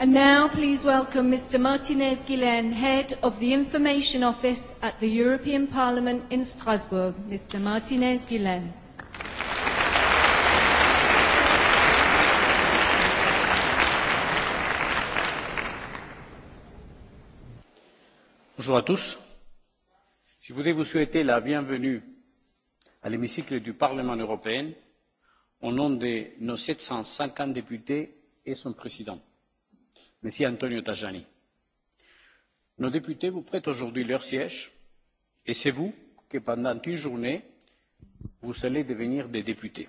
And now please welcome Mr Martinez Guillen, Head of the Information Office at the European Parliament in Strasbourg. Mr Martinez Guillen. Bonjour à tous. Si vous voulez vous souhaiter la bienvenue à l'hémicycle du Parlement européen au nom de nos 750 députés et son président Monsieur Antonio Tajani. Nos députés vous prêtent aujourd'hui leur siège et c'est vous que pendant une journée, vous allez devenir des députés.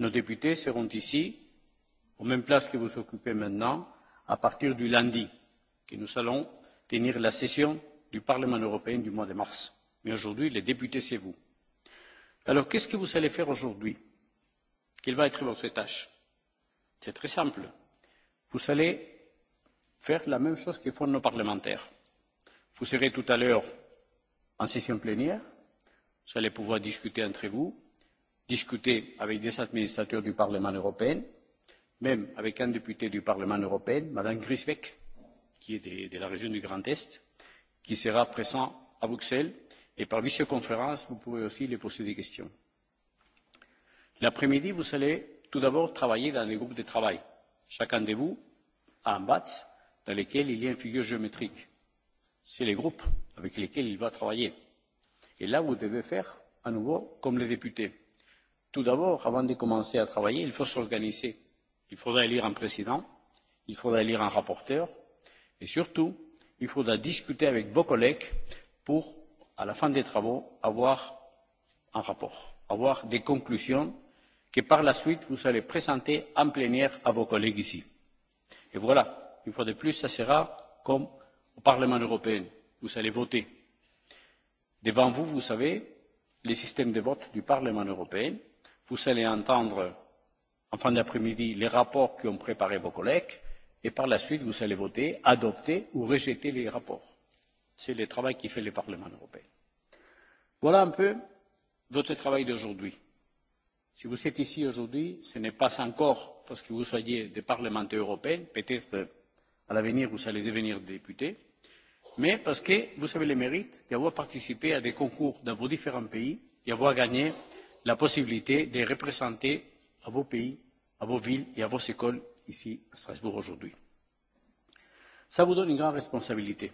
Nos députés seront ici, aux mêmes places que vous occupez maintenant, à partir du lundi, que nous allons tenir la session du Parlement européen du mois de mars. Mais aujourd'hui, les députés, c'est vous. Alors, qu'est-ce que vous allez faire aujourd'hui Quelle va être votre tâche C'est très simple. Vous allez faire la même chose que font nos parlementaires. Vous serez tout à l'heure en session plénière, vous allez pouvoir discuter entre vous, discuter avec des administrateurs du Parlement européen, même avec un député du Parlement européen, Madame Grisbeck, qui est de, de la région du Grand Est, qui sera présent à Bruxelles, et par visioconférence, vous pourrez aussi lui poser des questions. L'après-midi, vous allez tout d'abord travailler dans des groupes de travail. Chacun de vous a un BATS dans lesquels il y a une figure géométrique. C'est les groupes avec lesquels il va travailler. Et là, vous devez faire à nouveau comme les députés. Tout d'abord, avant de commencer à travailler, il faut s'organiser. Il faudra élire un président, il faudra élire un rapporteur, et surtout, il faudra discuter avec vos collègues pour, à la fin des travaux, avoir un rapport, avoir des conclusions que par la suite vous allez présenter en plénière à vos collègues ici. Et voilà, Une fois de plus, ça sera comme au Parlement européen. Vous allez voter. Devant vous, vous savez, le système de vote du Parlement européen. Vous allez entendre, en fin d'après-midi, les rapports qui ont préparé vos collègues. Et par la suite, vous allez voter, adopter ou rejeter les rapports. C'est le travail qui fait le Parlement européen. Voilà un peu votre travail d'aujourd'hui. Si vous êtes ici aujourd'hui, ce n'est pas encore parce que vous soyez des parlementaires européens, peut-être à l'avenir vous allez devenir député, mais parce que vous avez le mérite d'avoir participé à des concours dans vos différents pays, et d'avoir gagné la possibilité de représenter à vos pays, à vos villes et à vos écoles ici à Strasbourg aujourd'hui. Ça vous donne une grande responsabilité.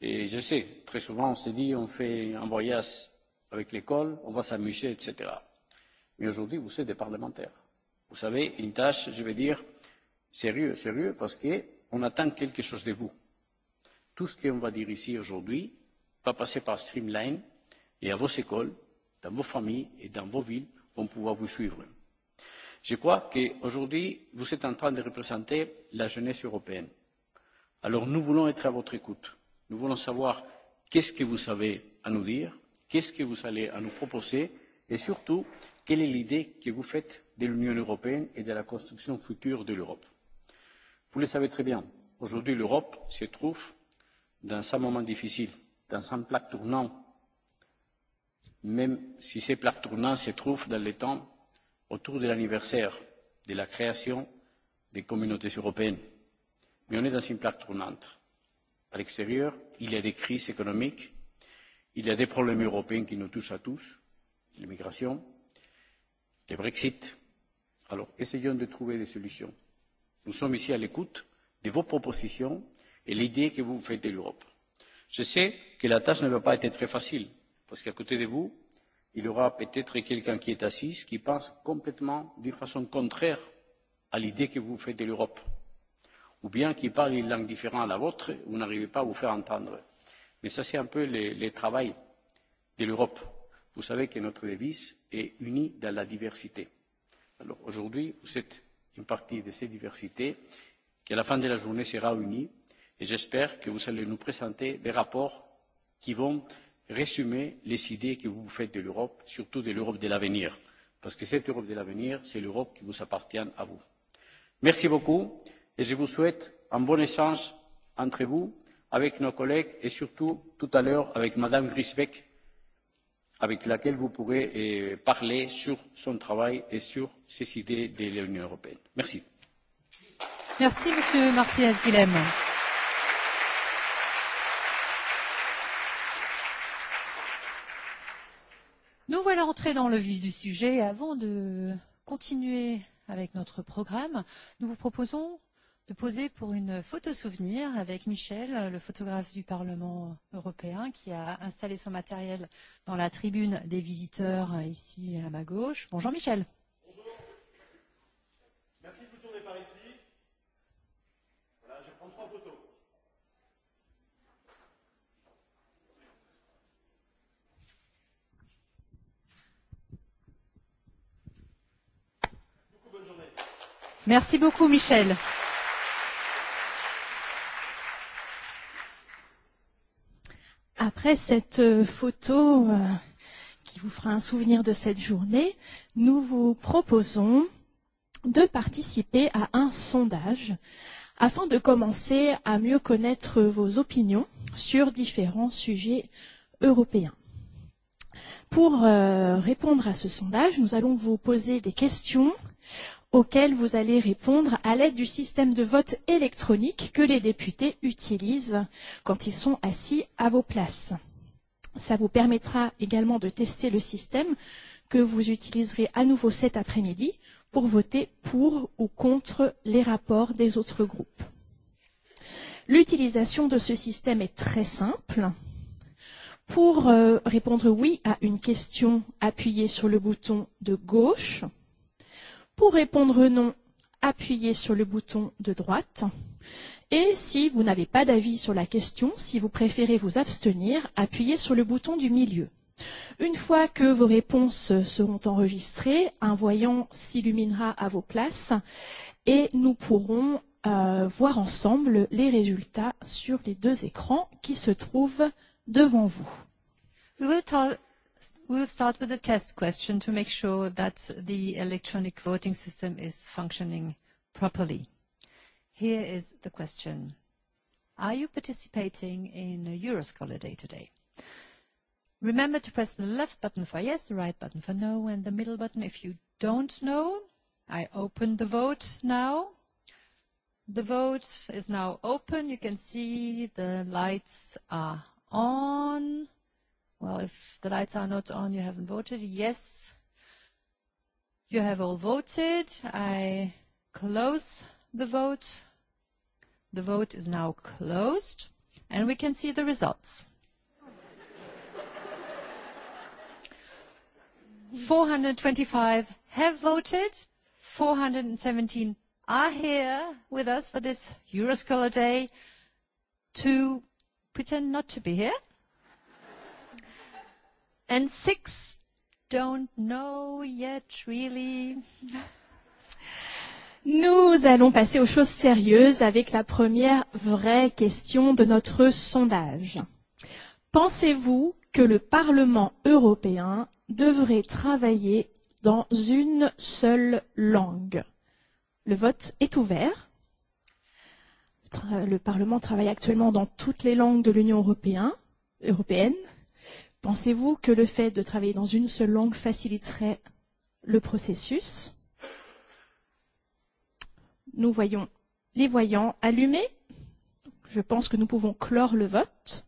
Et je sais, très souvent on se dit on fait un voyage avec l'école, on va s'amuser, etc. Mais aujourd'hui, vous êtes des parlementaires. Vous savez, une tâche, je vais dire, Sérieux, sérieux, parce qu'on attend quelque chose de vous. Tout ce qu'on va dire ici aujourd'hui va passer par Streamline et à vos écoles, dans vos familles et dans vos villes vont pouvoir vous suivre. Je crois qu'aujourd'hui, vous êtes en train de représenter la jeunesse européenne. Alors nous voulons être à votre écoute. Nous voulons savoir qu'est-ce que vous avez à nous dire, qu'est-ce que vous allez à nous proposer et surtout, quelle est l'idée que vous faites de l'Union européenne et de la construction future de l'Europe. Vous le savez très bien, aujourd'hui l'Europe se trouve dans un moment difficile, dans un plat tournant, même si ce plat tournant se trouve dans les temps autour de l'anniversaire de la création des communautés européennes. Mais on est dans une plaque tournante. À l'extérieur, il y a des crises économiques, il y a des problèmes européens qui nous touchent à tous, l'immigration, le Brexit. Alors, essayons de trouver des solutions Nous sommes ici à l'écoute de vos propositions et l'idée que vous faites de l'Europe. Je sais que la tâche ne va pas être très facile, parce qu'à côté de vous, il y aura peut-être quelqu'un qui est assis, qui pense complètement d'une façon contraire à l'idée que vous faites de l'Europe, ou bien qui parle une langue différente à la vôtre, vous n'arrivez pas à vous faire entendre. Mais ça, c'est un peu le, le travail de l'Europe. Vous savez que notre devise est unie dans la diversité. Alors aujourd'hui, vous êtes une partie de ces diversités, qui à la fin de la journée sera unie, et j'espère que vous allez nous présenter des rapports qui vont résumer les idées que vous faites de l'Europe, surtout de l'Europe de l'avenir, parce que cette Europe de l'avenir, c'est l'Europe qui vous appartient à vous. Merci beaucoup et je vous souhaite un bon échange entre vous, avec nos collègues et surtout tout à l'heure avec Madame Grisbeck avec laquelle vous pourrez parler sur son travail et sur ses idées de l'Union européenne. Merci. Merci, Monsieur Martinez Guilhem. Nous voilà entrés dans le vif du sujet. Avant de continuer avec notre programme, nous vous proposons de poser pour une photo souvenir avec Michel, le photographe du Parlement européen, qui a installé son matériel dans la tribune des visiteurs ici à ma gauche. Bonjour Michel. Bonjour. Merci de vous tourner par ici. Voilà, je prends trois photos. Beaucoup bonne journée. Merci beaucoup Michel. Après cette photo euh, qui vous fera un souvenir de cette journée, nous vous proposons de participer à un sondage afin de commencer à mieux connaître vos opinions sur différents sujets européens. Pour euh, répondre à ce sondage, nous allons vous poser des questions auxquelles vous allez répondre à l'aide du système de vote électronique que les députés utilisent quand ils sont assis à vos places. Ça vous permettra également de tester le système que vous utiliserez à nouveau cet après-midi pour voter pour ou contre les rapports des autres groupes. L'utilisation de ce système est très simple. Pour répondre oui à une question, appuyez sur le bouton de gauche. Pour répondre non, appuyez sur le bouton de droite. Et si vous n'avez pas d'avis sur la question, si vous préférez vous abstenir, appuyez sur le bouton du milieu. Une fois que vos réponses seront enregistrées, un voyant s'illuminera à vos places et nous pourrons euh, voir ensemble les résultats sur les deux écrans qui se trouvent devant vous. We will We'll start with a test question to make sure that the electronic voting system is functioning properly. Here is the question: Are you participating in a Euroscholar Day today? Remember to press the left button for yes, the right button for no, and the middle button if you don't know. I open the vote now. The vote is now open. You can see the lights are on. Well, if the lights are not on, you haven't voted. Yes, you have all voted. I close the vote. The vote is now closed, and we can see the results. 425 have voted, 417 are here with us for this Euroscholar Day to pretend not to be here And six don't know yet really. Nous allons passer aux choses sérieuses avec la première vraie question de notre sondage. Pensez-vous que le Parlement européen devrait travailler dans une seule langue Le vote est ouvert. Le Parlement travaille actuellement dans toutes les langues de l'Union européenne. Pensez-vous que le fait de travailler dans une seule langue faciliterait le processus Nous voyons les voyants allumés. Je pense que nous pouvons clore le vote.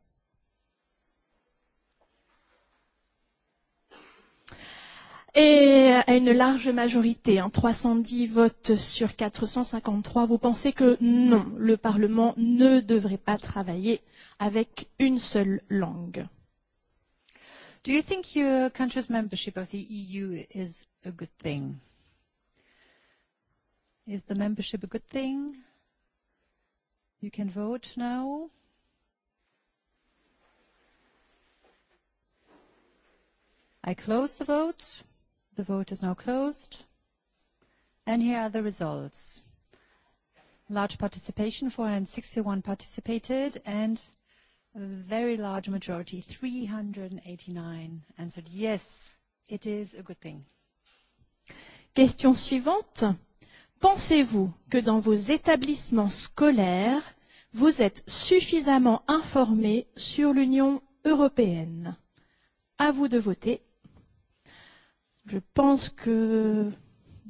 Et à une large majorité, hein, 310 votes sur 453, vous pensez que non, le Parlement ne devrait pas travailler avec une seule langue. Do you think your country's membership of the EU is a good thing? Is the membership a good thing? You can vote now. I close the vote. The vote is now closed. And here are the results. Large participation, 461 participated, and A very large majority, 389, answered yes, it is a good thing. Question suivante. Pensez-vous que dans vos établissements scolaires, vous êtes suffisamment informés sur l'Union européenne À vous de voter. Je pense que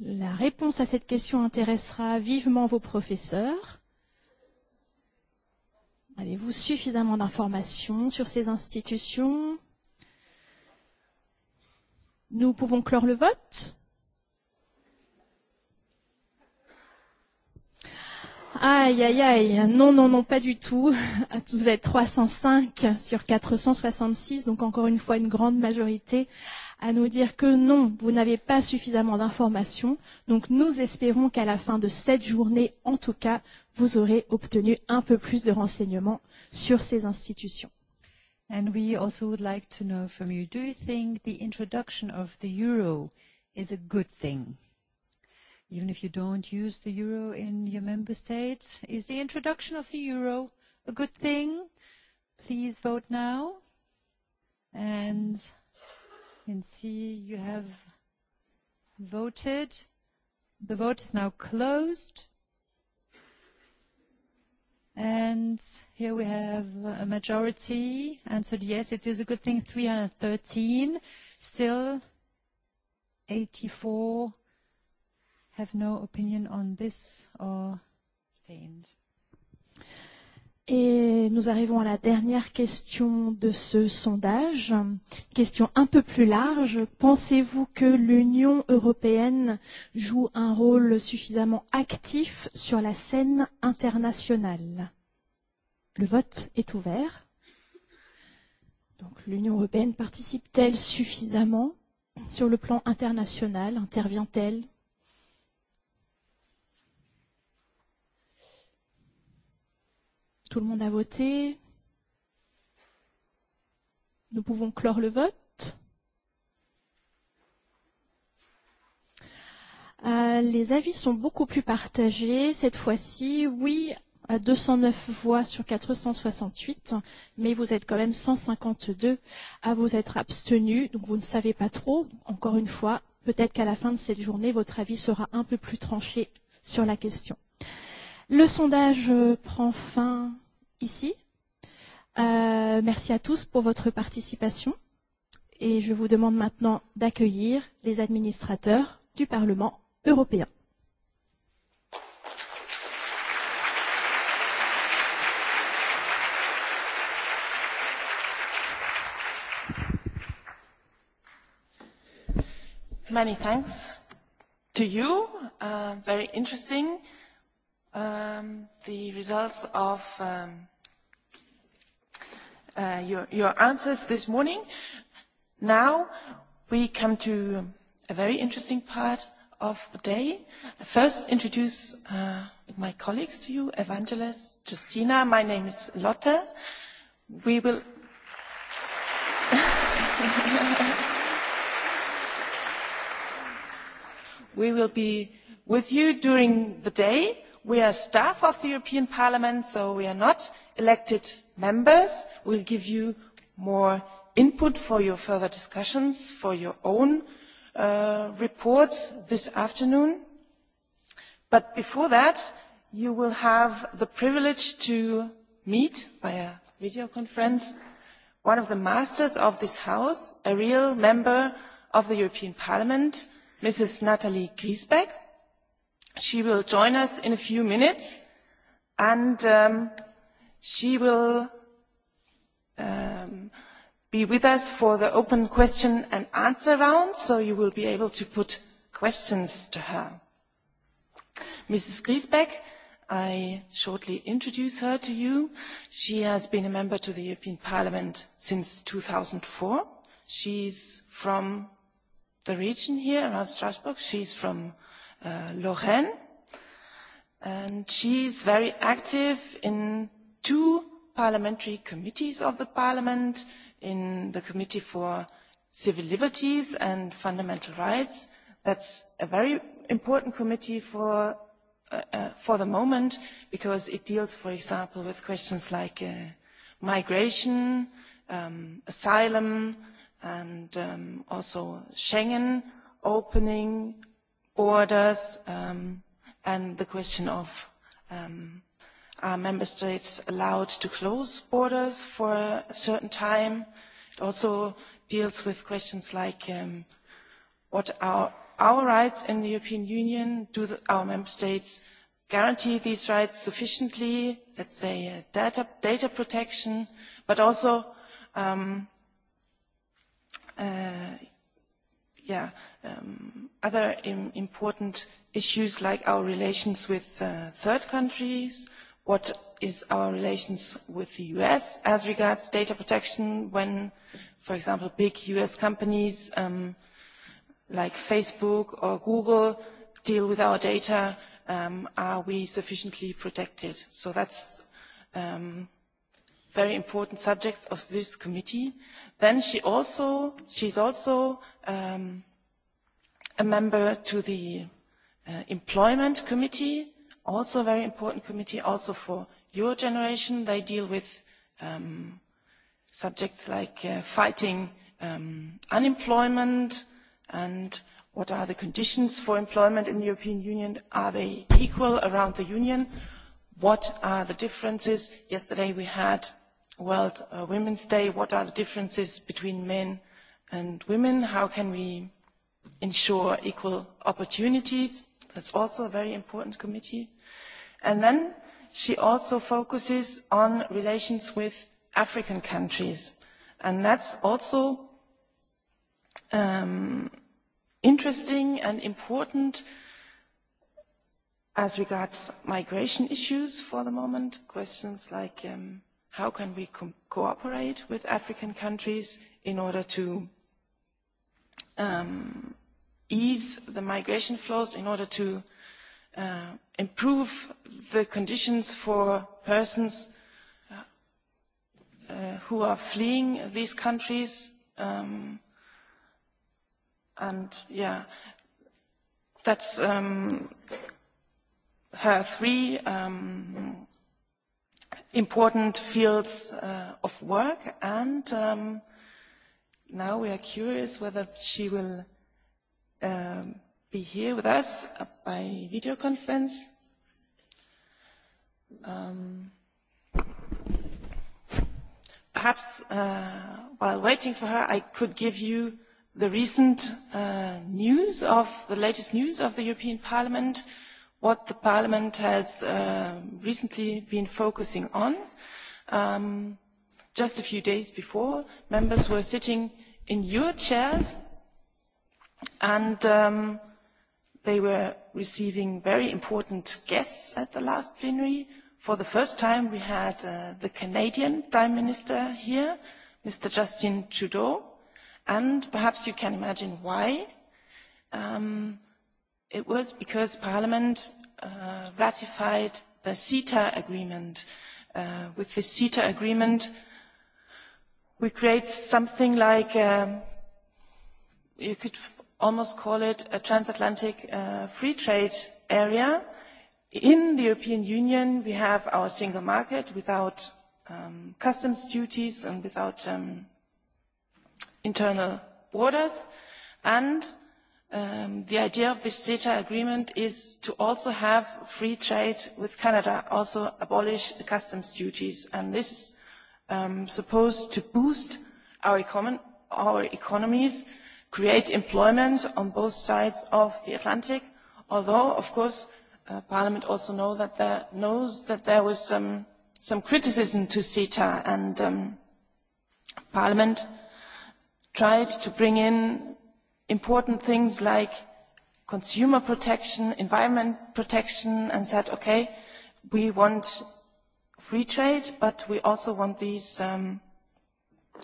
la réponse à cette question intéressera vivement vos professeurs. Avez-vous suffisamment d'informations sur ces institutions Nous pouvons clore le vote Aïe, aïe, aïe. Non, non, non, pas du tout. Vous êtes 305 sur 466, donc encore une fois une grande majorité à nous dire que non, vous n'avez pas suffisamment d'informations. Donc nous espérons qu'à la fin de cette journée, en tout cas, vous aurez obtenu un peu plus de renseignements sur ces institutions. And we also would like to know from you, do you think the introduction of the euro is a good thing? Even if you don't use the euro in your member states, is the introduction of the euro a good thing? Please vote now. And can see you have voted. The vote is now closed. And here we have a majority answered yes, it is a good thing, 313. Still, 84 have no opinion on this or abstained. Et nous arrivons à la dernière question de ce sondage, question un peu plus large. Pensez-vous que l'Union européenne joue un rôle suffisamment actif sur la scène internationale Le vote est ouvert. Donc l'Union européenne participe-t-elle suffisamment sur le plan international Intervient-elle Tout le monde a voté. Nous pouvons clore le vote. Euh, les avis sont beaucoup plus partagés cette fois-ci. Oui, à 209 voix sur 468, mais vous êtes quand même 152 à vous être abstenus, donc vous ne savez pas trop. Encore une fois, peut-être qu'à la fin de cette journée, votre avis sera un peu plus tranché sur la question. Le sondage prend fin ici. Euh, merci à tous pour votre participation et je vous demande maintenant d'accueillir les administrateurs du Parlement européen. Many thanks to you. Uh, very interesting, um, the results of um, uh, your, your answers this morning. Now we come to a very interesting part of the day. I first introduce uh, my colleagues to you, Evangelist, Justina, my name is Lotte. We will... we will be with you during the day. We are staff of the European Parliament, so we are not elected members will give you more input for your further discussions, for your own uh, reports this afternoon. But before that, you will have the privilege to meet via video conference one of the masters of this house, a real member of the European Parliament, Mrs. Natalie Griesbeck. She will join us in a few minutes and um, She will um, be with us for the open question and answer round, so you will be able to put questions to her. Mrs. Griesbeck, I shortly introduce her to you. She has been a member to the European Parliament since 2004. She's from the region here around Strasbourg. She's from uh, Lorraine. And she is very active in two parliamentary committees of the parliament in the committee for civil liberties and fundamental rights that's a very important committee for uh, for the moment because it deals for example with questions like uh, migration um, asylum and um, also schengen opening borders um, and the question of um, Are member states allowed to close borders for a certain time? It also deals with questions like um, what are our rights in the European Union? Do the, our member states guarantee these rights sufficiently? Let's say uh, data, data protection, but also um, uh, yeah, um, other Im important issues like our relations with uh, third countries, what is our relations with the US as regards data protection when, for example, big US companies um, like Facebook or Google deal with our data, um, are we sufficiently protected? So that's um, very important subjects of this committee. Then she also, she's also um, a member to the uh, Employment Committee also a very important committee, also for your generation. They deal with um, subjects like uh, fighting um, unemployment and what are the conditions for employment in the European Union? Are they equal around the Union? What are the differences? Yesterday we had World uh, Women's Day. What are the differences between men and women? How can we ensure equal opportunities? That's also a very important committee. And then she also focuses on relations with African countries. And that's also um, interesting and important as regards migration issues for the moment, questions like um, how can we co cooperate with African countries in order to um, ease the migration flows, in order to improve the conditions for persons who are fleeing these countries. Um, and yeah, that's um, her three um, important fields uh, of work. And um, now we are curious whether she will um, be here with us by video conference. Um, perhaps uh, while waiting for her, I could give you the recent uh, news of the latest news of the European Parliament, what the Parliament has uh, recently been focusing on. Um, just a few days before, members were sitting in your chairs and um, They were receiving very important guests at the last plenary. For the first time, we had uh, the Canadian Prime Minister here, Mr. Justin Trudeau, and perhaps you can imagine why. Um, it was because Parliament uh, ratified the CETA agreement. Uh, with the CETA agreement, we create something like, um, you could almost call it a transatlantic uh, free trade area. In the European Union, we have our single market without um, customs duties and without um, internal borders. And um, the idea of this CETA agreement is to also have free trade with Canada, also abolish the customs duties. And this is um, supposed to boost our, econ- our economies create employment on both sides of the Atlantic, although, of course, uh, Parliament also know that there, knows that there was some, some criticism to CETA, and um, Parliament tried to bring in important things like consumer protection, environment protection, and said, okay, we want free trade, but we also want these um,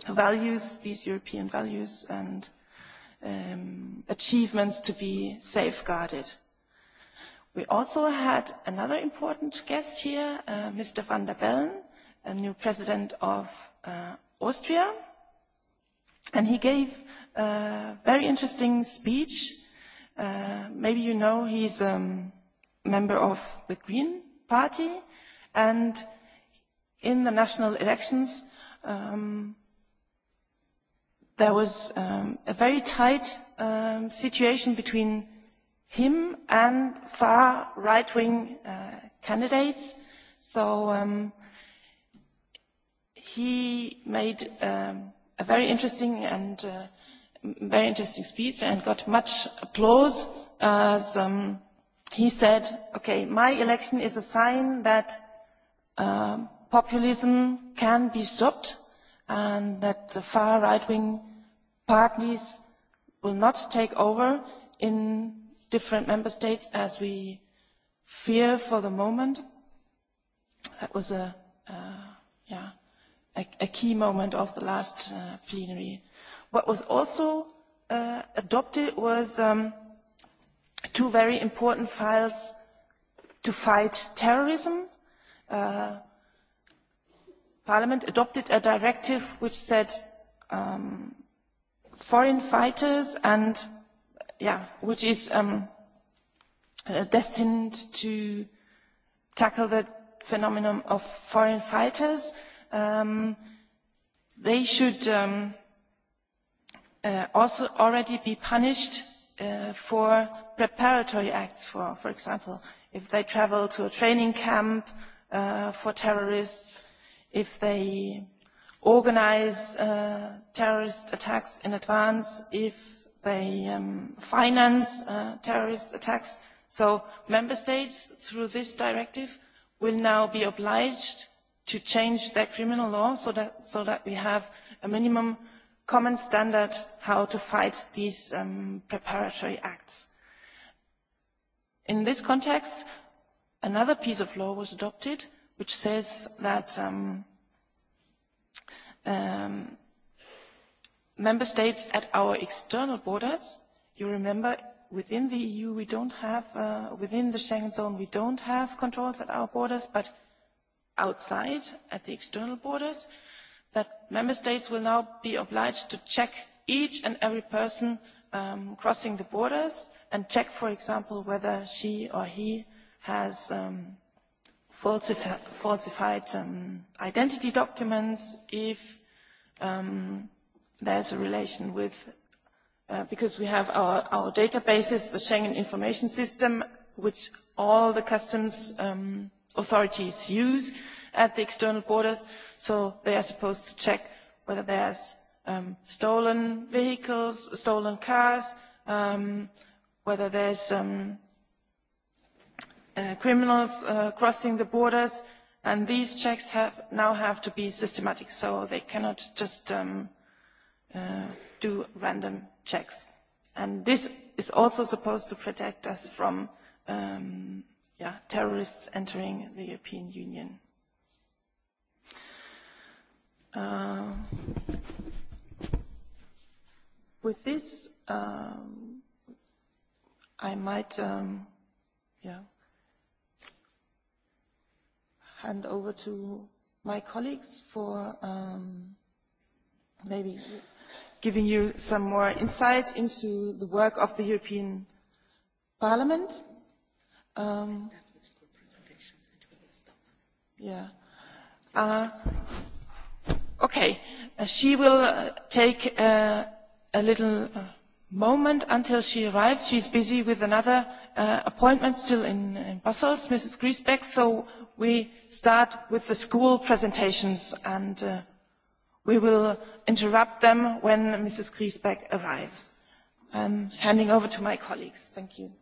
values, these European values, and um, achievements to be safeguarded. We also had another important guest here, uh, Mr. van der Bellen, a new president of uh, Austria, and he gave a very interesting speech. Uh, maybe you know he's a um, member of the Green Party, and in the national elections, um, there was um, a very tight um, situation between him and far right-wing uh, candidates. So um, he made um, a very interesting and uh, very interesting speech and got much applause as um, he said, okay, my election is a sign that um, populism can be stopped and that the far right-wing parties will not take over in different member states as we fear for the moment. That was a, uh, yeah, a, a key moment of the last uh, plenary. What was also uh, adopted was um, two very important files to fight terrorism. Uh, Parliament adopted a directive which said um, foreign fighters and yeah, which is um, destined to tackle the phenomenon of foreign fighters. Um, they should um, uh, also already be punished uh, for preparatory acts, for, for example, if they travel to a training camp uh, for terrorists, if they organize uh, terrorist attacks in advance, if they um, finance uh, terrorist attacks. So member states, through this directive, will now be obliged to change their criminal law so that, so that we have a minimum common standard how to fight these um, preparatory acts. In this context, another piece of law was adopted which says that um, Um, member states at our external borders, you remember within the EU we don't have, uh, within the Schengen zone we don't have controls at our borders, but outside at the external borders, that member states will now be obliged to check each and every person um, crossing the borders and check, for example, whether she or he has um, falsifi falsified um, identity documents if um, there's a relation with, uh, because we have our, our databases, the Schengen Information System, which all the customs um, authorities use at the external borders, so they are supposed to check whether there's um, stolen vehicles, stolen cars, um, whether there's um, criminals crossing the borders, and these checks have, now have to be systematic, so they cannot just um, uh, do random checks. And this is also supposed to protect us from um, yeah, terrorists entering the European Union. Uh, with this, um, I might, um, yeah hand over to my colleagues for um, maybe giving you some more insight into the work of the European Parliament. Um, yeah. Uh, okay. Uh, she will uh, take uh, a little uh, moment until she arrives. She's busy with another uh, appointment still in, in Brussels, Mrs. Griesbeck, so we start with the school presentations and uh, we will interrupt them when Mrs. Griesbeck arrives. I'm handing over to my colleagues. Thank you.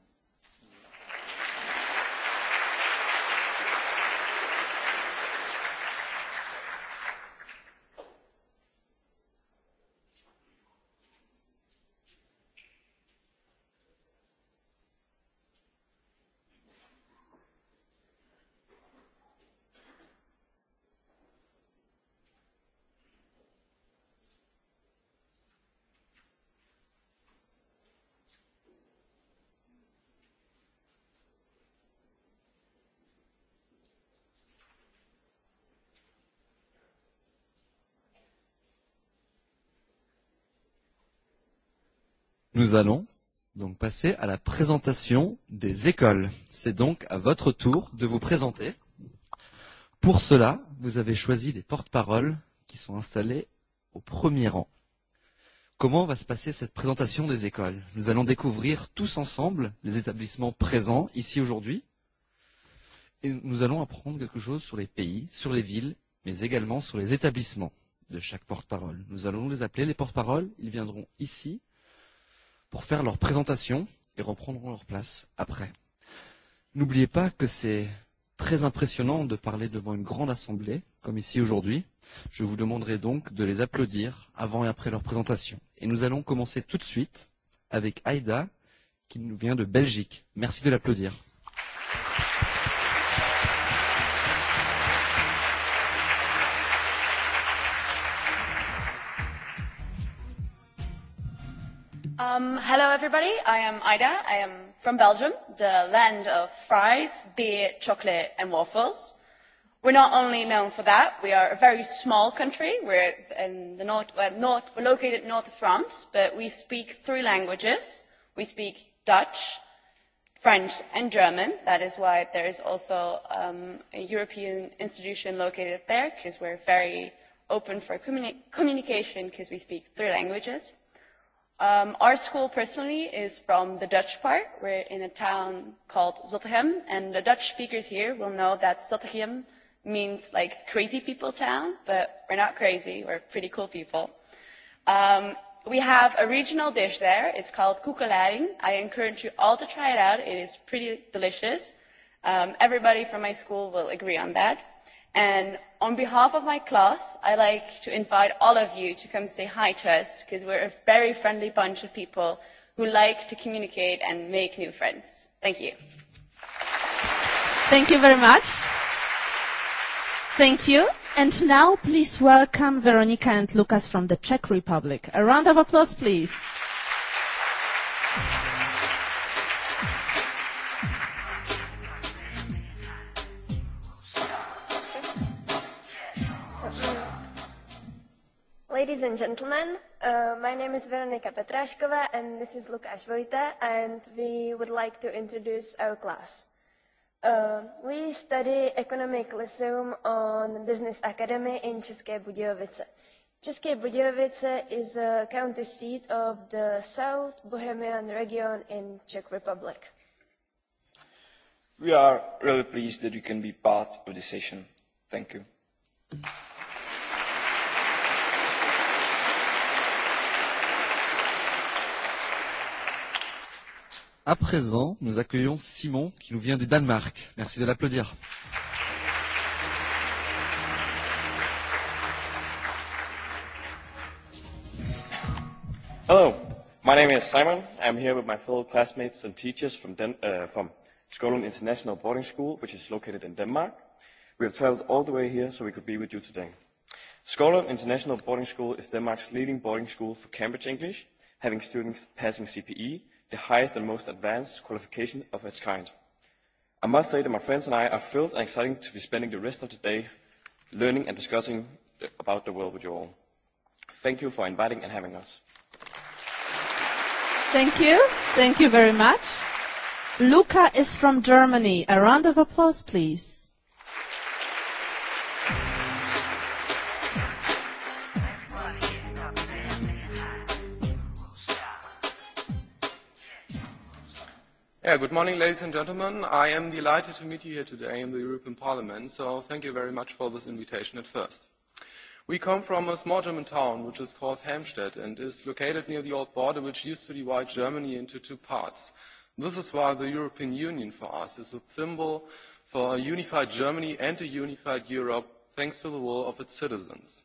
Nous allons donc passer à la présentation des écoles. C'est donc à votre tour de vous présenter. Pour cela, vous avez choisi des porte-paroles qui sont installés au premier rang. Comment va se passer cette présentation des écoles Nous allons découvrir tous ensemble les établissements présents ici aujourd'hui et nous allons apprendre quelque chose sur les pays, sur les villes, mais également sur les établissements de chaque porte-parole. Nous allons les appeler les porte-paroles, ils viendront ici pour faire leur présentation et reprendront leur place après. N'oubliez pas que c'est très impressionnant de parler devant une grande assemblée, comme ici aujourd'hui. Je vous demanderai donc de les applaudir avant et après leur présentation. Et nous allons commencer tout de suite avec Aïda, qui nous vient de Belgique. Merci de l'applaudir. Um, hello, everybody. I am Ida. I am from Belgium, the land of fries, beer, chocolate, and waffles. We're not only known for that, we are a very small country. We're, in the north, uh, north, we're located north of France, but we speak three languages. We speak Dutch, French, and German. That is why there is also um, a European institution located there, because we're very open for communi- communication, because we speak three languages Um, our school personally is from the Dutch part. We're in a town called Zottegem, and the Dutch speakers here will know that Zottegem means like crazy people town, but we're not crazy. We're pretty cool people. Um, we have a regional dish there. It's called koekelaring. I encourage you all to try it out. It is pretty delicious. Um, everybody from my school will agree on that. And on behalf of my class, I like to invite all of you to come say hi to us because we're a very friendly bunch of people who like to communicate and make new friends. Thank you. Thank you very much. Thank you. And now please welcome Veronika and Lukas from the Czech Republic. A round of applause, please. Ladies and gentlemen, uh, my name is Veronika Petrashkova and this is Lukáš Vojta and we would like to introduce our class. Uh, we study Economic Lyceum on Business Academy in České Budějovice. České Budějovice is a county seat of the South Bohemian region in Czech Republic. We are really pleased that you can be part of this session. Thank you. À présent, nous accueillons Simon qui nous vient du Danemark. Merci de l'applaudir. Hello, my name is Simon. I'm here with my fellow classmates and teachers from, Den- uh, from Skolum International Boarding School, which is located in Denmark. We have traveled all the way here so we could be with you today. Skolum International Boarding School is Denmark's leading boarding school for Cambridge English, having students passing CPE the highest and most advanced qualification of its kind. I must say that my friends and I are thrilled and excited to be spending the rest of the day learning and discussing about the world with you all. Thank you for inviting and having us. Thank you. Thank you very much. Luca is from Germany. A round of applause, please. Yeah, good morning, ladies and gentlemen. I am delighted to meet you here today in the European Parliament, so thank you very much for this invitation at first. We come from a small German town which is called Helmstedt and is located near the old border which used to divide Germany into two parts. This is why the European Union for us is a symbol for a unified Germany and a unified Europe thanks to the will of its citizens.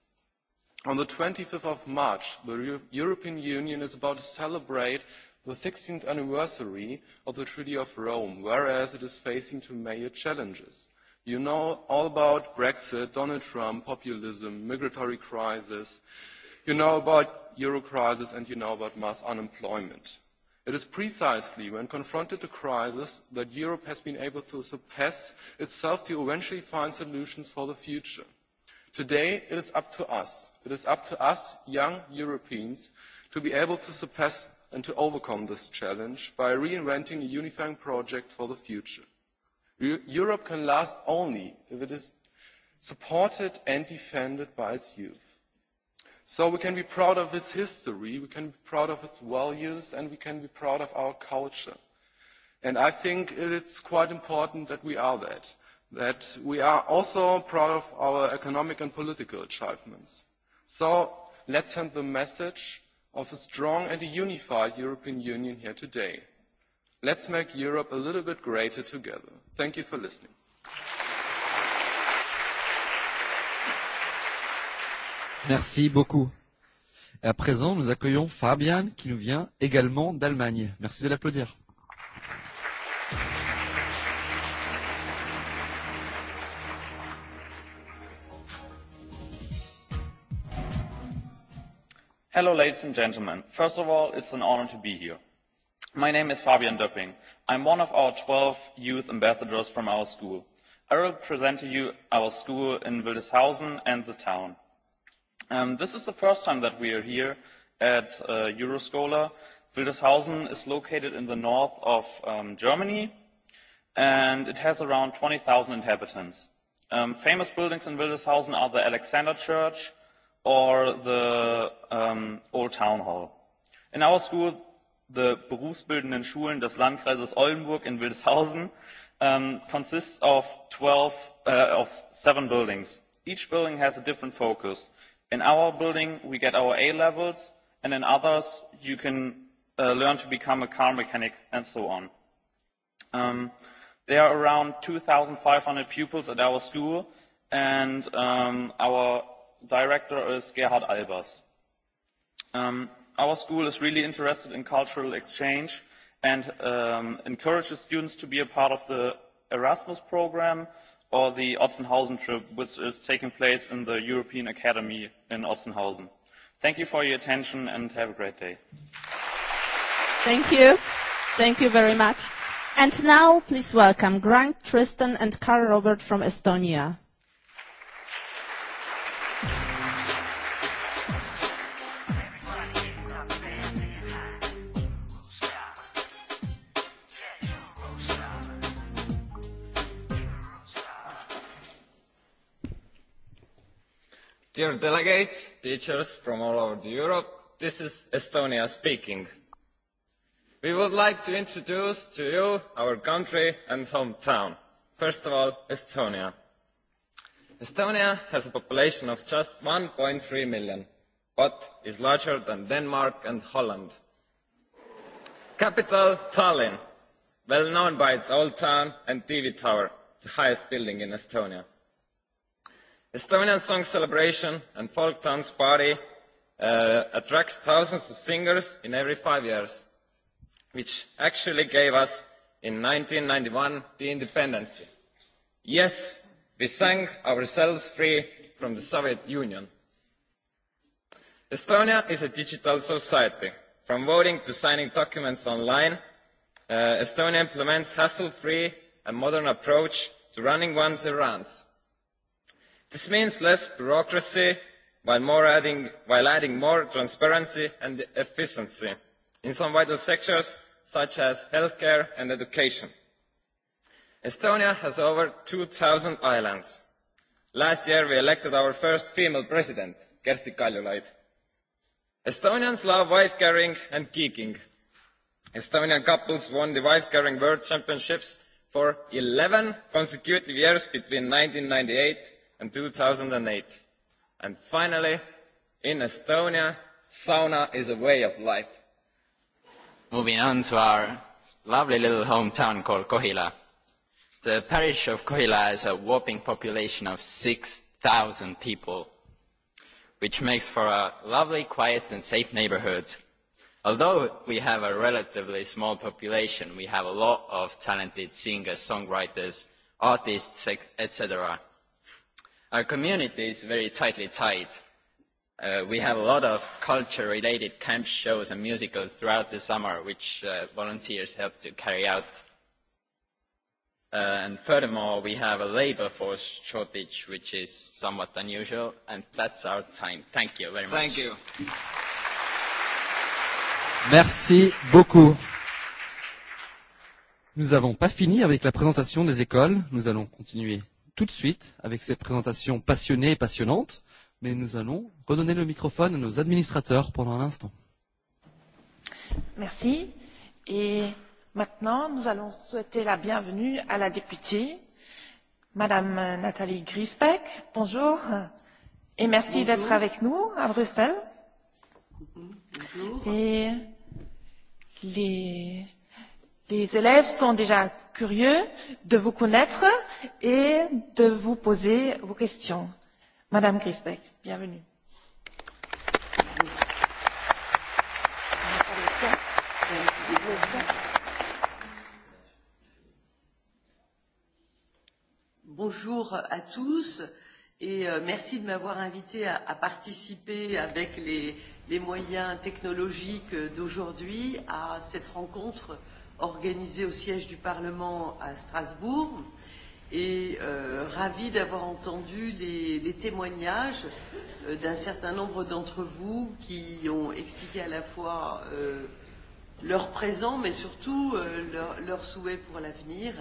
On the 25th of March, the European Union is about to celebrate the sixteenth anniversary of the Treaty of Rome, whereas it is facing two major challenges. You know all about Brexit, Donald Trump, populism, migratory crisis. You know about euro crisis and you know about mass unemployment. It is precisely when confronted to crisis that Europe has been able to surpass itself to eventually find solutions for the future. Today, it is up to us. It is up to us, young Europeans, to be able to surpass and to overcome this challenge by reinventing a unifying project for the future. Europe can last only if it is supported and defended by its youth. So we can be proud of its history, we can be proud of its values, and we can be proud of our culture. And I think it's quite important that we are that, that we are also proud of our economic and political achievements. So let's send the message of a strong and a unified European Union here today. Let's make Europe a little bit greater together. Thank you for listening. Merci beaucoup. Et à présent, nous accueillons Fabian qui nous vient également d'Allemagne. Merci de l'applaudir. Hello, ladies and gentlemen. First of all, it's an honor to be here. My name is Fabian Döpping. I'm one of our 12 youth ambassadors from our school. I will present to you our school in Wildeshausen and the town. Um, this is the first time that we are here at uh, Euroscola. Wildeshausen is located in the north of um, Germany, and it has around 20,000 inhabitants. Um, famous buildings in Wildeshausen are the Alexander Church, or the um, old town hall. In our school, the berufsbildenden Schulen des Landkreises Oldenburg in Wildeshausen um, consists of 12 uh, of seven buildings. Each building has a different focus. In our building, we get our A levels, and in others, you can uh, learn to become a car mechanic and so on. Um, there are around 2,500 pupils at our school, and um, our director is Gerhard Albers. Um, our school is really interested in cultural exchange and um, encourages students to be a part of the Erasmus program or the Otzenhausen trip, which is taking place in the European Academy in Otzenhausen. Thank you for your attention and have a great day. Thank you. Thank you very much. And now, please welcome Grant, Tristan, and Karl Robert from Estonia. Dear delegates, teachers from all over Europe, this is Estonia speaking. We would like to introduce to you our country and hometown. First of all, Estonia. Estonia has a population of just 1.3 million, but is larger than Denmark and Holland. Capital, Tallinn, well known by its old town and TV tower, the highest building in Estonia. Estonian Song Celebration and Folk Dance Party uh, attracts thousands of singers in every five years, which actually gave us in 1991 the independence. Yes, we sang ourselves free from the Soviet Union. Estonia is a digital society. From voting to signing documents online, uh, Estonia implements hassle-free and modern approach to running one's errands This means less bureaucracy while, more adding, while adding more transparency and efficiency in some vital sectors such as healthcare and education. Estonia has over 2,000 islands. Last year we elected our first female president, Kersti Kaljulaid. Estonians love wife carrying and geeking. Estonian couples won the wife carrying world championships for 11 consecutive years between 1998 and 2008. And finally, in Estonia, sauna is a way of life. Moving on to our lovely little hometown called Kohila. The parish of Kohila has a whopping population of 6,000 people, which makes for a lovely, quiet and safe neighborhood. Although we have a relatively small population, we have a lot of talented singers, songwriters, artists, etc. Our community is very tightly tied. Uh, we have a lot of culture-related camp shows and musicals throughout the summer, which uh, volunteers help to carry out. Uh, and furthermore, we have a labor force shortage, which is somewhat unusual. And that's our time. Thank you very much. Thank you. Merci beaucoup. Nous n'avons pas fini avec la présentation des écoles. Nous allons continuer tout de suite avec cette présentation passionnée et passionnante, mais nous allons redonner le microphone à nos administrateurs pendant un instant. Merci. Et maintenant, nous allons souhaiter la bienvenue à la députée, Madame Nathalie Griesbeck. Bonjour et merci d'être avec nous à Bruxelles. Et les Les élèves sont déjà curieux de vous connaître et de vous poser vos questions. Madame Grisbeck, bienvenue. Bonjour à tous et merci de m'avoir invité à, à participer avec les, les moyens technologiques d'aujourd'hui à cette rencontre euh, organisée au siège du Parlement à Strasbourg et euh, ravie d'avoir entendu les, les témoignages euh, d'un certain nombre d'entre vous qui ont expliqué à la fois euh, leur présent mais surtout euh, leur, leur souhait pour l'avenir.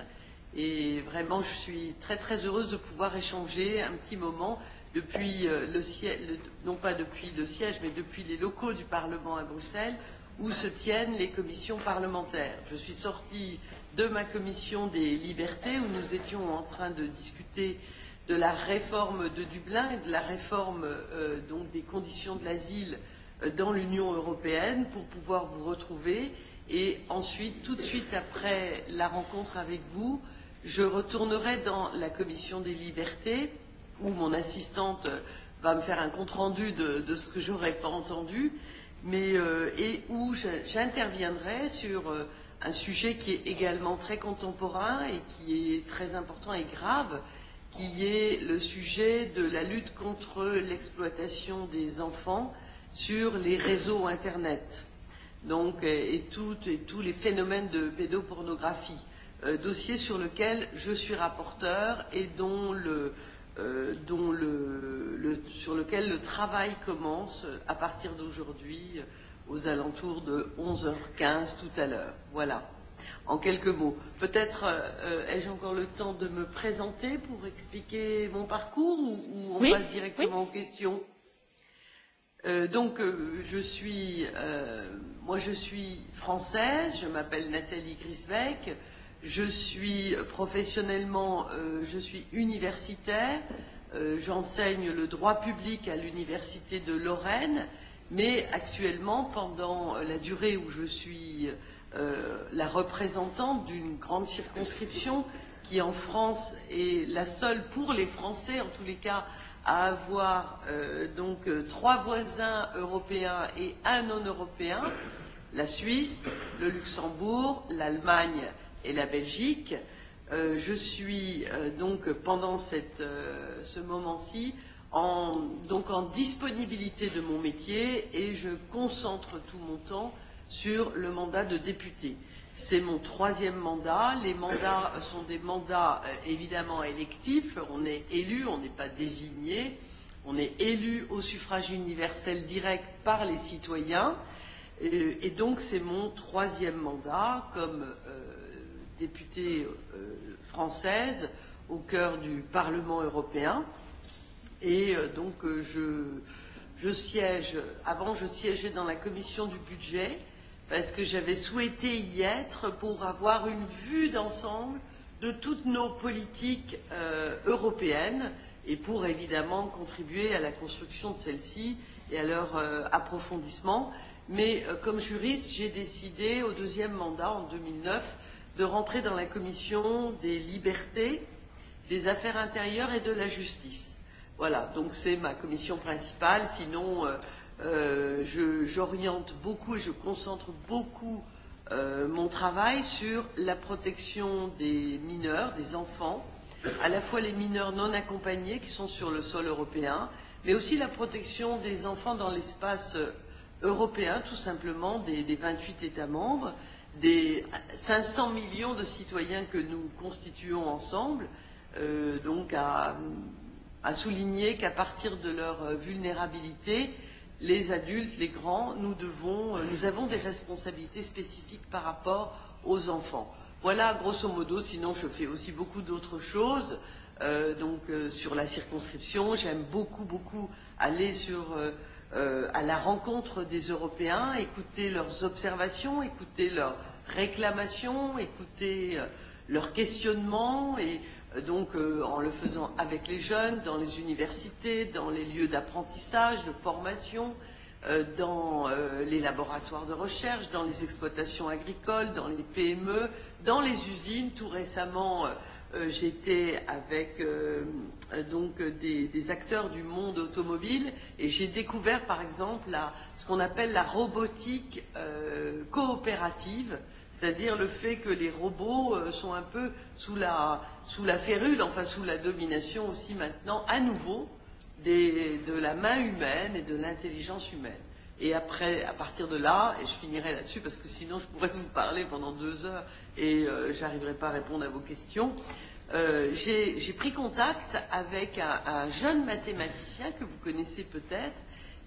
Et vraiment, je suis très très heureuse de pouvoir échanger un petit moment depuis euh, le siège, non pas depuis le siège, mais depuis les locaux du Parlement à Bruxelles, où se tiennent les commissions parlementaires. Je suis sortie de ma commission des libertés où nous étions en train de discuter de la réforme de Dublin et de la réforme euh, donc des conditions de l'asile dans l'Union européenne pour pouvoir vous retrouver. Et ensuite, tout de suite après la rencontre avec vous, je retournerai dans la commission des libertés où mon assistante va me faire un compte rendu de, de ce que j'aurais pas entendu. Euh, mais, euh, et où j'interviendrai sur euh, un sujet qui est également très contemporain et qui est très important et grave, qui est le sujet de la lutte contre l'exploitation des enfants sur les réseaux Internet donc, et, et, tout, et tous les phénomènes de pédopornographie. Euh, dossier sur lequel je suis rapporteur et dont le, euh, euh, dont le, le, sur lequel le travail commence à partir d'aujourd'hui aux alentours de 11h15 tout à l'heure. Voilà, en quelques mots. Peut-être euh, ai-je encore le temps de me présenter pour expliquer mon parcours ou, ou on oui. passe directement oui. aux questions euh, donc euh, je suis euh, moi je suis française, je m'appelle Nathalie Grisbeck, euh, Je suis professionnellement, euh, je suis universitaire, euh, j'enseigne le droit public à l'université de Lorraine, mais actuellement, pendant la durée où je suis euh, la représentante d'une grande circonscription qui en France est la seule pour les Français, en tous les cas, à avoir euh, donc trois voisins européens et un non européen, la Suisse, le Luxembourg, l'Allemagne et la Belgique. Euh, je suis euh, donc pendant cette, euh, ce moment-ci en, donc en disponibilité de mon métier et je concentre tout mon temps sur le mandat de député. C'est mon troisième mandat. Les mandats sont des mandats euh, évidemment électifs. On est élu, on n'est pas désigné. On est élu au suffrage universel direct par les citoyens. Et donc c'est mon troisième mandat comme députée française au cœur du Parlement européen. Et donc, je, je siège, avant, je siégeais dans la commission du budget parce que j'avais souhaité y être pour avoir une vue d'ensemble de toutes nos politiques euh, européennes et pour évidemment contribuer à la construction de celles-ci et à leur euh, approfondissement. Mais euh, comme juriste, j'ai décidé au deuxième mandat en 2009 de rentrer dans la commission des libertés, des affaires intérieures et de la justice. Voilà, donc c'est ma commission principale. Sinon, euh, euh, j'oriente beaucoup et je concentre beaucoup euh, mon travail sur la protection des mineurs, des enfants, à la fois les mineurs non accompagnés qui sont sur le sol européen, mais aussi la protection des enfants dans l'espace européen, tout simplement des, des 28 États membres des 500 millions de citoyens que nous constituons ensemble, euh, donc à, à souligner qu'à partir de leur vulnérabilité, les adultes, les grands, nous, devons, nous avons des responsabilités spécifiques par rapport aux enfants. Voilà, grosso modo, sinon je fais aussi beaucoup d'autres choses. Euh, donc euh, sur la circonscription, j'aime beaucoup, beaucoup aller sur euh, euh, à la rencontre des Européens, écouter leurs observations, écouter leurs réclamations, écouter euh, leurs questionnements et euh, donc euh, en le faisant avec les jeunes, dans les universités, dans les lieux d'apprentissage, de formation, euh, dans euh, les laboratoires de recherche, dans les exploitations agricoles, dans les PME, dans les usines, tout récemment euh, j'étais avec euh, donc des, des acteurs du monde automobile et j'ai découvert par exemple la, ce qu'on appelle la robotique euh, coopérative, c'est-à-dire le fait que les robots euh, sont un peu sous la, sous la férule, enfin sous la domination aussi maintenant à nouveau des, de la main humaine et de l'intelligence humaine. Et après, à partir de là, et je finirai là-dessus parce que sinon je pourrais vous parler pendant deux heures et euh, je n'arriverai pas à répondre à vos questions. Euh, J'ai pris contact avec un, un jeune mathématicien que vous connaissez peut-être,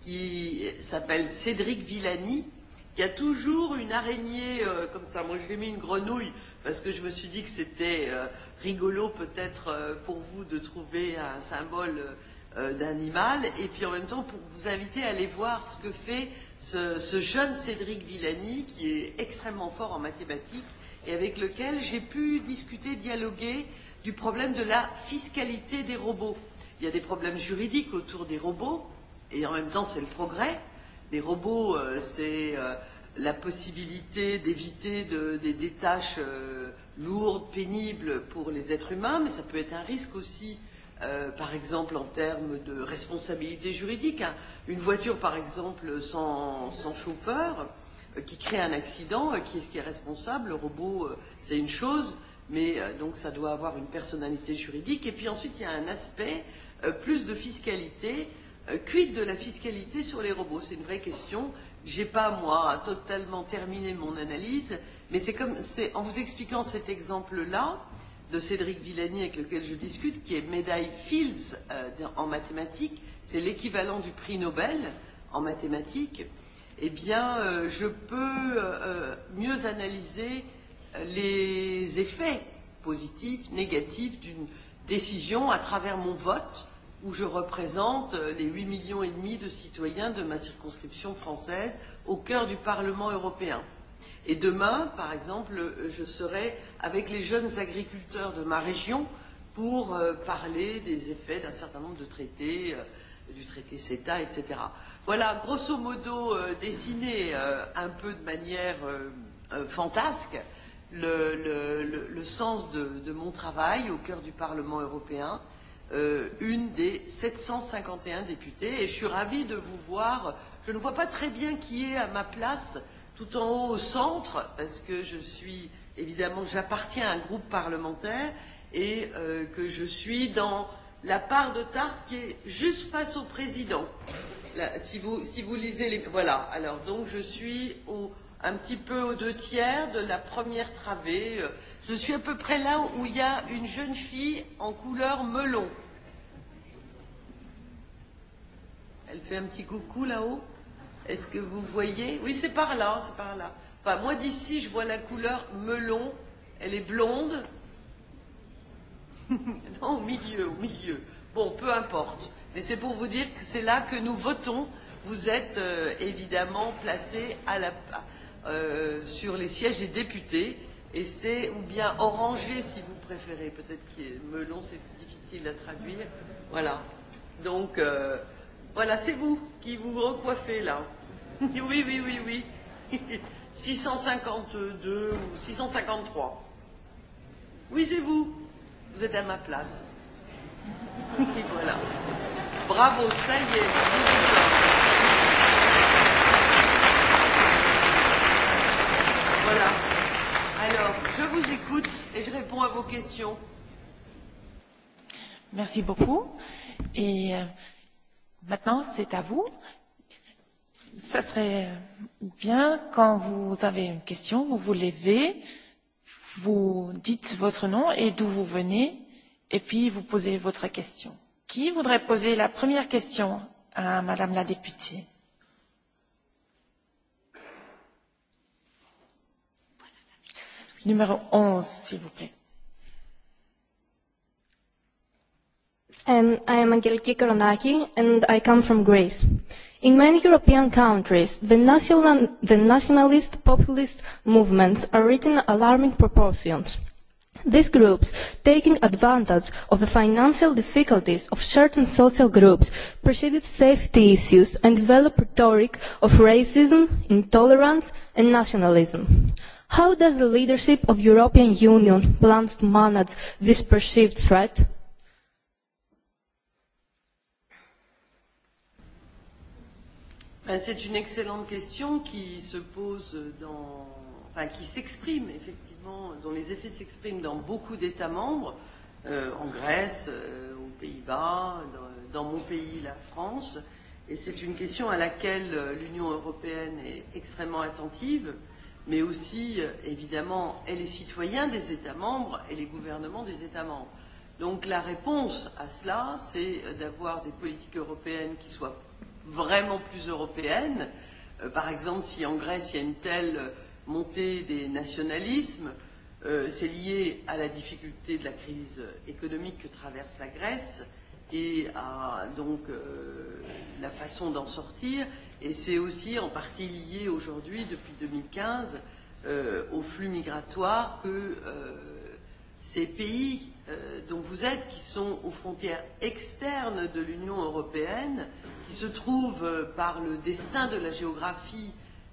qui s'appelle Cédric Villani, qui a toujours une araignée euh, comme ça. Moi, je lui ai mis une grenouille parce que je me suis dit que c'était euh, rigolo peut-être euh, pour vous de trouver un symbole. Euh, d'animal, et puis en même temps pour vous inviter à aller voir ce que fait ce, ce jeune Cédric Villani, qui est extrêmement fort en mathématiques, et avec lequel j'ai pu discuter, dialoguer du problème de la fiscalité des robots. Il y a des problèmes juridiques autour des robots, et en même temps c'est le progrès. Les robots, euh, c'est euh, la possibilité d'éviter de, des, des tâches euh, lourdes, pénibles pour les êtres humains, mais ça peut être un risque aussi euh, par exemple en termes de responsabilité juridique. Une voiture, par exemple, sans, sans chauffeur, qui crée un accident, qui est-ce qui est responsable Le robot, c'est une chose, mais donc ça doit avoir une personnalité juridique. Et puis ensuite, il y a un aspect, plus de fiscalité. Euh, quid de la fiscalité sur les robots C'est une vraie question. Je n'ai pas, moi, totalement terminé mon analyse, mais c'est comme, en vous expliquant cet exemple-là, euh, de Cédric Villani avec lequel je discute, qui est médaille Fields euh, en mathématiques, c'est l'équivalent du prix Nobel en mathématiques, eh bien, euh, je peux euh, mieux analyser les effets positifs, négatifs d'une décision à travers mon vote où je représente les 8 millions et demi de citoyens de ma circonscription française au cœur du Parlement européen. Et demain, par exemple, je serai avec les jeunes agriculteurs de ma région pour parler des effets d'un certain nombre de traités, du traité CETA, etc. Voilà, grosso modo, dessiné un peu de manière fantasque le, le, le, le sens de, de mon travail au cœur du Parlement européen, euh, une des 751 députés, et je suis ravie de vous voir. Je ne vois pas très bien qui est à ma place, euh, tout en haut au centre, parce que je suis évidemment, j'appartiens à un groupe parlementaire et euh, que je suis dans la part de tarte qui est juste face au président. Là, si, vous, si vous lisez les. Voilà, alors donc je suis au, un petit peu aux deux tiers de la première travée. Je suis à peu près là où il y a une jeune fille en couleur melon. Elle fait un petit coucou là-haut. Est-ce que vous voyez Oui, c'est par là, c'est par là. Enfin, moi d'ici, je vois la couleur melon. Elle est blonde. non, au milieu, au milieu. Bon, peu importe. Mais c'est pour vous dire que c'est là que nous votons. Vous êtes euh, évidemment placé à la, euh, sur les sièges des députés. Et c'est, ou bien orangé si vous préférez. Peut-être que melon, c'est plus difficile à traduire. Voilà. Donc, euh, voilà, c'est vous qui vous recoiffez là. Oui, oui, oui, oui. 652 ou 653. Oui, c'est vous. Vous êtes à ma place. Et voilà. Bravo, ça y est. Voilà. Alors, je vous écoute et je réponds à vos questions. Merci beaucoup. Et maintenant, c'est à vous. Ça serait bien quand vous avez une question, vous vous levez, vous dites votre nom et d'où vous venez, et puis vous posez votre question. Qui voudrait poser la première question à Madame la députée Numéro 11, s'il vous plaît. Um, I am Angeliki Koronaki and I come from Greece. In many European countries, the, national, the nationalist populist movements are reaching alarming proportions. These groups, taking advantage of the financial difficulties of certain social groups, preceded safety issues and developed rhetoric of racism, intolerance and nationalism. How does the leadership of the European Union plan to manage this perceived threat? ben, C'est une excellente question qui se pose dans. Enfin, qui s'exprime effectivement, dont les effets s'expriment dans beaucoup d'États membres, euh, en Grèce, euh, aux Pays-Bas, dans, dans mon pays, la France. Et c'est une question à laquelle l'Union européenne est extrêmement attentive, mais aussi, évidemment, elle est citoyen des États membres et les gouvernements des États membres. Donc la réponse à cela, c'est d'avoir des politiques européennes qui soient vraiment plus européenne. Euh, par exemple, si en Grèce il y a une telle montée des nationalismes, euh, c'est lié à la difficulté de la crise économique que traverse la Grèce et à donc euh, la façon d'en sortir. Et c'est aussi en partie lié aujourd'hui, depuis 2015, euh, au flux migratoire que euh, ces pays euh, dont vous êtes, qui sont aux frontières externes de l'Union européenne, euh, qui se trouve, par le destin de la géographie,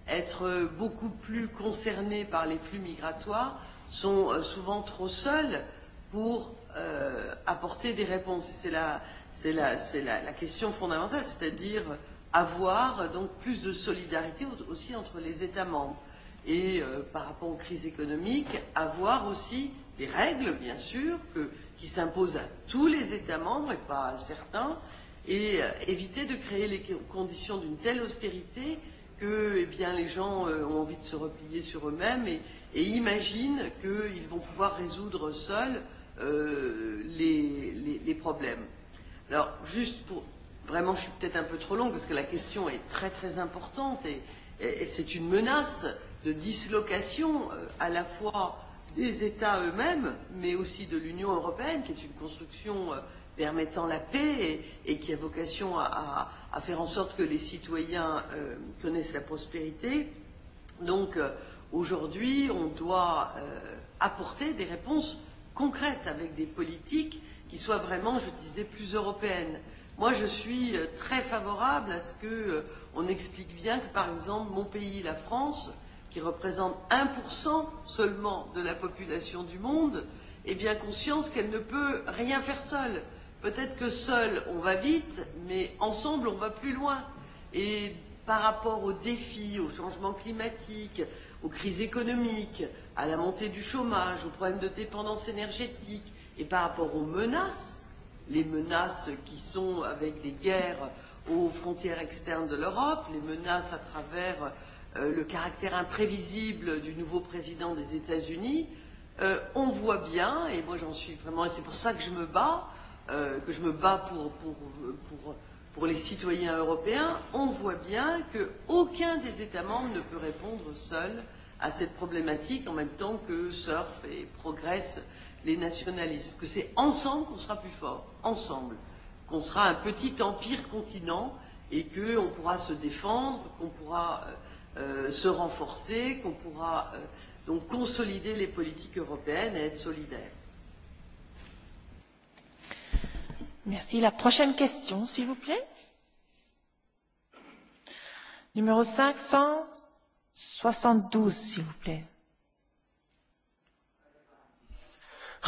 être beaucoup plus concernés par les flux migratoires, sont souvent trop seuls pour euh, apporter des réponses. C'est la, c'est la, c'est la, la question fondamentale, c'est-à-dire avoir donc plus de solidarité aussi entre les États membres. Et euh, par rapport aux crises économiques, avoir aussi des règles, bien sûr, que, qui s'imposent à tous les États membres et pas à certains, et euh, éviter de créer les conditions d'une telle austérité que eh bien, les gens euh, ont envie de se replier sur eux-mêmes et, et imaginent qu'ils vont pouvoir résoudre seuls euh, les, les, les problèmes. Alors, juste pour. Vraiment, je suis peut-être un peu trop longue parce que la question est très très importante et, et, et c'est une menace de dislocation euh, à la fois des États eux-mêmes, mais aussi de l'Union européenne, qui est une construction. Euh, permettant la paix et, et qui a vocation à, à, à faire en sorte que les citoyens euh, connaissent la prospérité. Donc euh, aujourd'hui, on doit euh, apporter des réponses concrètes avec des politiques qui soient vraiment, je disais, plus européennes. Moi, je suis très favorable à ce que euh, explique bien que, par exemple, mon pays, la France, qui représente 1% seulement de la population du monde, ait bien conscience qu'elle ne peut rien faire seule Peut-être que seul, on va vite, mais ensemble, on va plus loin. Et par rapport aux défis, aux changements climatiques, aux crises économiques, à la montée du chômage, aux problèmes de dépendance énergétique, et par rapport aux menaces, les menaces qui sont avec les guerres aux frontières externes de l'Europe, les menaces à travers euh, le caractère imprévisible du nouveau président des États-Unis, euh, on voit bien, et moi j'en suis vraiment, et c'est pour ça que je me bats, euh, euh, que je me bats pour, pour, pour, pour les citoyens européens, on voit bien qu'aucun des États membres ne peut répondre seul à cette problématique en même temps que surfent et progressent les nationalismes. Que c'est ensemble qu'on sera plus fort, ensemble, qu'on sera un petit empire continent et qu'on pourra se défendre, qu'on pourra euh, se renforcer, qu'on pourra euh, donc consolider les politiques européennes et être solidaires. Merci. La prochaine question, s'il vous plaît. Numéro 572, s'il vous plaît.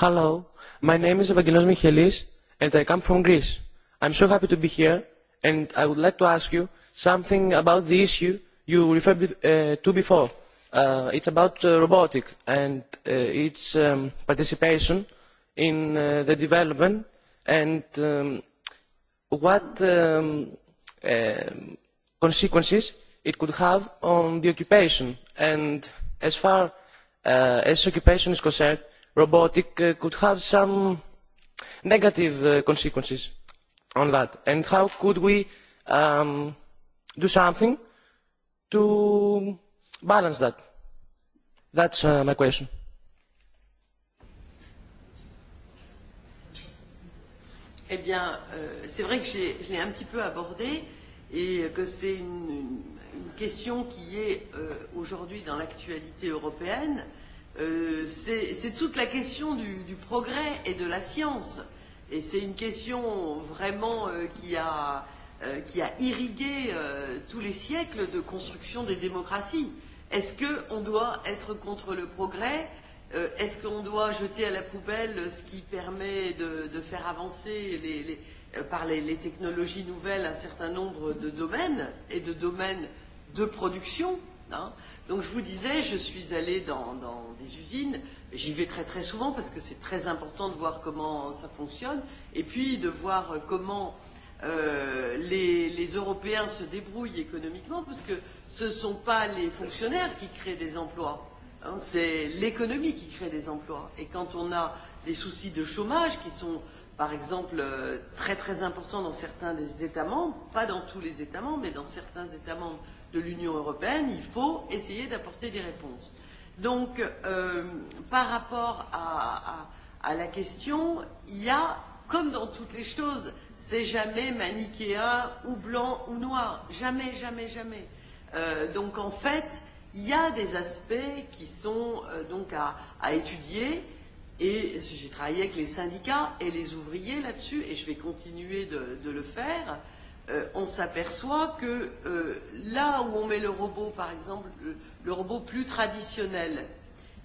Hello, my name is Evangelos Michelis and I come from Greece. I'm so happy to be here and I would like to ask you something about the issue you referred uh, to before. Uh, it's about uh, robotic and uh, its um, participation in uh, the development and um, what um, uh, consequences it could have on the occupation. And as far uh, as occupation is concerned, robotic uh, could have some negative uh, consequences on that. And how could we um, do something to balance that? That's uh, my question. Eh bien, euh, c'est vrai que je l'ai un petit peu abordé et que c'est une, une, une question qui est euh, aujourd'hui dans l'actualité européenne. Euh, c'est toute la question du, du progrès et de la science. Et c'est une question vraiment euh, qui, a, euh, qui a irrigué euh, tous les siècles de construction des démocraties. Est-ce qu'on doit être contre le progrès euh, euh, est-ce qu'on doit jeter à la poubelle ce qui permet de, de faire avancer les, les, euh, par les, les technologies nouvelles un certain nombre de domaines et de domaines de production hein Donc je vous disais, je suis allée dans, dans des usines, j'y vais très très souvent parce que c'est très important de voir comment ça fonctionne et puis de voir comment euh, les, les Européens se débrouillent économiquement parce que ce ne sont pas les fonctionnaires qui créent des emplois c'est l'économie qui crée des emplois. Et quand on a des soucis de chômage qui sont, par exemple, très très importants dans certains des États membres, pas dans tous les États membres, mais dans certains États membres de l'Union européenne, il faut essayer d'apporter des réponses. Donc, euh, par rapport à, à, à la question, il y a, comme dans toutes les choses, c'est jamais manichéen ou blanc ou noir. Jamais, jamais, jamais. Euh, donc, en fait, euh, il y a des aspects qui sont euh, donc à, à étudier. Et j'ai travaillé avec les syndicats et les ouvriers là-dessus, et je vais continuer de, de le faire. Euh, on s'aperçoit que euh, là où on met le robot, par exemple, le, le robot plus traditionnel,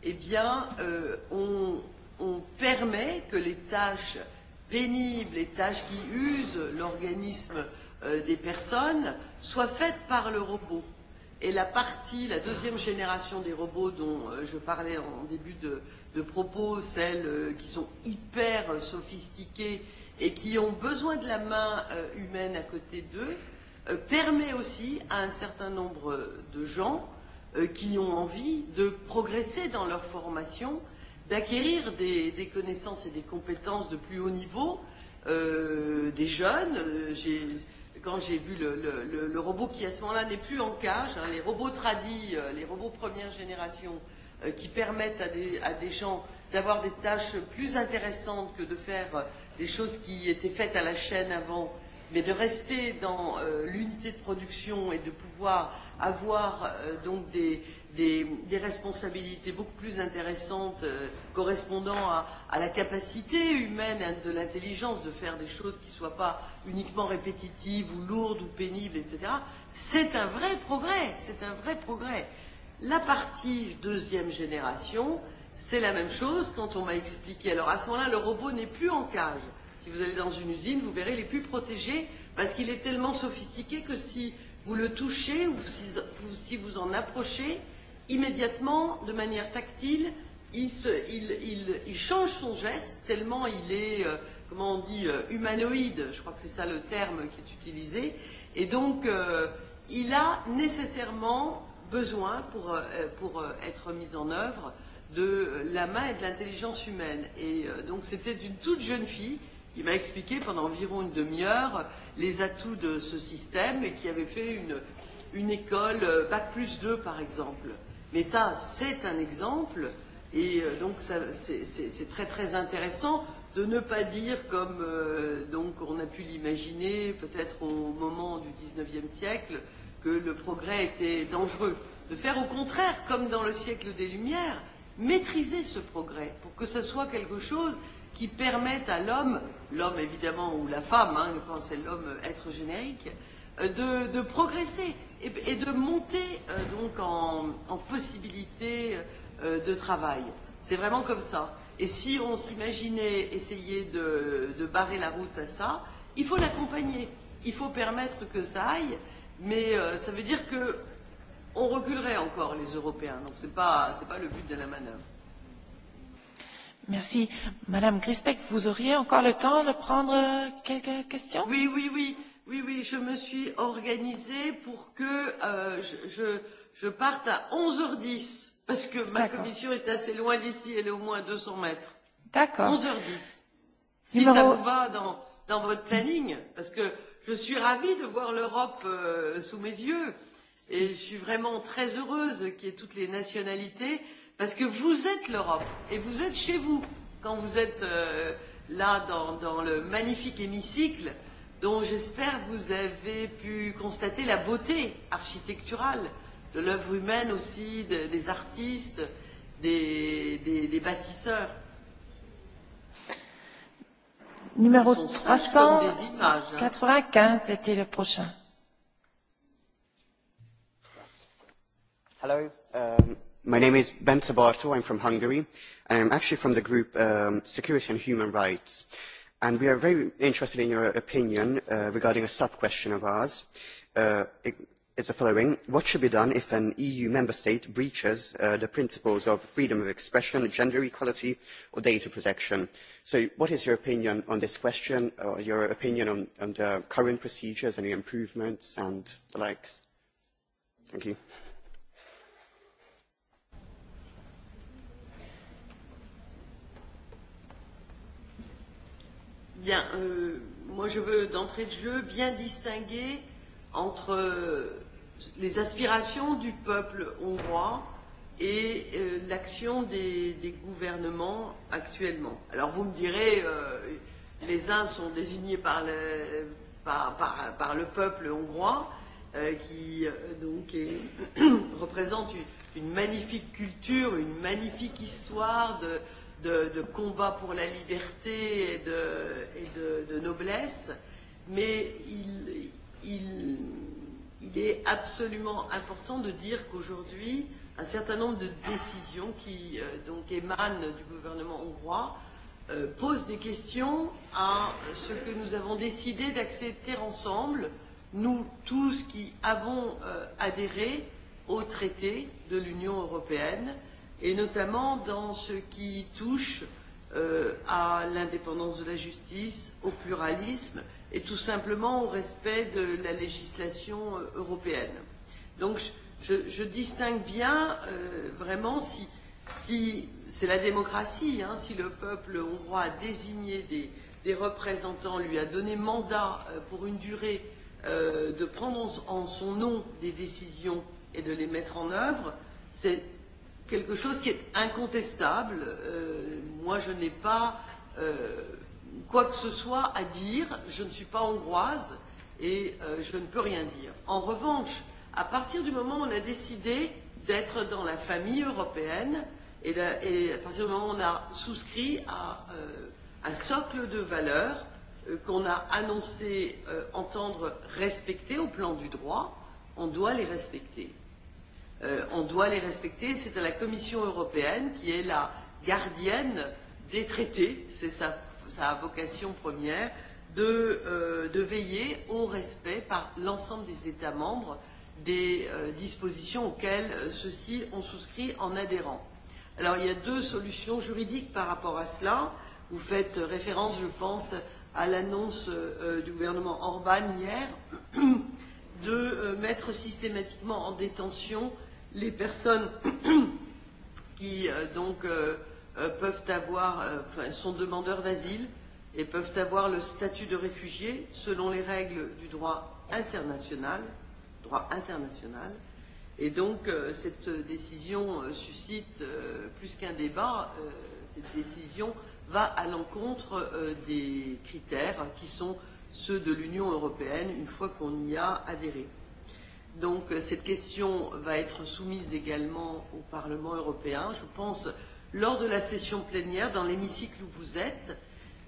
eh bien, euh, on, on permet que les tâches pénibles, les tâches qui usent l'organisme euh, des personnes, soient faites par le robot. Euh, Et la partie, la deuxième génération des robots dont je parlais en début de, de propos, celles qui sont hyper sophistiquées et qui ont besoin de la main humaine à côté d'eux, permet aussi à un certain nombre de gens qui ont envie de progresser dans leur formation, d'acquérir des, des connaissances et des compétences de plus haut niveau, euh, des jeunes. Euh, quand j'ai vu le, le, le, le robot qui à ce moment-là n'est plus en cage, hein, les robots tradis, euh, les robots première génération, euh, qui permettent à des, à des gens d'avoir des tâches plus intéressantes que de faire des choses qui étaient faites à la chaîne avant, mais de rester dans euh, l'unité de production et de pouvoir avoir euh, donc des, des, des responsabilités beaucoup plus intéressantes euh, correspondant à, à la capacité humaine et de l'intelligence de faire des choses qui ne soient pas uniquement répétitives ou lourdes ou pénibles, etc., c'est un vrai progrès, c'est un vrai progrès. La partie deuxième génération, c'est la même chose quand on m'a expliqué. Alors à ce moment-là, le robot n'est plus en cage. Si vous allez dans une usine, vous verrez, il est plus protégé parce qu'il est tellement sophistiqué que si vous le touchez ou si, vous, en approchez, immédiatement, de manière tactile, il, se, il, il, il change son geste tellement il est, euh, comment on dit, euh, humanoïde, je crois que c'est ça le terme qui est utilisé, et donc euh, il a nécessairement besoin pour, euh, pour être mis en œuvre de la main et de l'intelligence humaine. Et euh, donc c'était une toute jeune fille qui m'a expliqué pendant environ une demi-heure les atouts de ce système et qui avait fait une, une école Bac plus 2 par exemple. Mais ça, c'est un exemple, et euh, donc c'est très très intéressant de ne pas dire comme euh, donc on a pu l'imaginer peut-être au moment du XIXe siècle que le progrès était dangereux. De faire au contraire, comme dans le siècle des Lumières, maîtriser ce progrès pour que ce soit quelque chose qui permette à l'homme, l'homme évidemment ou la femme, hein, quand c'est l'homme être générique, de, de progresser et, et de monter euh, donc en, en possibilité euh, de travail. C'est vraiment comme ça. Et si on s'imaginait essayer de, de barrer la route à ça, il faut l'accompagner, il faut permettre que ça aille, mais euh, ça veut dire que on reculerait encore les Européens. Donc ce n'est pas, pas le but de la manœuvre. Merci. Madame Grisbeck, vous auriez encore le temps de prendre quelques questions Oui, oui, oui Oui, oui, je me suis organisée pour que euh, je, je, je parte à 11h10, parce que ma commission est assez loin d'ici, elle est au moins à 200 mètres. D'accord. 11h10. Si Numéro... ça vous va dans, dans votre planning, parce que je suis ravie de voir l'Europe euh, sous mes yeux, et je suis vraiment très heureuse qu'il y ait toutes les nationalités, parce que vous êtes l'Europe, et vous êtes chez vous, quand vous êtes euh, là dans, dans le magnifique hémicycle. Euh, dont j'espère vous avez pu constater la beauté architecturale de l'œuvre humaine aussi, de, des artistes, des, des, des bâtisseurs. Numéro 395, c'était le prochain. Hello, um, my name is Ben Sabarto, I'm from Hungary, and I'm actually from the group um, Security and Human Rights. And we are very interested in your opinion uh, regarding a sub-question of ours. Uh, it is the following. What should be done if an EU member state breaches uh, the principles of freedom of expression, gender equality, or data protection? So what is your opinion on this question, or your opinion on, on the current procedures, any improvements, and the likes? Thank you. Bien, euh, moi je veux d'entrée de jeu bien distinguer entre les aspirations du peuple hongrois et euh, l'action des, des gouvernements actuellement. Alors vous me direz, euh, les uns sont désignés par le, par, par, par le peuple hongrois, euh, qui euh, donc est, représente une, une magnifique culture, une magnifique histoire de, euh, de, de combat pour la liberté et de, et de, de noblesse, mais il, il, il est absolument important de dire qu'aujourd'hui, un certain nombre de décisions qui euh, donc émanent du gouvernement hongrois euh, posent des questions à ce que nous avons décidé d'accepter ensemble, nous tous qui avons euh, adhéré au traité de l'Union européenne, euh, et notamment dans ce qui touche euh, à l'indépendance de la justice, au pluralisme et tout simplement au respect de la législation européenne. Donc je, je distingue bien euh, vraiment si, si c'est la démocratie, hein, si le peuple hongrois a désigné des, des représentants, lui a donné mandat euh, pour une durée euh, de prendre en son nom des décisions et de les mettre en œuvre, c'est quelque chose qui est incontestable. Euh, moi, je n'ai pas euh, quoi que ce soit à dire. Je ne suis pas hongroise et euh, je ne peux rien dire. En revanche, à partir du moment où on a décidé d'être dans la famille européenne et, de, et à partir du moment où on a souscrit à euh, un socle de valeurs euh, qu'on a annoncé euh, entendre respecter au plan du droit, on doit les respecter euh, on doit les respecter. C'est à la Commission européenne qui est la gardienne des traités, c'est sa, sa vocation première, de, euh, de veiller au respect par l'ensemble des États membres des euh, dispositions auxquelles ceux-ci ont souscrit en adhérant. Alors il y a deux solutions juridiques par rapport à cela. Vous faites référence, je pense, à l'annonce euh, du gouvernement Orban hier de euh, mettre systématiquement en détention euh, les personnes qui euh, donc euh, peuvent avoir, euh, enfin, sont demandeurs d'asile et peuvent avoir le statut de réfugié selon les règles du droit international, droit international. Et donc euh, cette décision euh, suscite euh, plus qu'un débat. Euh, cette décision va à l'encontre euh, des critères qui sont ceux de l'Union européenne une fois qu'on y a adhéré. Donc cette question va être soumise également au Parlement européen, je pense, lors de la session plénière, dans l'hémicycle où vous êtes.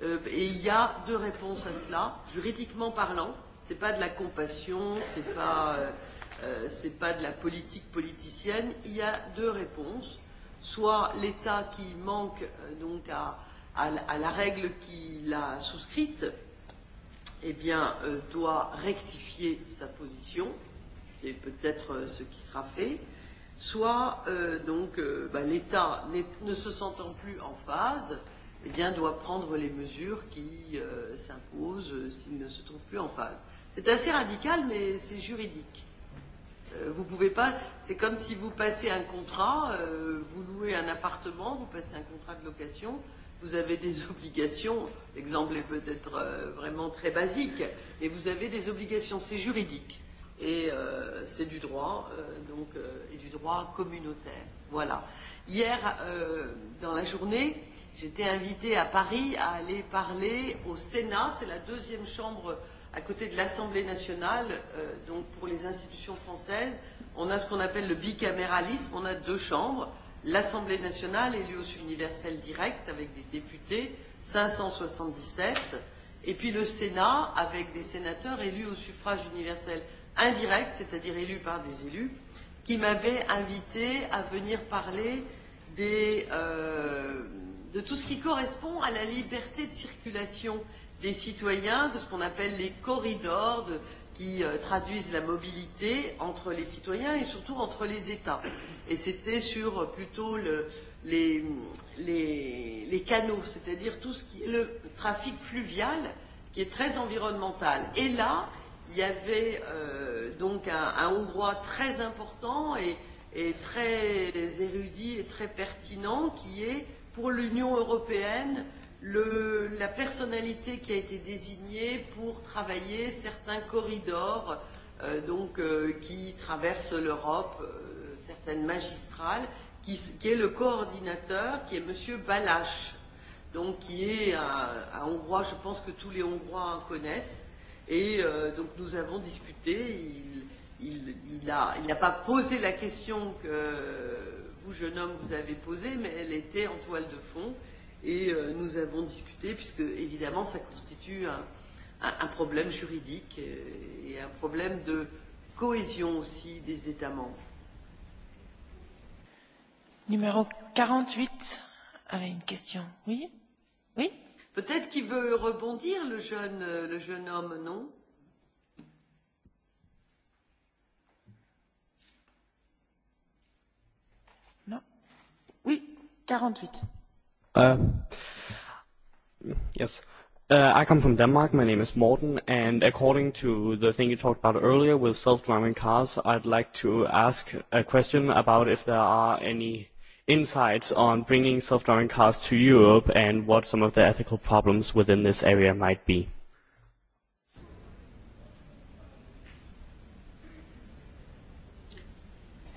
Euh, et il y a deux réponses à cela, juridiquement parlant. Ce n'est pas de la compassion, ce n'est pas, euh, pas de la politique politicienne. Il y a deux réponses. Soit l'État qui manque euh, donc à, à, à la règle qu'il a souscrite, eh bien, euh, doit rectifier sa position c'est peut-être ce qui sera fait, soit euh, donc euh, bah, l'État ne se sentant plus en phase, eh bien doit prendre les mesures qui euh, s'imposent euh, s'il ne se trouve plus en phase. C'est assez radical, mais c'est juridique. Euh, vous pouvez pas. C'est comme si vous passez un contrat, euh, vous louez un appartement, vous passez un contrat de location, vous avez des obligations. L'exemple est peut-être euh, vraiment très basique, mais vous avez des obligations. C'est juridique et euh, c'est du droit, euh, donc, euh, et du droit communautaire. Voilà. Hier, euh, dans la journée, j'étais invitée à Paris à aller parler au Sénat, c'est la deuxième chambre à côté de l'Assemblée nationale, euh, donc pour les institutions françaises. On a ce qu'on appelle le bicaméralisme, on a deux chambres, l'Assemblée nationale élue au universel direct avec des députés, 577, et puis le Sénat avec des sénateurs élus au suffrage universel indirect, c'est-à-dire élu par des élus, qui m'avait invité à venir parler des, euh, de tout ce qui correspond à la liberté de circulation des citoyens, de ce qu'on appelle les corridors, de, qui euh, traduisent la mobilité entre les citoyens et surtout entre les États. Et c'était sur plutôt le, les, les, les canaux, c'est-à-dire tout ce qui est le trafic fluvial qui est très environnemental. Et là, il y avait euh, donc un, un Hongrois très important et, et très érudit et très pertinent qui est pour l'Union européenne le, la personnalité qui a été désignée pour travailler certains corridors euh, donc, euh, qui traversent l'Europe, euh, certaines magistrales, qui, qui est le coordinateur, qui est Monsieur Balache, donc qui est un, un Hongrois, je pense que tous les Hongrois connaissent, Et euh, donc nous avons discuté. Il, il, il n'a a pas posé la question que vous, jeune homme, vous avez posée, mais elle était en toile de fond. Et euh, nous avons discuté, puisque évidemment ça constitue un, un, un problème juridique et un problème de cohésion aussi des États membres. Numéro 48 avait une question. Oui Oui Peut-être qu'il veut rebondir, le jeune, le jeune homme, non Non. Oui, 48. Uh, yes. Uh, I come from Denmark. My name is Morten, and according to the thing you talked about earlier with self-driving cars, I'd like to ask a question about if there are any insights on bringing self-driving cars to Europe and what some of the ethical problems within this area might be.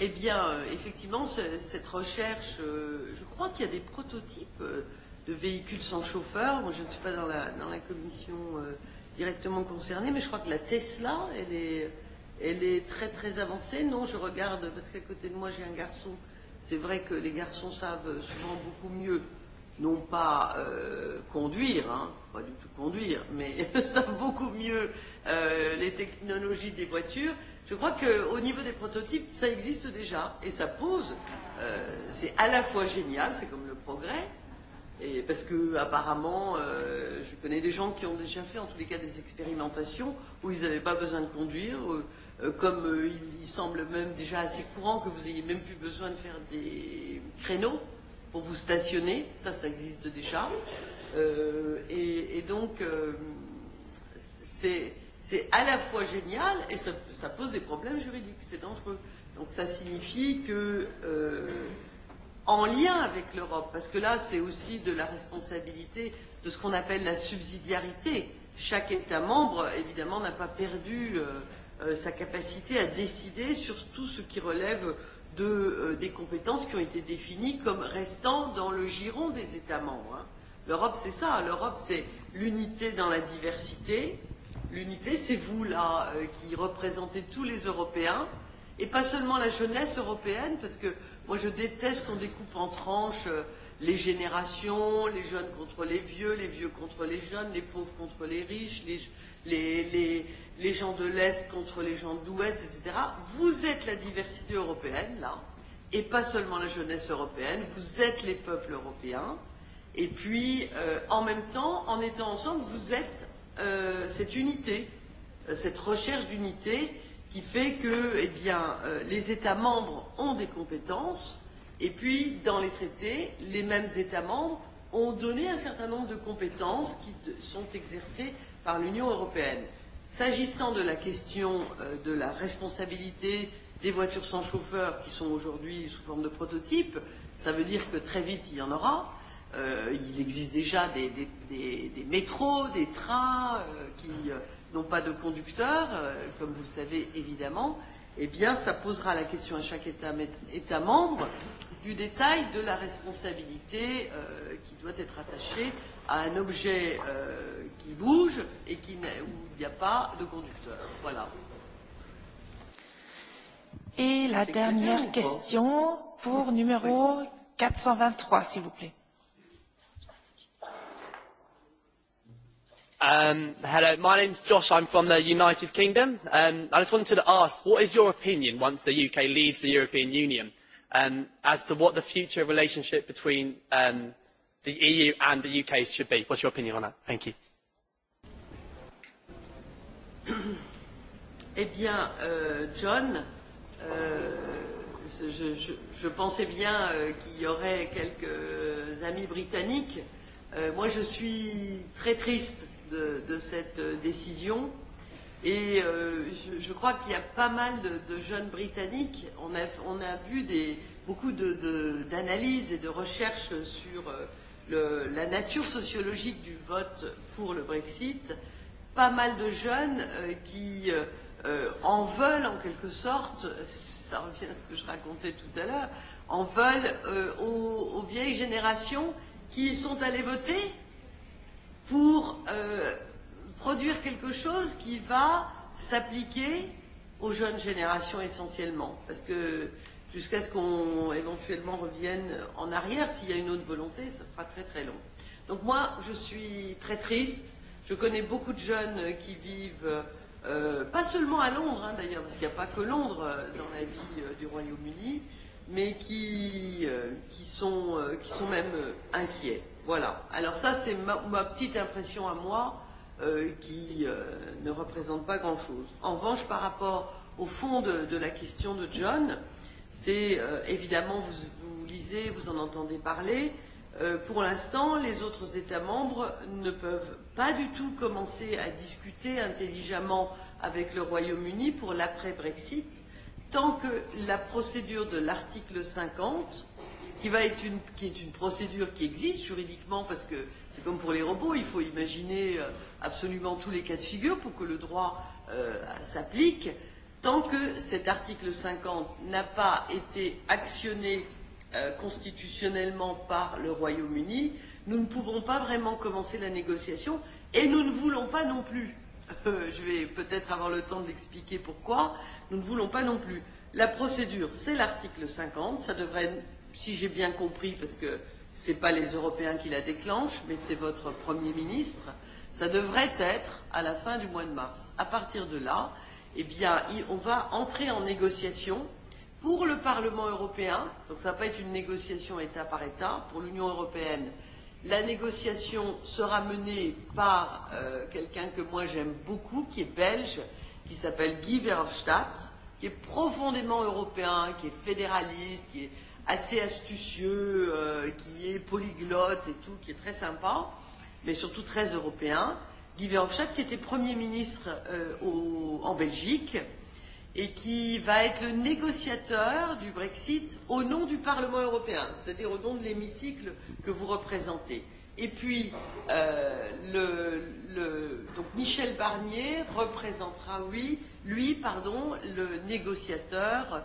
Eh bien, effectivement, cette recherche, je crois qu'il y a des prototypes de véhicules sans chauffeur. Moi, je ne suis pas dans la, dans la commission directement concernée, mais je crois que la Tesla, elle est, elle est très très avancée. Non, je regarde, parce qu'à côté de moi, j'ai un garçon euh, C'est vrai que les garçons savent souvent beaucoup mieux, non pas euh, conduire, hein, pas du tout conduire, mais savent beaucoup mieux euh, les technologies des voitures. Je crois qu'au niveau des prototypes, ça existe déjà et ça pose. Euh, c'est à la fois génial, c'est comme le progrès, et parce que apparemment, euh, je connais des gens qui ont déjà fait en tous les cas des expérimentations où ils n'avaient pas besoin de conduire. Euh, comme il semble même déjà assez courant que vous ayez même plus besoin de faire des créneaux pour vous stationner, ça, ça existe déjà. Euh, et, et donc, euh, c'est à la fois génial et ça, ça pose des problèmes juridiques, c'est dangereux. Donc ça signifie que, euh, en lien avec l'Europe, parce que là, c'est aussi de la responsabilité de ce qu'on appelle la subsidiarité. Chaque État membre, évidemment, n'a pas perdu. Euh, sa capacité à décider sur tout ce qui relève de, euh, des compétences qui ont été définies comme restant dans le giron des États membres. Hein. L'Europe, c'est ça. L'Europe, c'est l'unité dans la diversité. L'unité, c'est vous, là, euh, qui représentez tous les Européens, et pas seulement la jeunesse européenne, parce que moi, je déteste qu'on découpe en tranches euh, les générations, les jeunes contre les vieux, les vieux contre les jeunes, les pauvres contre les riches, les, les, les, les gens de l'Est contre les gens de l'Ouest, etc. Vous êtes la diversité européenne, là, et pas seulement la jeunesse européenne, vous êtes les peuples européens, et puis euh, en même temps, en étant ensemble, vous êtes euh, cette unité, cette recherche d'unité qui fait que eh bien, euh, les États membres ont des compétences, et puis dans les traités, les mêmes États membres ont donné un certain nombre de compétences qui sont exercées par l'Union européenne. S'agissant de la question de la responsabilité des voitures sans chauffeur qui sont aujourd'hui sous forme de prototype, ça veut dire que très vite il y en aura. Euh, il existe déjà des, des, des, des métros, des trains euh, qui euh, n'ont pas de conducteur, euh, comme vous le savez évidemment. Eh bien, ça posera la question à chaque État, État membre du détail de la responsabilité euh, qui doit être attachée à un objet euh, qui bouge et qui, où il n'y a pas de conducteur. Voilà. Et la dernière question pour numéro 423, s'il vous plaît. Um, hello, my name's Josh. I'm from the United Kingdom. Um, I just wanted to ask, what is your opinion once the UK leaves the European Union? as to what the future relationship between the EU and the UK should be. What is your opinion on that? Thank you. Eh bien, John, je, pensais bien qu'il y aurait quelques amis britanniques. moi, je suis très triste de, cette décision Et euh, je, je crois qu'il y a pas mal de, de jeunes Britanniques. On a, on a vu des, beaucoup d'analyses de, de, et de recherches sur euh, le, la nature sociologique du vote pour le Brexit. Pas mal de jeunes euh, qui euh, en veulent en quelque sorte, ça revient à ce que je racontais tout à l'heure, en veulent euh, aux, aux vieilles générations qui sont allées voter pour. Euh, produire quelque chose qui va s'appliquer aux jeunes générations essentiellement, parce que jusqu'à ce qu'on éventuellement revienne en arrière, s'il y a une autre volonté, ça sera très très long. Donc moi, je suis très triste. Je connais beaucoup de jeunes qui vivent, euh, pas seulement à Londres hein, d'ailleurs, parce qu'il n'y a pas que Londres dans la vie euh, du Royaume-Uni, mais qui, euh, qui, sont, euh, qui sont même euh, inquiets. Voilà. Alors ça, c'est ma, ma petite impression à moi qui euh, ne représente pas grand-chose. En revanche, par rapport au fond de, de la question de John, c'est euh, évidemment, vous, vous lisez, vous en entendez parler. Euh, pour l'instant, les autres États membres ne peuvent pas du tout commencer à discuter intelligemment avec le Royaume-Uni pour l'après-Brexit tant que la procédure de l'article 50 qui, va être une, qui est une procédure qui existe juridiquement, parce que c'est comme pour les robots, il faut imaginer absolument tous les cas de figure pour que le droit euh, s'applique. Tant que cet article 50 n'a pas été actionné euh, constitutionnellement par le Royaume-Uni, nous ne pouvons pas vraiment commencer la négociation et nous ne voulons pas non plus. Euh, je vais peut-être avoir le temps d'expliquer pourquoi. Nous ne voulons pas non plus. La procédure, c'est l'article 50, ça devrait si j'ai bien compris, parce que ce n'est pas les Européens qui la déclenchent, mais c'est votre Premier ministre, ça devrait être à la fin du mois de mars. À partir de là, eh bien, on va entrer en négociation pour le Parlement européen, donc ça ne va pas être une négociation État par État, pour l'Union européenne, la négociation sera menée par euh, quelqu'un que moi j'aime beaucoup, qui est belge, qui s'appelle Guy Verhofstadt, qui est profondément européen, qui est fédéraliste, qui est assez astucieux, euh, qui est polyglotte et tout, qui est très sympa, mais surtout très européen, Guy Verhofstadt, qui était Premier ministre euh, au, en Belgique et qui va être le négociateur du Brexit au nom du Parlement européen, c'est-à-dire au nom de l'hémicycle que vous représentez. Et puis, euh, le, le, donc Michel Barnier représentera, oui, lui, pardon, le négociateur euh,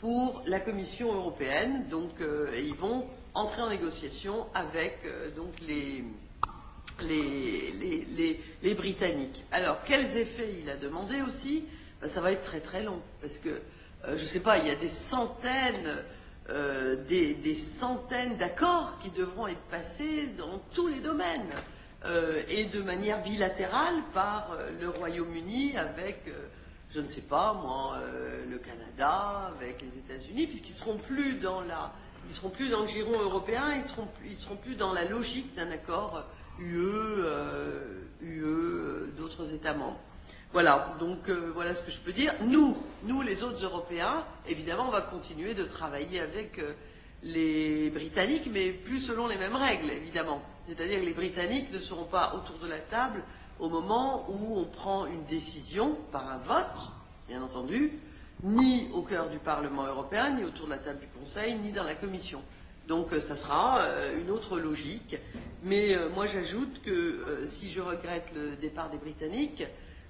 pour la Commission européenne. Donc, euh, ils vont entrer en négociation avec euh, donc les, les, les, les, les Britanniques. Alors, quels effets il a demandé aussi ben, Ça va être très très long parce que euh, je ne sais pas, il y a des centaines. Euh, des, des centaines d'accords qui devront être passés dans tous les domaines euh, et de manière bilatérale par euh, le Royaume-Uni avec euh, je ne sais pas, moi, euh, le Canada, avec les États-Unis, puisqu'ils ne seront plus dans la, ils seront plus dans le giron européen, ils seront, ils seront plus dans la logique d'un accord UE, euh, UE, d'autres États membres. Voilà, donc euh, voilà ce que je peux dire. Nous, nous les autres Européens, évidemment, on va continuer de travailler avec euh, les Britanniques, mais plus selon les mêmes règles, évidemment. C'est-à-dire que les Britanniques ne seront pas autour de la table euh, au moment où on prend une décision par un vote, bien entendu, ni au cœur du Parlement européen, ni autour de la table du Conseil, ni dans la Commission. Donc ça sera euh, une autre logique. Mais euh, moi j'ajoute que euh, si je regrette le départ des Britanniques,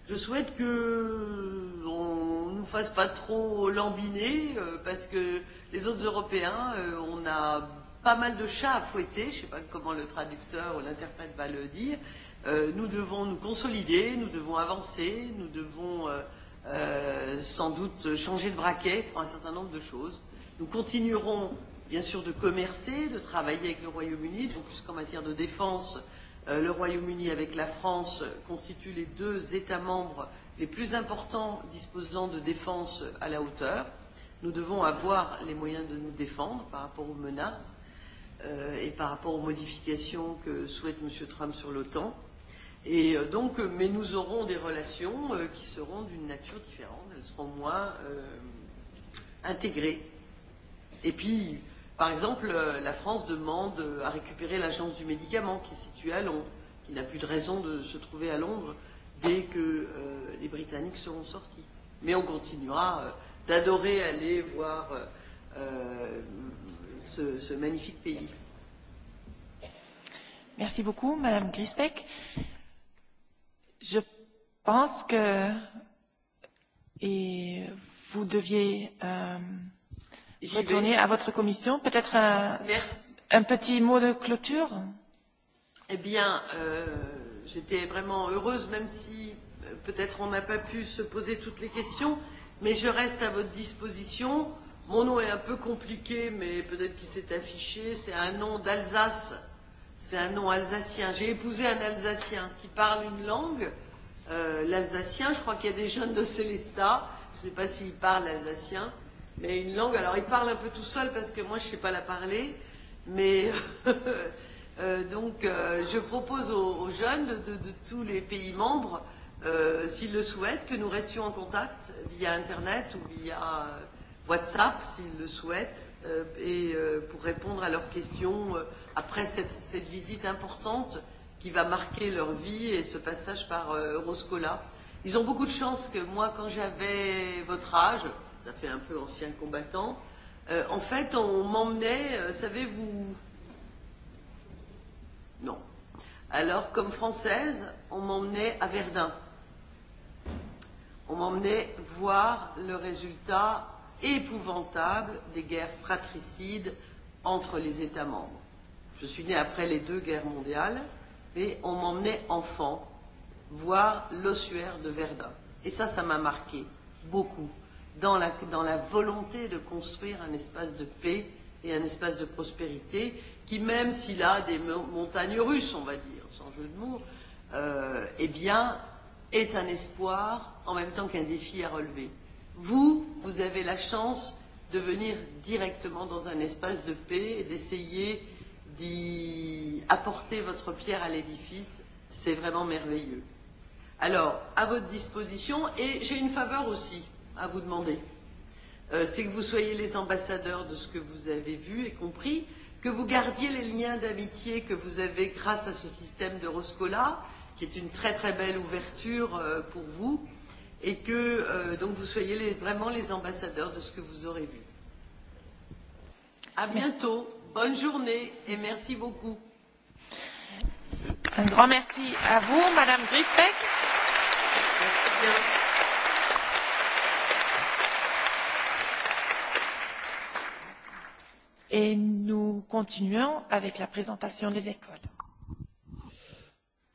je souhaite que on nous fasse pas trop lambiner euh, parce que les autres Européens, euh, on a pas mal de chats à fouetter, je ne sais pas comment le traducteur ou l'interprète va le dire, euh, nous devons nous consolider, nous devons avancer, nous devons euh, euh, sans doute changer de braquet pour un certain nombre de choses. Nous continuerons bien sûr de commercer, de travailler avec le Royaume-Uni, donc puisqu'en matière de défense, euh, le Royaume-Uni avec la France constituent les deux États membres les plus importants disposant de défense à la hauteur. Nous devons avoir les moyens de nous défendre par rapport aux menaces euh, et par rapport aux modifications que souhaite M. Trump sur l'OTAN. Et donc, mais nous aurons des relations euh, qui seront d'une nature différente, elles seront moins euh, intégrées. Et puis, par exemple, la France demande à récupérer l'agence du médicament qui est située à Londres, qui n'a plus de raison de se trouver à Londres dès que euh, les Britanniques seront sortis. Mais on continuera euh, d'adorer aller voir euh, ce, ce magnifique pays. Merci beaucoup, Madame Grisbeck. Je pense que et vous deviez euh, retourner à votre commission. Peut-être un, un petit mot de clôture Eh bien, euh, j'étais vraiment heureuse, même si peut-être on n'a pas pu se poser toutes les questions, mais je reste à votre disposition. Mon nom est un peu compliqué, mais peut-être qu'il s'est affiché. C'est un nom d'Alsace c'est un nom alsacien. J'ai épousé un Alsacien qui parle une langue, euh, l'alsacien. Je crois qu'il y a des jeunes de Célestat. Je ne sais pas s'ils parlent l'alsacien, mais une langue. Alors, ils parlent un peu tout seul parce que moi, je ne sais pas la parler. Mais euh, donc, euh, je propose aux, aux jeunes de, de, de tous les pays membres, euh, s'ils le souhaitent, que nous restions en contact via Internet ou via WhatsApp, s'ils le souhaitent, euh, et euh, pour répondre à leurs questions. Euh, après cette, cette visite importante qui va marquer leur vie et ce passage par euh, Euroscola. Ils ont beaucoup de chance que moi, quand j'avais votre âge, ça fait un peu ancien combattant, euh, en fait, on m'emmenait, euh, savez-vous Non. Alors, comme française, on m'emmenait à Verdun. On m'emmenait voir le résultat épouvantable des guerres fratricides entre les États membres. Je suis née après les deux guerres mondiales, mais on m'emmenait enfant voir l'ossuaire de Verdun. Et ça, ça m'a marqué beaucoup dans la, dans la volonté de construire un espace de paix et un espace de prospérité qui, même s'il a des montagnes russes, on va dire, sans jeu de mots, euh, eh bien, est un espoir en même temps qu'un défi à relever. Vous, vous avez la chance de venir directement dans un espace de paix et d'essayer d'y apporter votre pierre à l'édifice, c'est vraiment merveilleux. Alors, à votre disposition, et j'ai une faveur aussi à vous demander, euh, c'est que vous soyez les ambassadeurs de ce que vous avez vu et compris, que vous gardiez les liens d'amitié que vous avez grâce à ce système d'Euroscola, qui est une très très belle ouverture euh, pour vous, et que euh, donc vous soyez les, vraiment les ambassadeurs de ce que vous aurez vu. À bientôt. Merci. Bonne journée et merci beaucoup. Un grand merci à vous, Madame Grisbeck. et nous continuons avec la présentation des écoles.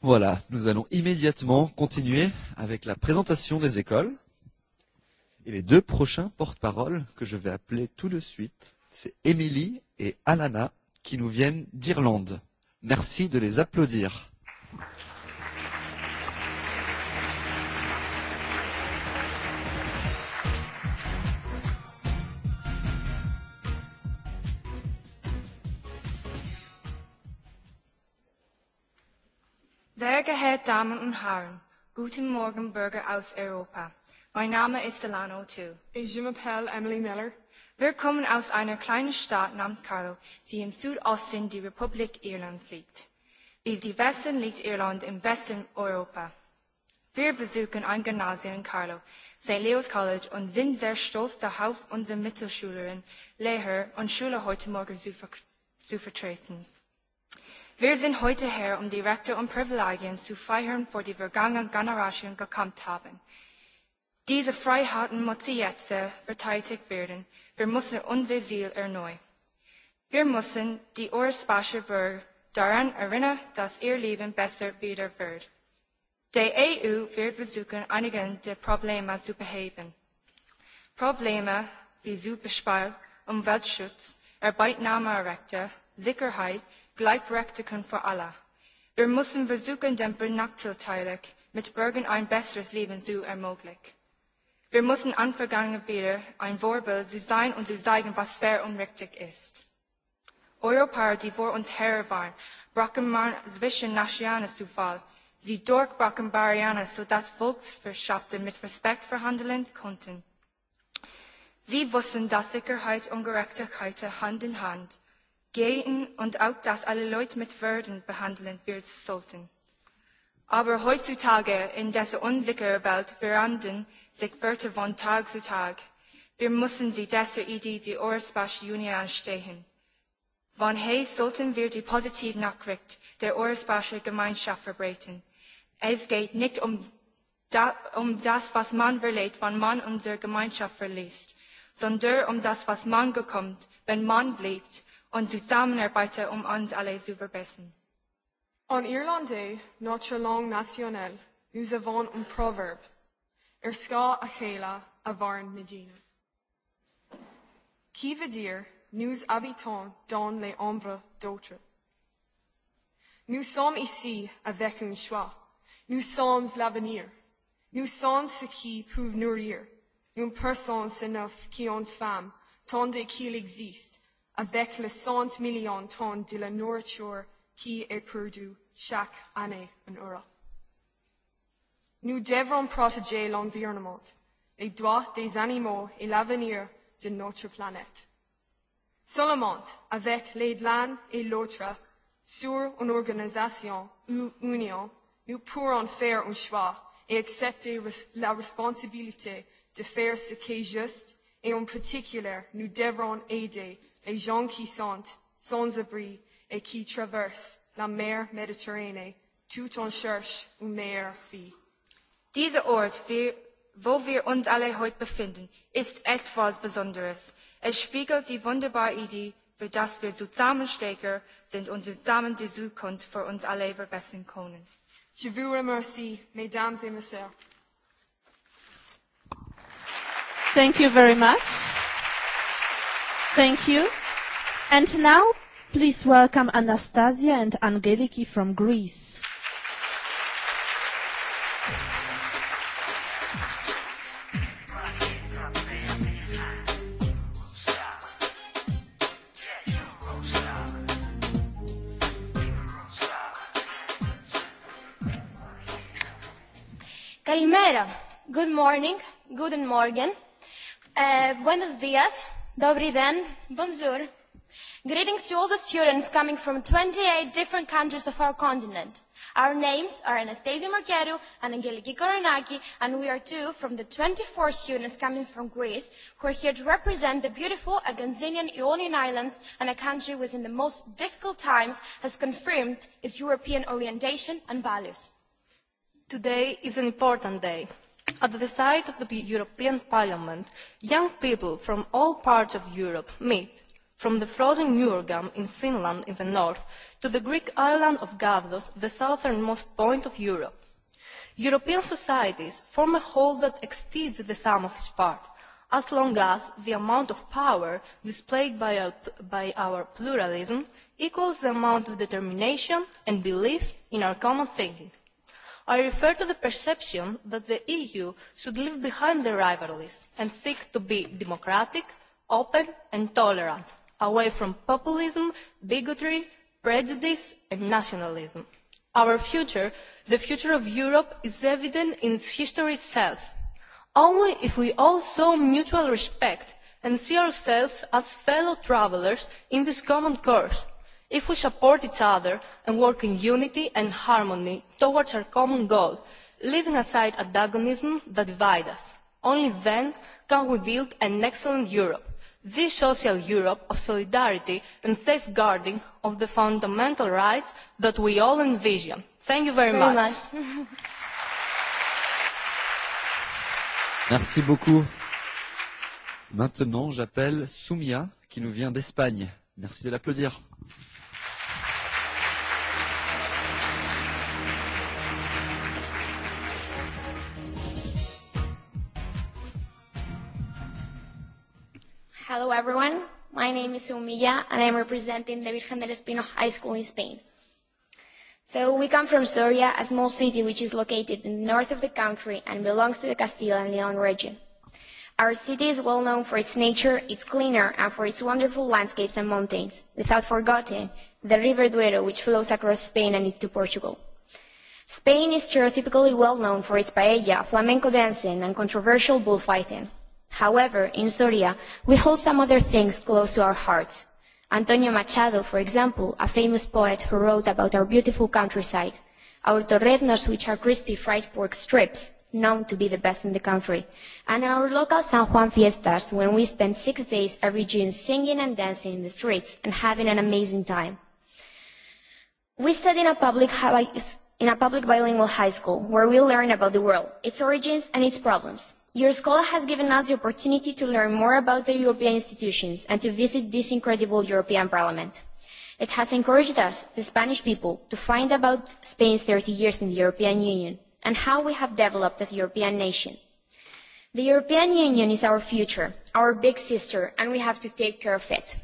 Voilà, nous allons immédiatement continuer avec la présentation des écoles. Et les deux prochains porte parole que je vais appeler tout de suite, c'est Émilie et Alana qui nous viennent d'Irlande. Merci de les applaudir. Sehr geehrte Damen und Herren, guten Morgen Bürger aus Europa. Mein Name ist Delano Tu. je m'appelle Emily Miller. Wir kommen aus einer kleinen Stadt namens Carlo, die im Südosten der Republik Irlands liegt. Wie Sie wissen, liegt Irland im Westen Europa. Wir besuchen ein Gymnasium in Carlo, St. Leo's College und sind sehr stolz darauf, unsere Mittelschülerinnen, Lehrer und Schüler heute Morgen zu, ver zu vertreten. Wir sind heute her, um die Rechte und Privilegien zu feiern, vor die wir vergangenen Generationen gekämpft haben. Díze freihaten jetze verteidig werden, wir müssen unser Ziel erneu. Wir müssen die Urspache Bürger daran erinnern, dass ihr Leben besser wieder wird. Die EU wird versuchen, einigen der Probleme zu beheben. Probleme wie Superspiel, Umweltschutz, Arbeitnahmerechte, Sicherheit, Gleichberechtigung für alle. Wir müssen versuchen, den Benachteiligten mit Bürgern ein besseres Leben zu ermöglichen. Wir müssen anfangen, wieder ein Vorbild zu sein und zu zeigen, was fair und richtig ist. Europa, die vor uns her waren, brachen man zwischen Nationen zu Fall. Sie durchbrachen Barrieren, sodass Volkswirtschaften mit Respekt verhandeln konnten. Sie wussten, dass Sicherheit und Gerechtigkeit Hand in Hand gehen und auch, dass alle Leute mit Würden behandeln, werden sollten. Aber heutzutage in dieser unsicheren Welt verandern sich Wörter von Tag zu Tag. Wir müssen sie dieser Idee die Ortsbach Juni anstehen. Von hey sollten wir die positive Nachricht der Ortsbacher Gemeinschaft verbreiten. Es geht nicht um, da, um das, was man verliert, wenn man unsere Gemeinschaft verliest, sondern um das, was man bekommt, wenn man bleibt und zusammenarbeitet, um uns alle zu verbessern. En irlandais, notre langue nationale, nous avons un proverbe ar scá a chéile a bhain na ddíine. Cíh dír nús don le ombra dótra. Nous sommes ici avec un choix. Nous sommes l'avenir. Nous sommes ce qui peut nourrir une personne se neuf qui en femme, tandis qu'il existe, avec le cent millions de tonnes de la nourriture qui est perdue chaque année en Europe. Nous devron protéger l'environnement, les droits des animaux et l'avenir de notre planète. Seulement avec l'aide l'un et l'autre sur une organisation ou union, nous pourrons faire un choix et accepter la responsabilité de faire ce qui est juste et en particulier nous devrons aider les gens qui sont sans abri et qui traversent la mer Méditerranée tout en cherchant une meilleure vie. Dieser Ort, wo wir uns alle heute befinden, ist etwas Besonderes. Es spiegelt die wunderbare Idee, für das wir zusammenstecken sind und zusammen die Zukunft für uns alle verbessern können. Je vous remercie, mesdames et messieurs. Thank you very much. Thank you. And now, please welcome Anastasia and Angeliki from Greece. morning, guten Morgen, uh, buenos dias, dobri den, bonjour. Greetings to all the students coming from 28 different countries of our continent. Our names are Anastasia Markeru and Angeliki Koronaki, and we are two from the 24 students coming from Greece who are here to represent the beautiful Aganzinian Ionian Islands and a country which in the most difficult times has confirmed its European orientation and values. Today is an important day At the side of the European Parliament, young people from all parts of Europe meet, from the frozen Jurgam in Finland in the north to the Greek island of Gavdos, the southernmost point of Europe. European societies form a whole that exceeds the sum of its parts, as long as the amount of power displayed by our, by our pluralism equals the amount of determination and belief in our common thinking. I refer to the perception that the EU should leave behind the rivalries and seek to be democratic, open and tolerant, away from populism, bigotry, prejudice and nationalism. Our future, the future of Europe, is evident in its history itself. Only if we all show mutual respect and see ourselves as fellow travellers in this common course, if we support each other and work in unity and harmony towards our common goal, leaving aside antagonism that divides us. Only then can we build an excellent Europe, the social Europe of solidarity and safeguarding of the fundamental rights that we all envision. Thank you very, very much. much. Merci beaucoup. Maintenant, j'appelle Soumia qui nous vient d'Espagne. Merci de l'applaudir. Hello, everyone. My name is Umilla, and I'm representing the Virgen del Espino High School in Spain. So we come from Soria, a small city which is located in the north of the country and belongs to the Castilla and Leon region. Our city is well known for its nature, its clean air, and for its wonderful landscapes and mountains, without forgetting the River Duero, which flows across Spain and into Portugal. Spain is stereotypically well known for its paella, flamenco dancing, and controversial bullfighting. However, in Soria, we hold some other things close to our hearts. Antonio Machado, for example, a famous poet who wrote about our beautiful countryside, our torreznos, which are crispy fried pork strips, known to be the best in the country, and our local San Juan fiestas, when we spend six days every June singing and dancing in the streets and having an amazing time. We study in a public high, in a public bilingual high school where we learn about the world, its origins and its problems. Your school has given us the opportunity to learn more about the European institutions and to visit this incredible European Parliament. It has encouraged us, the Spanish people, to find about Spain's 30 years in the European Union and how we have developed as a European nation. The European Union is our future, our big sister, and we have to take care of it.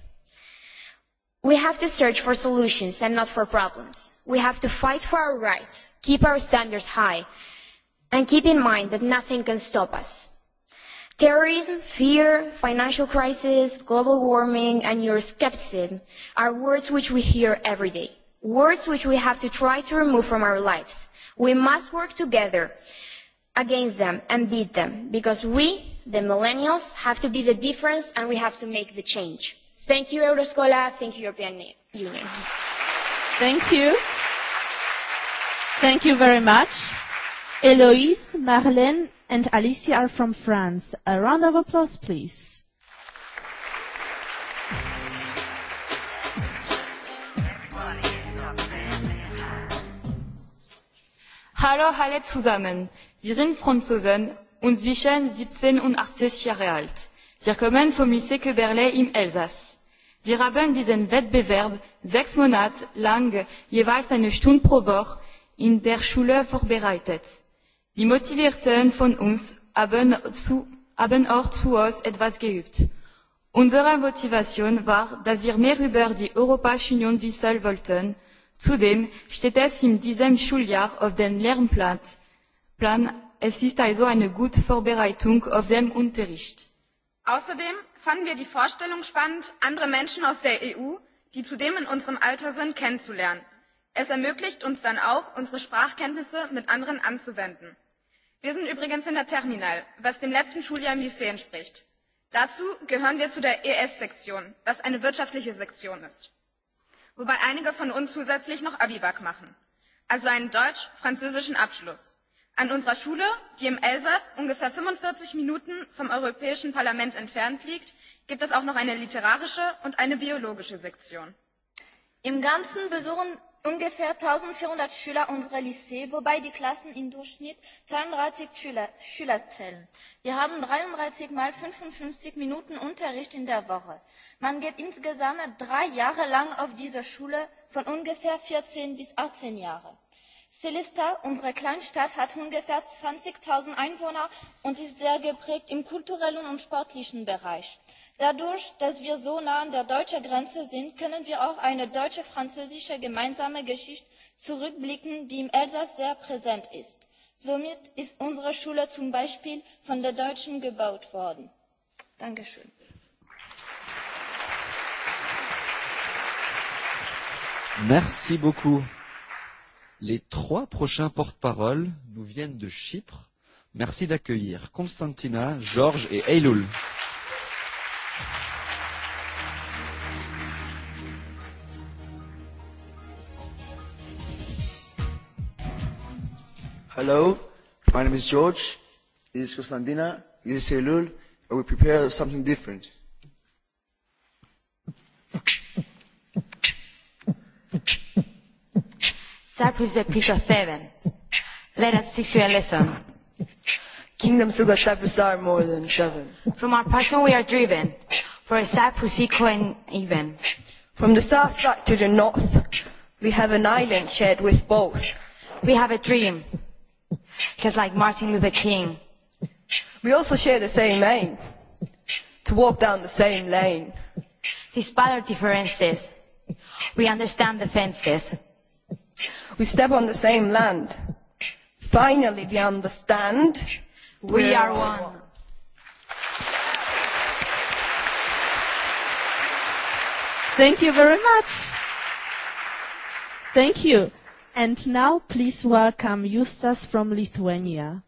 We have to search for solutions and not for problems. We have to fight for our rights, keep our standards high, And keep in mind that nothing can stop us. Terrorism, fear, financial crisis, global warming, and your skepticism are words which we hear every day. Words which we have to try to remove from our lives. We must work together against them and beat them because we, the millennials, have to be the difference and we have to make the change. Thank you, Euroscola. Thank you, European Union. Thank you. Thank you very much. Eloise, Marlène, and Alicia are from France. A round of applause, please. Hallo alle zusammen. Wir sind Franzosen und zwischen 17 und 18 Jahre alt. Wir kommen vom Lycée Köberle im Elsass. Wir haben diesen Wettbewerb sechs Monate lang jeweils eine Stunde pro Woche in der Schule vorbereitet. Die Motivierten von uns haben, zu, haben auch zu uns etwas geübt. Unsere Motivation war, dass wir mehr über die Europäische Union wissen wollten. Zudem steht es in diesem Schuljahr auf dem Lernplan. Plan, es ist also eine gute Vorbereitung auf den Unterricht. Außerdem fanden wir die Vorstellung spannend, andere Menschen aus der EU, die zudem in unserem Alter sind, kennenzulernen. Es ermöglicht uns dann auch, unsere Sprachkenntnisse mit anderen anzuwenden. Wir sind übrigens in der Terminal, was dem letzten Schuljahr im Lycée entspricht. Dazu gehören wir zu der ES-Sektion, was eine wirtschaftliche Sektion ist. Wobei einige von uns zusätzlich noch Abibak machen, also einen deutsch-französischen Abschluss. An unserer Schule, die im Elsass ungefähr 45 Minuten vom Europäischen Parlament entfernt liegt, gibt es auch noch eine literarische und eine biologische Sektion. Im Ganzen besuchen ungefähr eins schüler unserer lycée wobei die klassen im durchschnitt zweiunddreißig schüler zählen. wir haben dreiunddreißig mal fünfundfünfzig minuten unterricht in der woche. man geht insgesamt drei jahre lang auf diese schule von ungefähr vierzehn bis achtzehn jahren. Celesta, unsere Kleinstadt, hat ungefähr 20.000 Einwohner und ist sehr geprägt im kulturellen und sportlichen Bereich dadurch dass wir so nah an der deutschen grenze sind können wir auf eine deutsch französische gemeinsame geschichte zurückblicken die im elsass sehr präsent ist. somit ist unsere schule zum beispiel von den deutschen gebaut worden. dankeschön. Merci beaucoup. Les trois prochains porte-parole nous viennent de Chypre. Merci d'accueillir Constantina, Georges et Eiloul. Hello, my name is George. This is Costandina. This is Elul. And we prepare something different. Cyprus is a piece of heaven. Let us teach you a lesson. Kingdoms of Cyprus are more than seven. From our passion we are driven, for a Cyprus equal and even. From the south back to the north, we have an island shared with both. We have a dream just like Martin Luther King. We also share the same aim, to walk down the same lane. Despite our differences, we understand the fences. We step on the same land. Finally, we understand. We are one. Thank you very much. Thank you. And now please welcome Justas from Lithuania.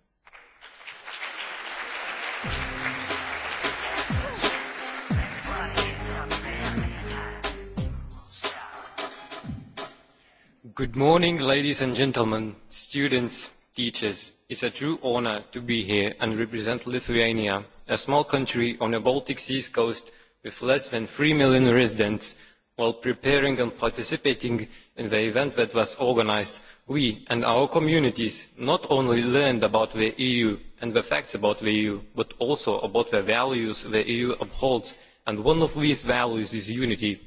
Good morning, ladies and gentlemen, students, teachers. It's a true honor to be here and represent Lithuania, a small country on the Baltic Sea coast with less than 3 million residents – While preparing and participating in the event that was organised, we and our communities not only learned about the EU and the facts about the EU, but also about the values the EU upholds, and one of these values is unity.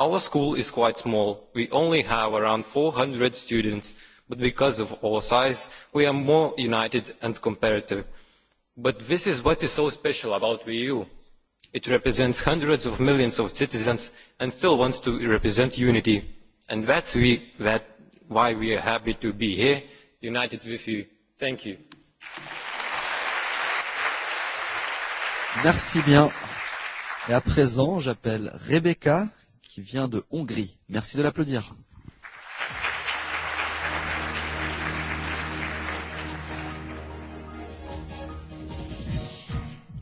Our school is quite small. We only have around 400 students, but because of our size, we are more united and comparative. But this is what is so special about the EU. It represents hundreds of millions of citizens and still wants to represent unity. And that's we, that why we are happy to be here, united with you. Thank you. Merci bien. Et à présent, j'appelle Rebecca qui vient de Hongrie. Merci de l'applaudir.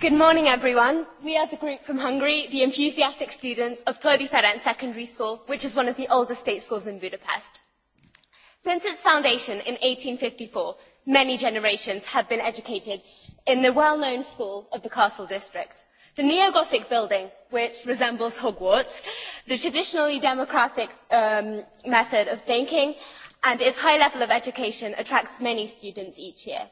Good morning, everyone. We are the group from Hungary, the enthusiastic students of Tordi Ferenc Secondary School, which is one of the oldest state schools in Budapest. Since its foundation in 1854, many generations have been educated in the well-known school of the Castle District. The neo-Gothic building, which resembles Hogwarts, the traditionally democratic um, method of thinking, and its high level of education attracts many students each year.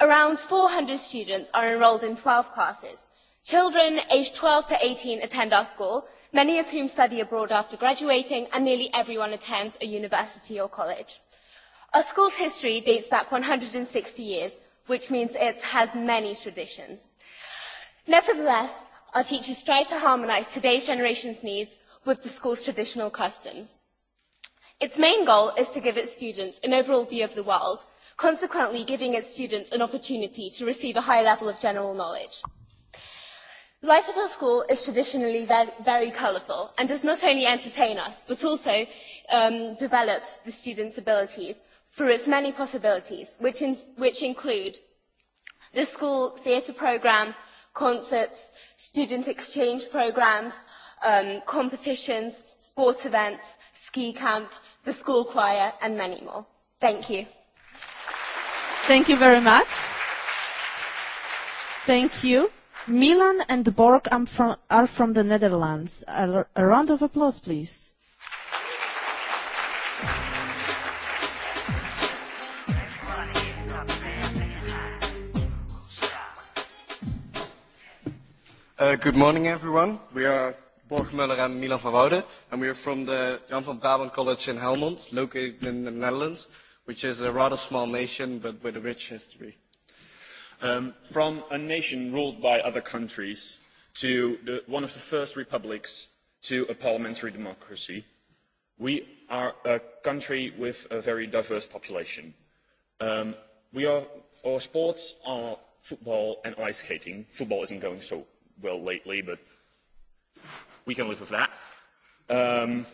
Around 400 students are enrolled in 12 classes. Children aged 12 to 18 attend our school, many of whom study abroad after graduating, and nearly everyone attends a university or college. Our school's history dates back 160 years, which means it has many traditions. Nevertheless, our teachers strive to harmonise today's generation's needs with the school's traditional customs. Its main goal is to give its students an overall view of the world – consequently giving its students an opportunity to receive a high level of general knowledge. Life at our school is traditionally very colourful and does not only entertain us but also um, develops the students' abilities through its many possibilities, which, in, which include the school theatre programme, concerts, student exchange programmes, um, competitions, sports events, ski camp, the school choir, and many more. Thank you. Thank you very much. Thank you. Milan and Borg are from, are from the Netherlands. A, a round of applause, please. Uh, good morning, everyone. We are Borg Muller and Milan van Wouden, and we are from the Jan van Brabant College in Helmond, located in the Netherlands which is a rather small nation but with a rich history. Um, from a nation ruled by other countries to the, one of the first republics to a parliamentary democracy, we are a country with a very diverse population. Um, we are, our sports are football and ice skating. Football isn't going so well lately, but we can live with that. Um,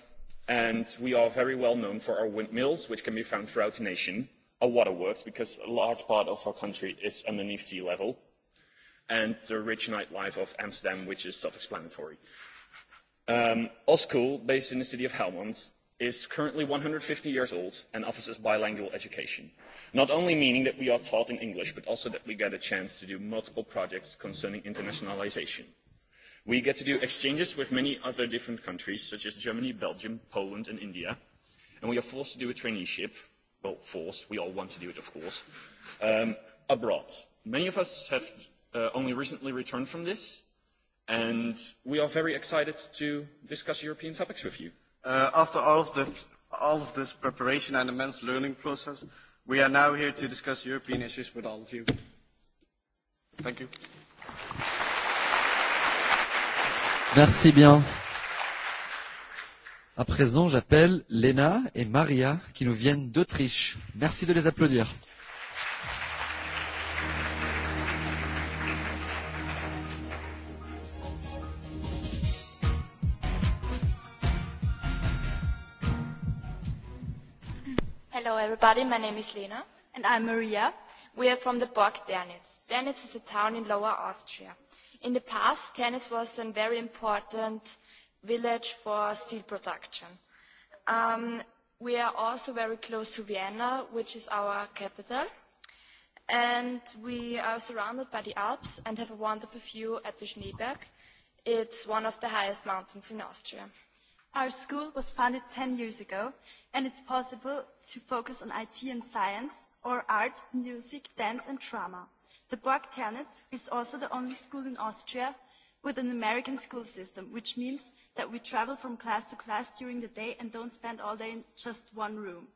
and we are very well known for our windmills, which can be found throughout the nation, our waterworks, because a large part of our country is underneath sea level, and the rich nightlife of Amsterdam, which is self-explanatory. Um, OSCOOL, based in the city of Helmond, is currently 150 years old and offers bilingual education, not only meaning that we are taught in English, but also that we get a chance to do multiple projects concerning internationalization. We get to do exchanges with many other different countries, such as Germany, Belgium, Poland, and India. And we are forced to do a traineeship. Well, forced. We all want to do it, of course. Um, abroad. Many of us have uh, only recently returned from this, and we are very excited to discuss European topics with you. Uh, after all of, the, all of this preparation and immense learning process, we are now here to discuss European issues with all of you. Thank you. Merci bien. À présent, j'appelle Lena et Maria qui nous viennent d'Autriche. Merci de les applaudir. Hello everybody, my name is Lena. And I'm Maria. We are from the Borg Dernitz. Dernitz is a town in Lower Austria. In the past, Tennis was a very important village for steel production. Um, we are also very close to Vienna, which is our capital. And we are surrounded by the Alps and have a wonderful view at the Schneeberg. It's one of the highest mountains in Austria. Our school was founded 10 years ago, and it's possible to focus on IT and science, or art, music, dance, and drama. The Borg Ternitz is also the only school in Austria with an American school system, which means that we travel from class to class during the day and don't spend all day in just one room.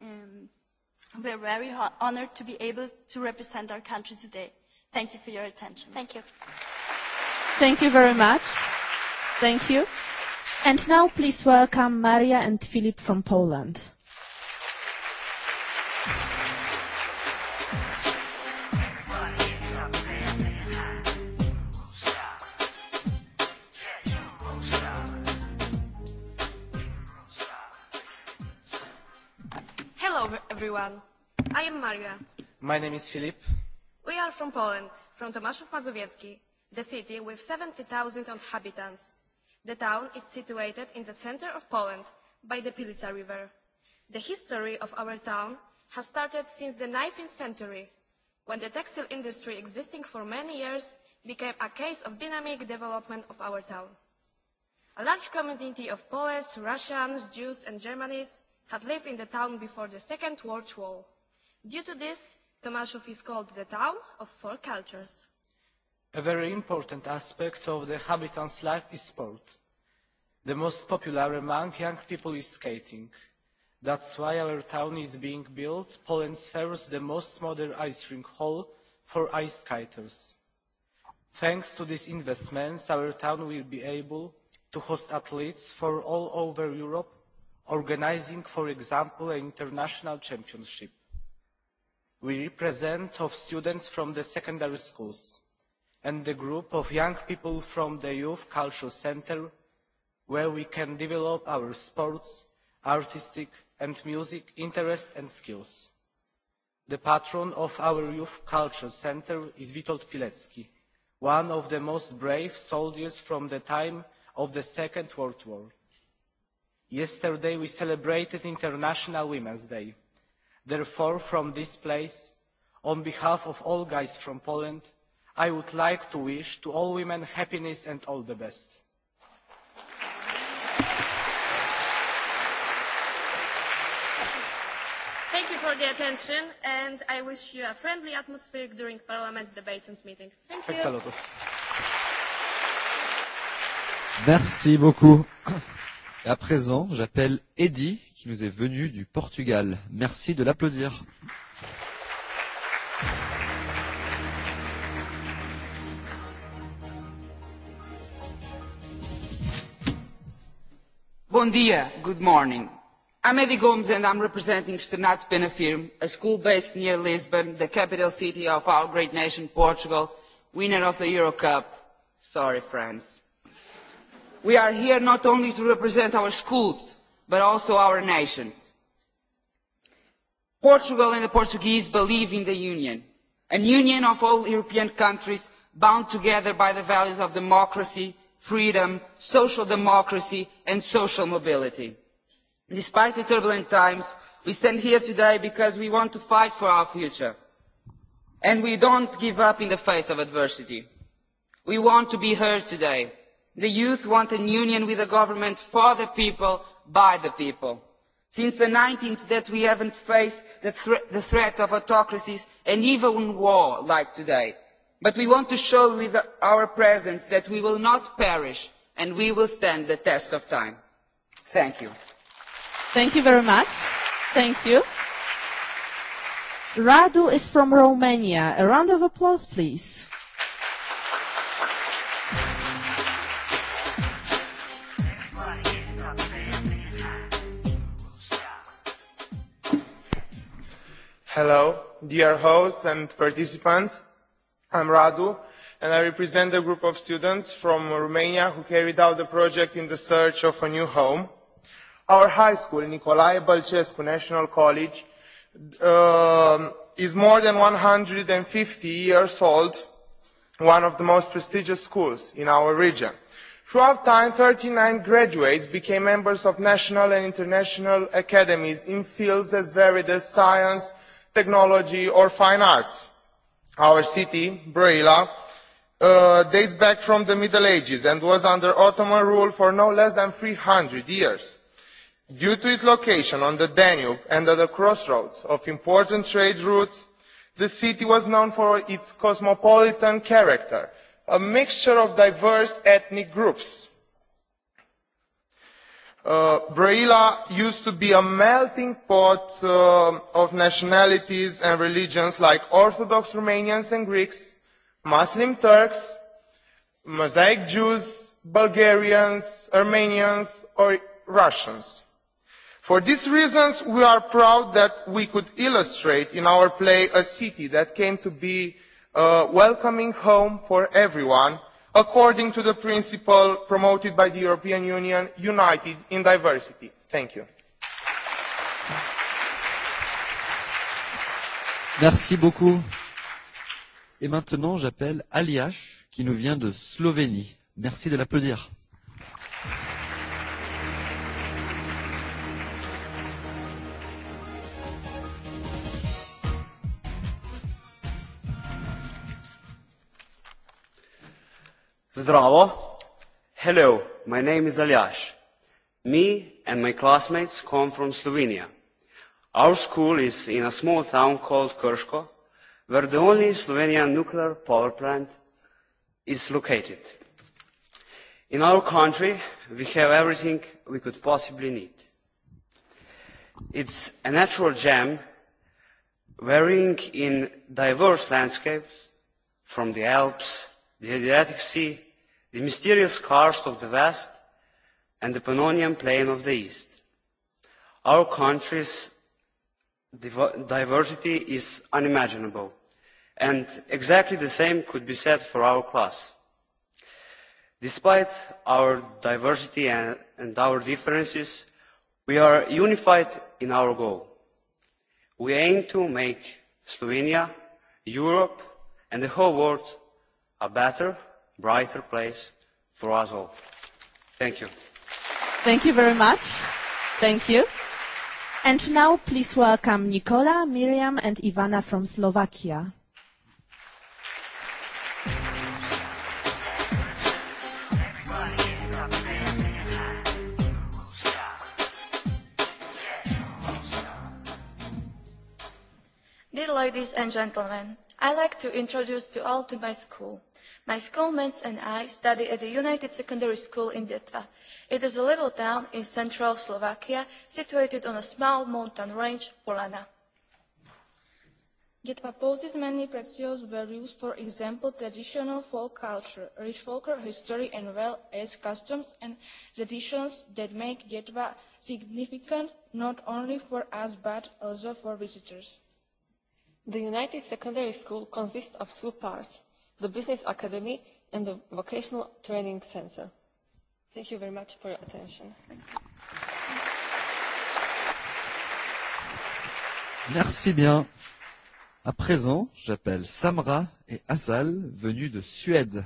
Um, we are very honored to be able to represent our country today. Thank you for your attention. Thank you. Thank you very much. Thank you. And now please welcome Maria and Philip from Poland. everyone. I am Maria. My name is Filip. We are from Poland, from Tomaszów Mazowiecki, the city with 70,000 inhabitants. The town is situated in the center of Poland by the Pilica River. The history of our town has started since the 19th century, when the textile industry existing for many years became a case of dynamic development of our town. A large community of Poles, Russians, Jews and Germans had lived in the town before the Second World War. Due to this, Tomaszów is called the town of four cultures. A very important aspect of the habitant's life is sport. The most popular among young people is skating. That's why our town is being built Poland's first, the most modern ice rink hall for ice skaters. Thanks to these investments, our town will be able to host athletes from all over Europe organizing, for example, an international championship. We represent of students from the secondary schools and the group of young people from the Youth Cultural Center where we can develop our sports, artistic and music interests and skills. The patron of our Youth Cultural Center is Witold Pilecki, one of the most brave soldiers from the time of the Second World War Yesterday we celebrated International Women's Day. Therefore, from this place, on behalf of all guys from Poland, I would like to wish to all women happiness and all the best. Thank you for the attention, and I wish you a friendly atmosphere during Parliament's debates and meetings. Thank you. Merci beaucoup. Et à présent, j'appelle Eddy, qui nous est venu du Portugal. Merci de l'applaudir. Bom dia, good morning. I'm Eddie Gomes and I'm representing Sternat Benafirm, a school based near Lisbon, the capital city of our great nation, Portugal, winner of the Euro Cup. Sorry, France we are here not only to represent our schools, but also our nations. Portugal and the Portuguese believe in the Union, a union of all European countries bound together by the values of democracy, freedom, social democracy and social mobility. Despite the turbulent times, we stand here today because we want to fight for our future. And we don't give up in the face of adversity. We want to be heard today The youth want a union with a government for the people, by the people. Since the 19th that we haven't faced the, thre the threat of autocracies and even war like today. But we want to show with our presence that we will not perish and we will stand the test of time. Thank you. Thank you very much. Thank you. Radu is from Romania. A round of applause, please. Hello, dear hosts and participants. I'm Radu, and I represent a group of students from Romania who carried out the project in the search of a new home. Our high school, Nicolae Balcescu National College, uh, is more than 150 years old, one of the most prestigious schools in our region. Throughout time, 39 graduates became members of national and international academies in fields as varied as science, technology, or fine arts. Our city, Brăila, uh, dates back from the Middle Ages and was under Ottoman rule for no less than 300 years. Due to its location on the Danube and at the crossroads of important trade routes, the city was known for its cosmopolitan character, a mixture of diverse ethnic groups Uh, Braila used to be a melting pot uh, of nationalities and religions like Orthodox Romanians and Greeks, Muslim Turks, Mosaic Jews, Bulgarians, Armenians, or Russians. For these reasons, we are proud that we could illustrate in our play a city that came to be a welcoming home for everyone – according to the principle promoted by the European Union, united in diversity. Thank you. Merci beaucoup. Et maintenant, j'appelle Aliash, qui nous vient de Slovénie. Merci de l'applaudir. Zdravo. Hello, my name is Aljaš. Me and my classmates come from Slovenia. Our school is in a small town called Krško, where the only Slovenian nuclear power plant is located. In our country, we have everything we could possibly need. It's a natural gem, varying in diverse landscapes, from the Alps the Adriatic Sea, the mysterious karst of the West, and the Pannonian Plain of the East. Our country's diversity is unimaginable, and exactly the same could be said for our class. Despite our diversity and, and our differences, we are unified in our goal. We aim to make Slovenia, Europe, and the whole world a better, brighter place for us all. Thank you. Thank you very much. Thank you. And now please welcome Nicola, Miriam and Ivana from Slovakia. Dear ladies and gentlemen, I'd like to introduce you all to my school. My schoolmates and I study at the United Secondary School in Detva. It is a little town in central Slovakia, situated on a small mountain range, Polana. Detva poses many precious values, for example, traditional folk culture, rich folk history, and well as customs and traditions that make Detva significant not only for us but also for visitors. The United Secondary School consists of two parts, the Business Academy, and the Vocational Training Center. Thank you very much for your attention. Merci bien. À présent, j'appelle Samra et Asal, venus de Suède.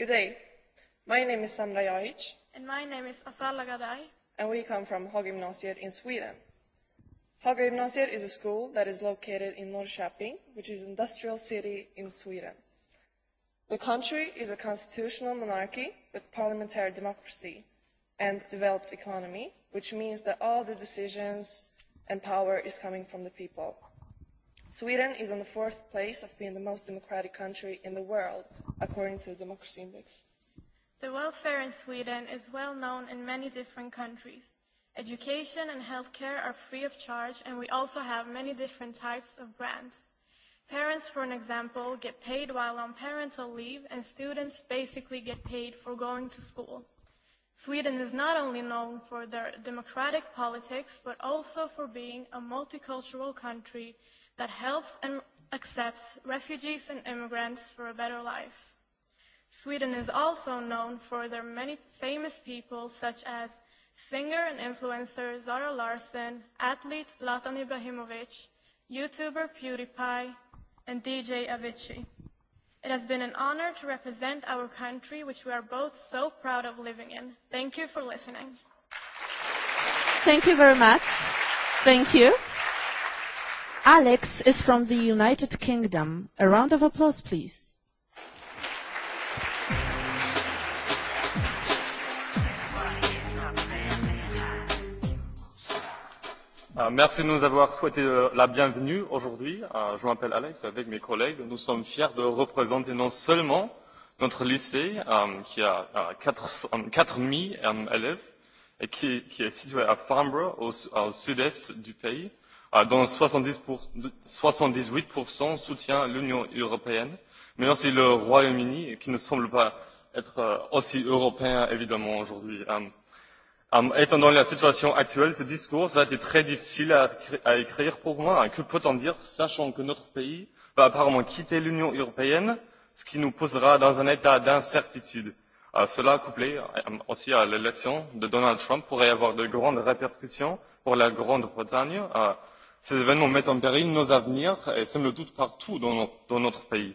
Good day. My name is Sandra Jajic. And my name is Asalla Gadai. And we come from Hagagymnasiet in Sweden. Hagagymnasiet is a school that is located in Norrköping, which is an industrial city in Sweden. The country is a constitutional monarchy with parliamentary democracy and developed economy, which means that all the decisions and power is coming from the people. Sweden is on the fourth place of being the most democratic country in the world, according to the Democracy Index. The welfare in Sweden is well known in many different countries. Education and healthcare are free of charge, and we also have many different types of grants. Parents, for an example, get paid while on parental leave, and students basically get paid for going to school. Sweden is not only known for their democratic politics, but also for being a multicultural country that helps and accepts refugees and immigrants for a better life. Sweden is also known for their many famous people such as singer and influencer Zara Larsson, athlete Zlatan Ibrahimovic, YouTuber PewDiePie, and DJ Avicii. It has been an honor to represent our country, which we are both so proud of living in. Thank you for listening. Thank you very much. Thank you. Alex is from the United Kingdom. A round of applause, please. Merci de nous avoir souhaité la bienvenue aujourd'hui. Je m'appelle Alex, avec mes collègues, nous sommes fiers de représenter non seulement notre lycée, qui a 4000 élèves, et qui, qui est situé à Farnborough, au, au sud-est du pays, dont 70 pour, 78% soutient l'Union européenne, mais aussi le Royaume-Uni, qui ne semble pas être aussi européen, évidemment, aujourd'hui. étant dans la situation actuelle, ce discours, ça a été très difficile à, à écrire pour moi. Que peut-on dire, sachant que notre pays va apparemment quitter l'Union européenne, ce qui nous posera dans un état d'incertitude. Euh, cela, couplé euh, aussi à l'élection de Donald Trump, pourrait avoir de grandes répercussions pour la Grande-Bretagne, euh, Ces événements mettent en péril nos avenirs et sèment le doute partout dans notre, dans notre pays.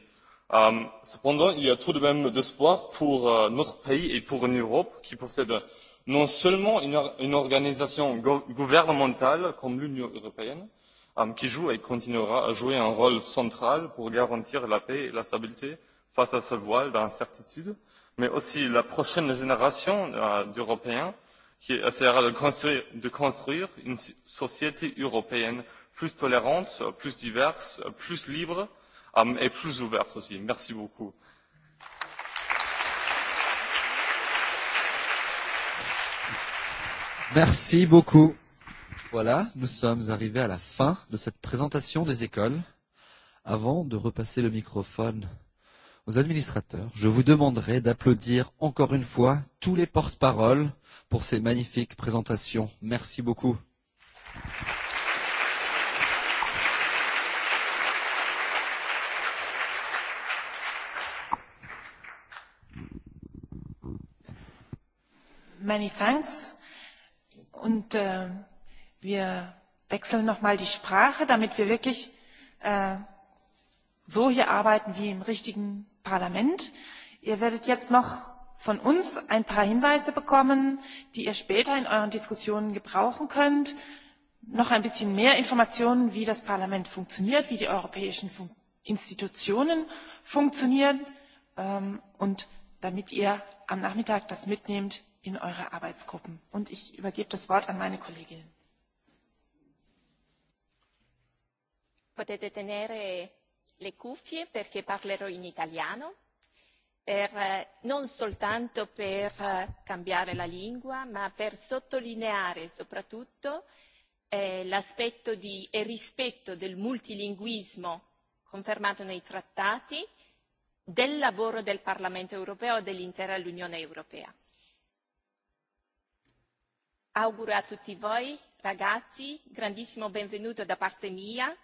cependant, il y a tout de même d'espoir pour notre pays et pour une Europe qui possède non seulement une, une organisation go gouvernementale comme l'Union européenne, qui joue et continuera à jouer un rôle central pour garantir la paix et la stabilité face à ce voile d'incertitude, mais aussi la prochaine génération d'Européens qui essaiera de construire, de construire une société européenne plus tolérante, plus diverse, plus libre et plus ouverte aussi. Merci beaucoup. Merci beaucoup. Voilà, nous sommes arrivés à la fin de cette présentation des écoles. Avant de repasser le microphone aux administrateurs, je vous demanderai d'applaudir encore une fois tous les porte-paroles pour ces magnifiques présentations. Merci beaucoup. Many thanks. Und äh, wir wechseln nochmal die Sprache, damit wir wirklich äh, so hier arbeiten wie im richtigen Parlament. Ihr werdet jetzt noch von uns ein paar Hinweise bekommen, die ihr später in euren Diskussionen gebrauchen könnt. Noch ein bisschen mehr Informationen, wie das Parlament funktioniert, wie die europäischen Fun Institutionen funktionieren. Ähm, und damit ihr am Nachmittag das mitnehmt, in eure Arbeitsgruppen. Und ich übergebe das Wort an meine Kollegin. Potete tenere le cuffie perché parlerò in italiano, per, non soltanto per cambiare la lingua, ma per sottolineare soprattutto eh, l'aspetto di, e rispetto del multilinguismo confermato nei trattati, del lavoro del Parlamento europeo e dell'intera Unione europea auguro a tutti voi, ragazzi, grandissimo benvenuto da parte mia.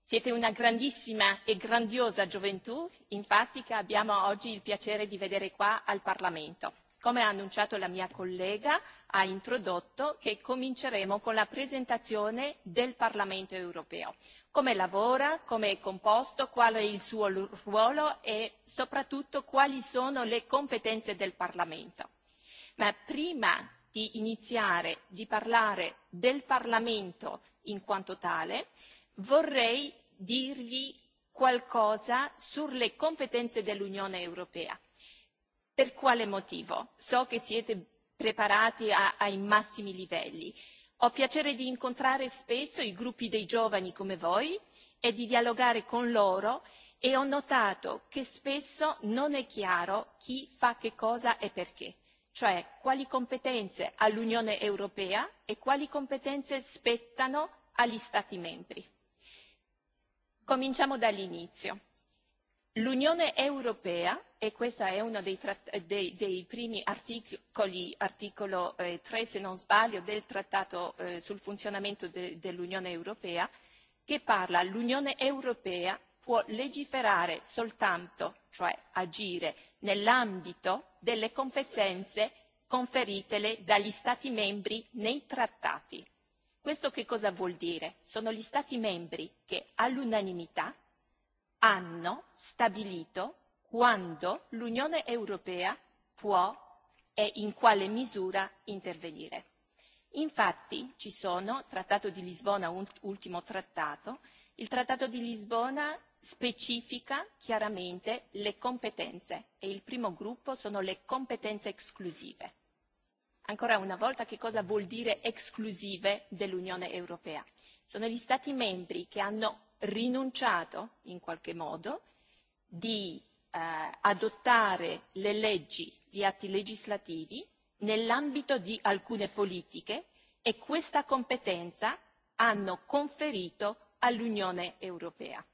Siete una grandissima e grandiosa gioventù, infatti, che abbiamo oggi il piacere di vedere qua al Parlamento. Come ha annunciato la mia collega, ha introdotto che cominceremo con la presentazione del Parlamento europeo. Come lavora, come è composto, qual è il suo ruolo e soprattutto quali sono le competenze del Parlamento. Ma prima di iniziare di parlare del Parlamento in quanto tale, vorrei dirgli qualcosa sulle competenze dell'Unione Europea. Per quale motivo? So che siete preparati a, ai massimi livelli. Ho piacere di incontrare spesso i gruppi dei giovani come voi e di dialogare con loro e ho notato che spesso non è chiaro chi fa che cosa e perché cioè quali competenze all'Unione europea e quali competenze spettano agli Stati membri. Cominciamo dall'inizio. L'Unione europea, e questo è uno dei, dei, dei primi articoli, articolo eh, 3 se non sbaglio, del Trattato eh, sul funzionamento de, dell'Unione europea, che parla l'Unione europea può legiferare soltanto, cioè agire, nell'ambito delle competenze conferitele dagli Stati membri nei trattati. Questo che cosa vuol dire? Sono gli Stati membri che all'unanimità hanno stabilito quando l'Unione Europea può e in quale misura intervenire. Infatti ci sono Trattato di Lisbona, ultimo trattato, il Trattato di Lisbona specifica chiaramente le competenze e il primo gruppo sono le competenze esclusive. Ancora una volta che cosa vuol dire esclusive dell'Unione Europea? Sono gli Stati membri che hanno rinunciato in qualche modo di adottare le leggi, gli atti legislativi nell'ambito di alcune politiche e questa competenza hanno conferito all'Unione Europea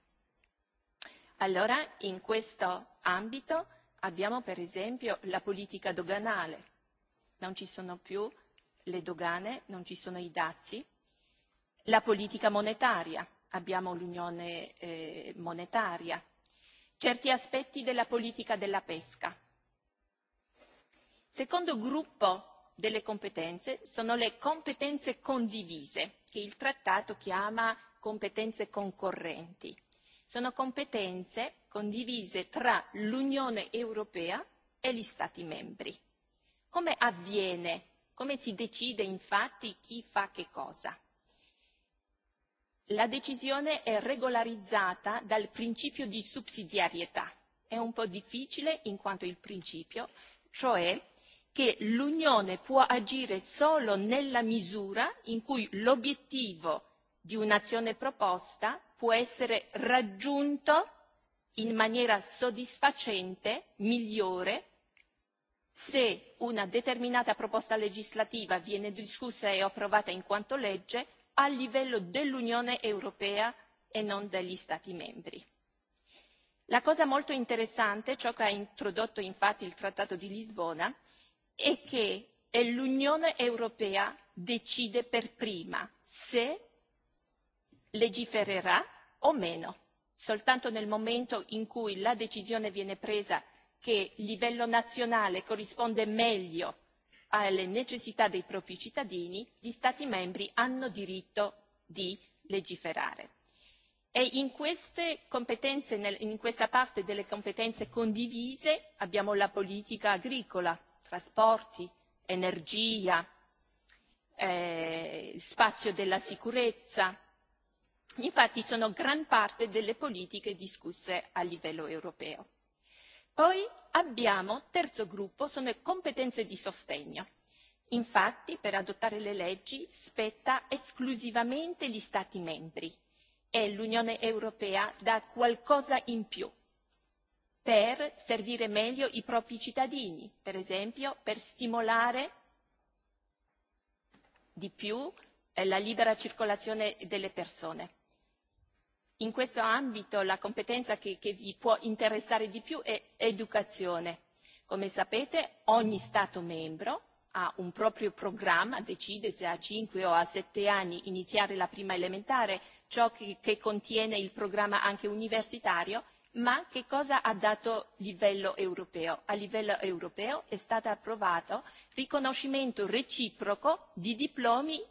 Allora in questo ambito abbiamo per esempio la politica doganale, non ci sono più le dogane, non ci sono i dazi, la politica monetaria, abbiamo l'unione eh, monetaria, certi aspetti della politica della pesca. Secondo gruppo delle competenze sono le competenze condivise, che il trattato chiama competenze concorrenti sono competenze condivise tra l'Unione Europea e gli Stati membri. Come avviene? Come si decide infatti chi fa che cosa? La decisione è regolarizzata dal principio di subsidiarietà. È un po' difficile in quanto il principio, cioè che l'Unione può agire solo nella misura in cui l'obiettivo di un'azione proposta può essere raggiunto in maniera soddisfacente, migliore, se una determinata proposta legislativa viene discussa e approvata in quanto legge a livello dell'Unione europea e non degli Stati membri. La cosa molto interessante, ciò che ha introdotto infatti il Trattato di Lisbona, è che è l'Unione europea decide per prima se legifererà o meno. Soltanto nel momento in cui la decisione viene presa che il livello nazionale corrisponde meglio alle necessità dei propri cittadini, gli Stati membri hanno diritto di legiferare. E in queste competenze, in questa parte delle competenze condivise abbiamo la politica agricola, trasporti, energia, eh, spazio della sicurezza, infatti sono gran parte delle politiche discusse a livello europeo. Poi abbiamo, terzo gruppo, sono le competenze di sostegno. Infatti, per adottare le leggi spetta esclusivamente gli Stati membri e l'Unione Europea dà qualcosa in più per servire meglio i propri cittadini, per esempio per stimolare di più la libera circolazione delle persone in questo ambito la competenza che, che vi può interessare di più è educazione. Come sapete ogni Stato membro ha un proprio programma, decide se a 5 o a 7 anni iniziare la prima elementare, ciò che, che contiene il programma anche universitario, ma che cosa ha dato livello europeo? A livello europeo è stato approvato riconoscimento reciproco di diplomi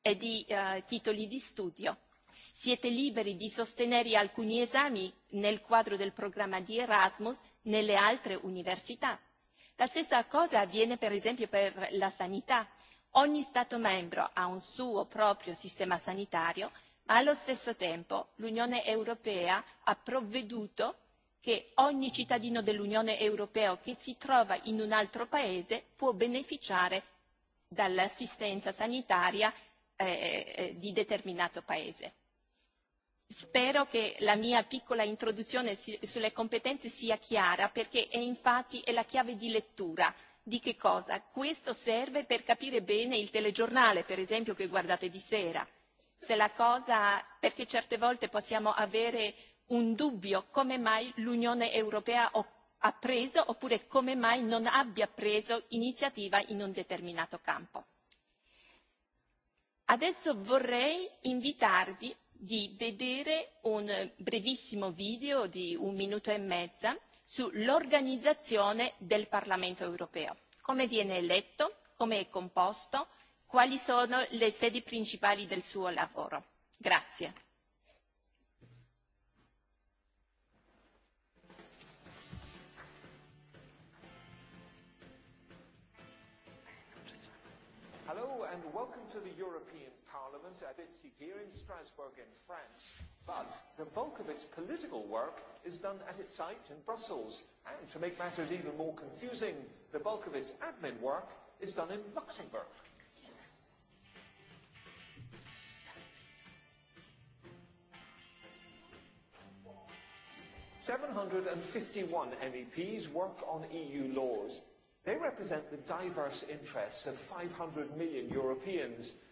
e di eh, titoli di studio Siete liberi di sostenere alcuni esami nel quadro del programma di Erasmus nelle altre università. La stessa cosa avviene per esempio per la sanità. Ogni Stato membro ha un suo proprio sistema sanitario, ma allo stesso tempo l'Unione Europea ha provveduto che ogni cittadino dell'Unione Europea che si trova in un altro paese può beneficiare dall'assistenza sanitaria eh, di determinato paese. Spero che la mia piccola introduzione sulle competenze sia chiara perché è infatti è la chiave di lettura di che cosa? Questo serve per capire bene il telegiornale, per esempio, che guardate di sera. Se la cosa, perché certe volte possiamo avere un dubbio come mai l'Unione Europea ha preso oppure come mai non abbia preso iniziativa in un determinato campo. Adesso vorrei invitarvi di vedere un brevissimo video di un minuto e mezza sull'organizzazione del Parlamento europeo, come viene eletto, come è composto, quali sono le sedi principali del suo lavoro. Grazie. Hello and welcome its seat here in Strasbourg in France, but the bulk of its political work is done at its site in Brussels. And to make matters even more confusing, the bulk of its admin work is done in Luxembourg. Seven hundred and fifty-one MEPs work on EU laws. They represent the diverse interests of five hundred million Europeans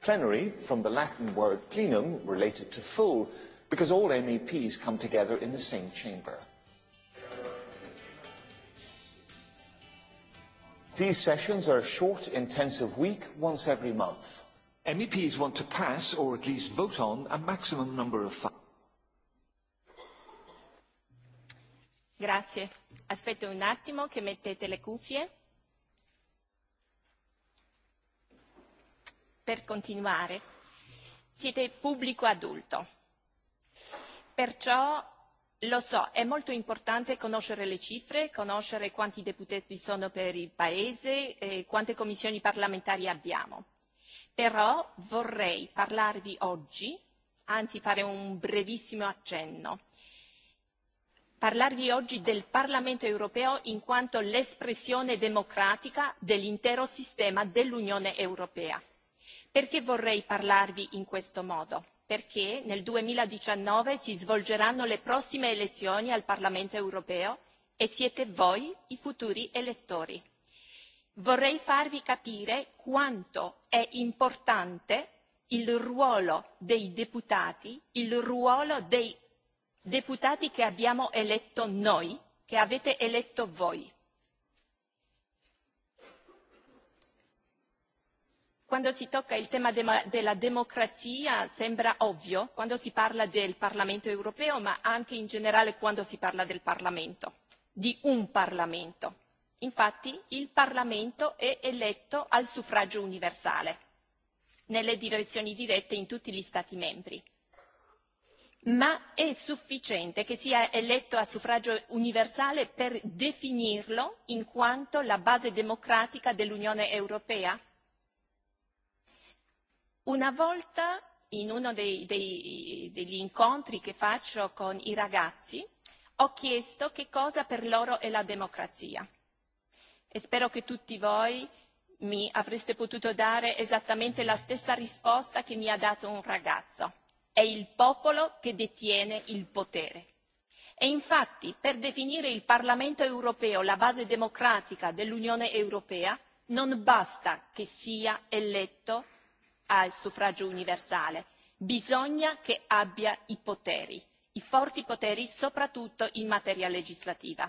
Plenary, from the Latin word plenum, related to full, because all MEPs come together in the same chamber. These sessions are a short, intensive week, once every month. MEPs want to pass, or at least vote on, a maximum number of funds. Grazie. Aspetto un attimo che mettete le cuffie. per continuare, siete pubblico adulto. Perciò lo so, è molto importante conoscere le cifre, conoscere quanti deputati sono per il Paese e quante commissioni parlamentari abbiamo. Però vorrei parlarvi oggi, anzi fare un brevissimo accenno, parlarvi oggi del Parlamento europeo in quanto l'espressione democratica dell'intero sistema dell'Unione europea Perché vorrei parlarvi in questo modo? Perché nel duemiladiciannove si svolgeranno le prossime elezioni al Parlamento europeo e siete voi i futuri elettori. Vorrei farvi capire quanto è importante il ruolo dei deputati, il ruolo dei deputati che abbiamo eletto noi, che avete eletto voi Quando si tocca il tema della democrazia sembra ovvio, quando si parla del Parlamento europeo, ma anche in generale quando si parla del Parlamento, di un Parlamento. Infatti il Parlamento è eletto al suffragio universale, nelle direzioni dirette in tutti gli Stati membri ma è sufficiente che sia eletto a suffragio universale per definirlo in quanto la base democratica dell'Unione europea? Una volta in uno dei, dei, degli incontri che faccio con i ragazzi ho chiesto che cosa per loro è la democrazia e spero che tutti voi mi avreste potuto dare esattamente la stessa risposta che mi ha dato un ragazzo. È il popolo che detiene il potere. E infatti, per definire il Parlamento europeo la base democratica dell'Unione europea, non basta che sia eletto al suffragio universale. Bisogna che abbia i poteri, i forti poteri soprattutto in materia legislativa.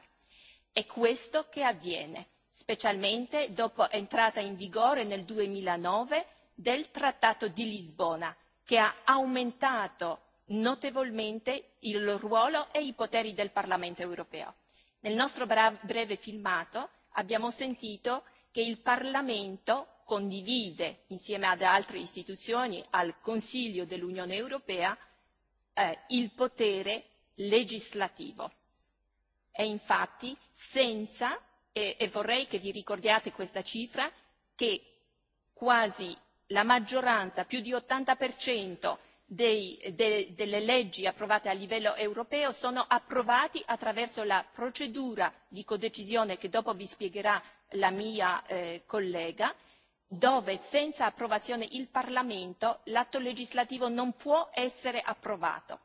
È questo che avviene, specialmente dopo l'entrata in vigore nel duemilanove del Trattato di Lisbona, che ha aumentato notevolmente il ruolo e i poteri del Parlamento europeo. Nel nostro breve filmato abbiamo sentito che il Parlamento condivide insieme ad altre istituzioni, al Consiglio dell'Unione Europea, eh, il potere legislativo. E infatti senza, e, e vorrei che vi ricordiate questa cifra, che quasi la maggioranza, più di 80% dei, de, delle leggi approvate a livello europeo sono approvati attraverso la procedura di codecisione che dopo vi spiegherà la mia eh, collega dove senza approvazione il Parlamento l'atto legislativo non può essere approvato.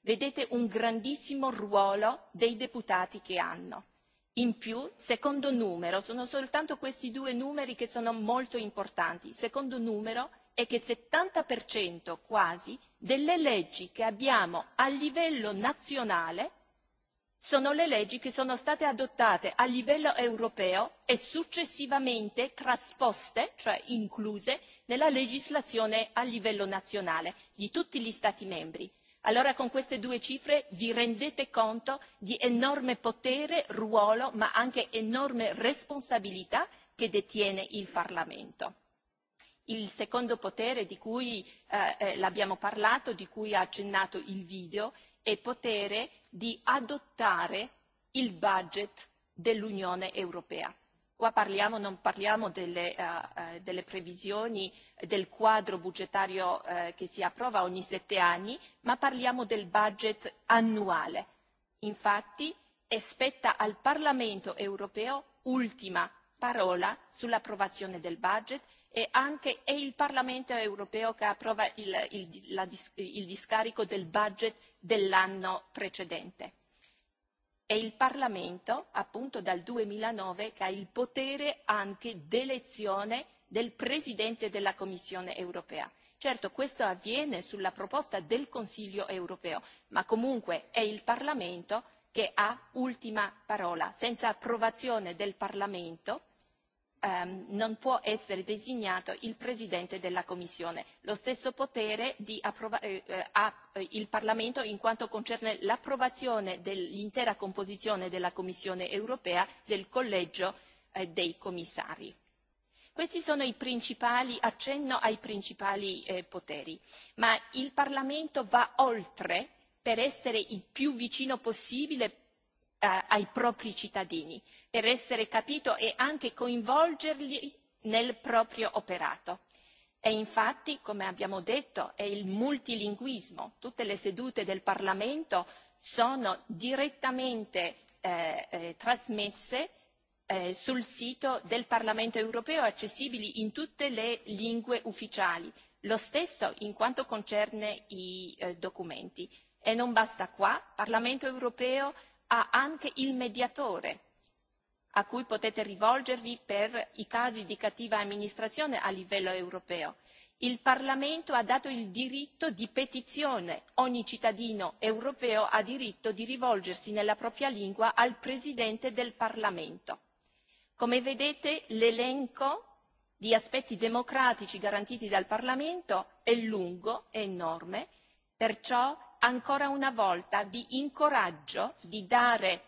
Vedete un grandissimo ruolo dei deputati che hanno. In più, secondo numero, sono soltanto questi due numeri che sono molto importanti, il secondo numero è che il 70% quasi delle leggi che abbiamo a livello nazionale sono le leggi che sono state adottate a livello europeo e successivamente trasposte, cioè incluse, nella legislazione a livello nazionale di tutti gli Stati membri. Allora con queste due cifre vi rendete conto di enorme potere, ruolo, ma anche enorme responsabilità che detiene il Parlamento. Il secondo potere di cui eh, l'abbiamo parlato, di cui ha accennato il video, e potere di adottare il budget dell'Unione Europea. Qua parliamo, non parliamo delle, uh, delle previsioni del quadro budgetario uh, che si approva ogni sette anni, ma parliamo del budget annuale. Infatti, spetta al Parlamento europeo ultima parola sull'approvazione del budget e anche è il Parlamento europeo che approva il, il, la, il discarico del budget dell'anno precedente. È il Parlamento, appunto dal 2009, che ha il potere anche d'elezione del Presidente della Commissione europea. Certo, questo avviene sulla proposta del Consiglio europeo, ma comunque è il Parlamento che ha ultima parola. Senza approvazione del Parlamento ehm, non può essere designato il Presidente della Commissione. Lo stesso potere di eh, ha il Parlamento in quanto concerne l'approvazione dell'intera composizione della Commissione europea del collegio eh, dei commissari. Questi sono i principali, accenno ai principali eh, poteri, ma il Parlamento va oltre per essere il più vicino possibile ai propri cittadini per essere capito e anche coinvolgerli nel proprio operato. E infatti, come abbiamo detto, è il multilinguismo. Tutte le sedute del Parlamento sono direttamente trasmesse sul sito del Parlamento europeo, accessibili in tutte le lingue ufficiali. Lo stesso in quanto concerne i documenti. E non basta qua, Parlamento europeo ha anche il mediatore a cui potete rivolgervi per i casi di cattiva amministrazione a livello europeo. Il Parlamento ha dato il diritto di petizione. Ogni cittadino europeo ha diritto di rivolgersi nella propria lingua al Presidente del Parlamento. Come vedete l'elenco di aspetti democratici garantiti dal Parlamento è lungo, è enorme, perciò ancora una volta vi incoraggio di dare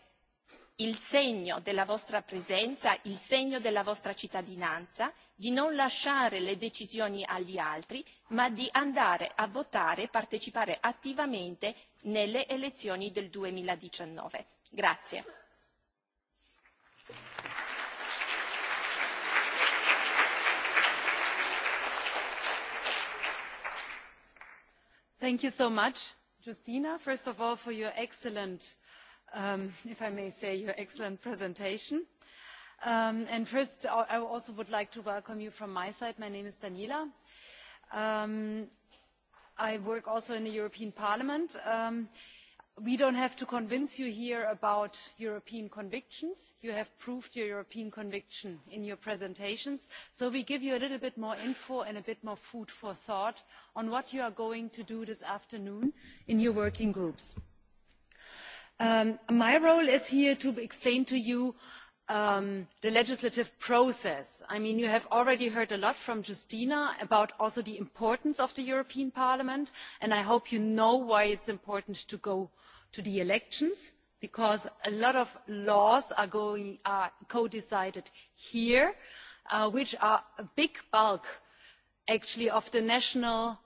il segno della vostra presenza, il segno della vostra cittadinanza, di non lasciare le decisioni agli altri, ma di andare a votare e partecipare attivamente nelle elezioni del duemiladiciannove. Grazie. Thank you so much Justina, first of all, for your excellent, um, if I may say, your excellent presentation. Um, and first, I also would like to welcome you from my side. My name is Daniela. Um, I work also in the European Parliament. Um, we don't have to convince you here about European convictions. You have proved your European conviction in your presentations. So we give you a little bit more info and a bit more food for thought on what you are going to do this afternoon in your working groups. my role is here to explain to you um, the legislative process. I mean, you have already heard a lot from Justina about also the importance of the European Parliament, and I hope you know why it's important to go to the elections, because a lot of laws are, going, are co-decided here, uh, which are a big bulk, actually, of the national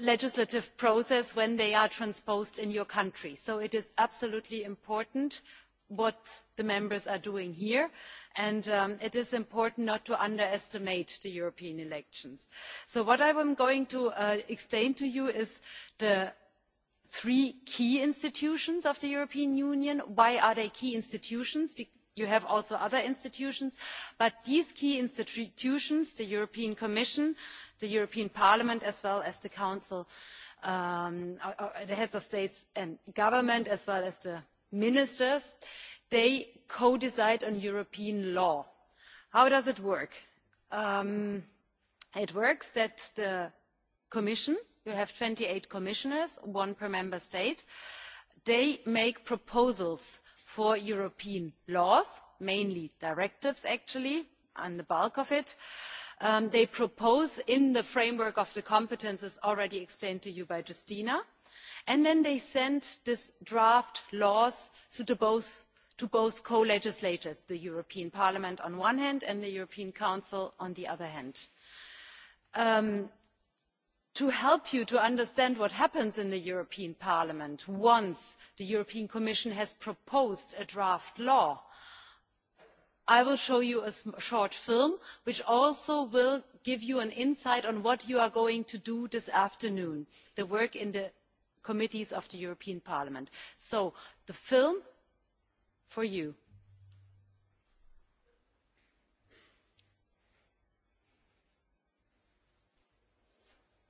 legislative process when they are transposed in your country. So it is absolutely important what the members are doing here. And it is important not to underestimate the European elections. So what I am going to explain to you is the three key institutions of the European Union. Why are they key institutions? You have also other institutions, but these key institutions, the European Commission, the European Parliament, as well as the Council, the heads of states and government, as well as the ministers, they co-decide on European law. How does it work? it works that the Commission, you have twenty eight commissioners, one per member state, they make proposals for European laws, mainly directives actually, and the bulk of it. they propose in the framework of the competences already explained to you by Justina, and then they sent this draft laws to the both to both co-legislators, the European Parliament on one hand and the European Council on the other hand. to help you to understand what happens in the European Parliament once the European Commission has proposed a draft law, I will show you a short film which also will give you an insight on what you are going to do this afternoon, the work in the committees of the European Parliament. So the film for you.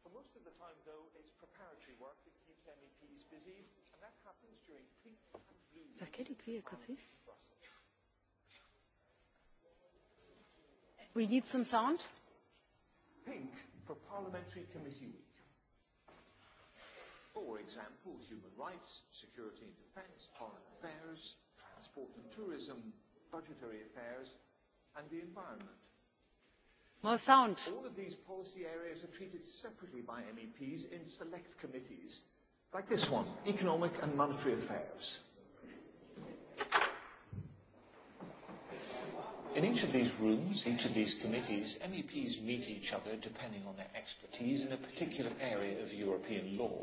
For most of the time, though, it's preparatory work that keeps MEPs busy, and that happens during pink and blue. Perché di qui è così? We need some sound. Pink for Parliamentary Committee Week for example, human rights, security and defence, foreign affairs, transport and tourism, budgetary affairs, and the environment. More sound. All of these policy areas are treated separately by MEPs in select committees, like this one, Economic and Monetary Affairs. In each of these rooms, each of these committees, MEPs meet each other depending on their expertise in a particular area of European law.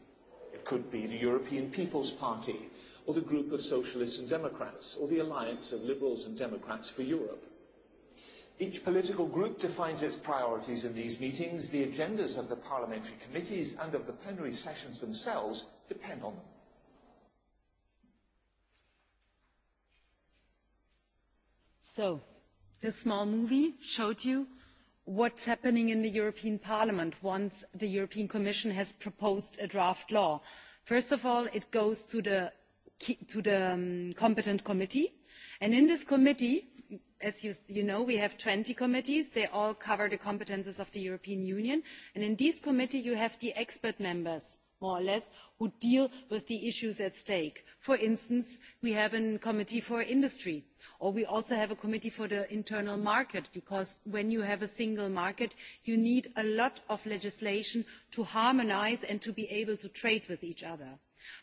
It could be the European People's Party, or the group of Socialists and Democrats, or the alliance of Liberals and Democrats for Europe. Each political group defines its priorities in these meetings. The agendas of the parliamentary committees and of the plenary sessions themselves depend on them. So, this small movie showed you what is happening in the European Parliament once the European Commission has proposed a draft law. First of all, it goes to the, competent committee. And in this committee, as you, know, we have twenty committees. They all cover the competences of the European Union. And in this committee, you have the expert members more or less, who deal with the issues at stake. For instance, we have a committee for industry, or we also have a committee for the internal market, because when you have a single market, you need a lot of legislation to harmonise and to be able to trade with each other.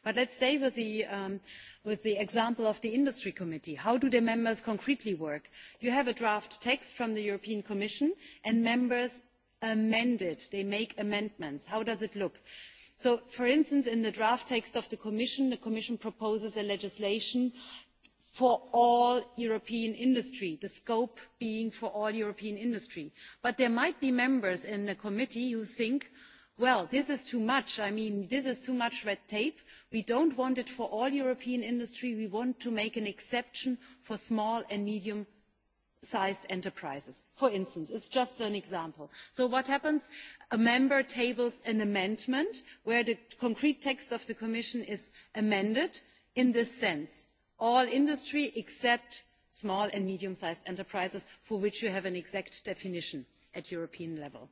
But let's stay with the, um, with the example of the industry committee. How do the members concretely work? You have a draft text from the European Commission and members amend it. They make amendments. How does it look? So, for instance, in the draft text of the Commission, the Commission proposes a legislation for all European industry, the scope being for all European industry. But there might be members in the committee who think, well, this is too much. I mean, this is too much red tape. We don't want it for all European industry. We want to make an exception for small and medium sized enterprises, for instance. It's just an example. So what happens? A member tables an amendment where the concrete text of the Commission is amended in this sense. All industry except small and medium-sized enterprises for which you have an exact definition at European level.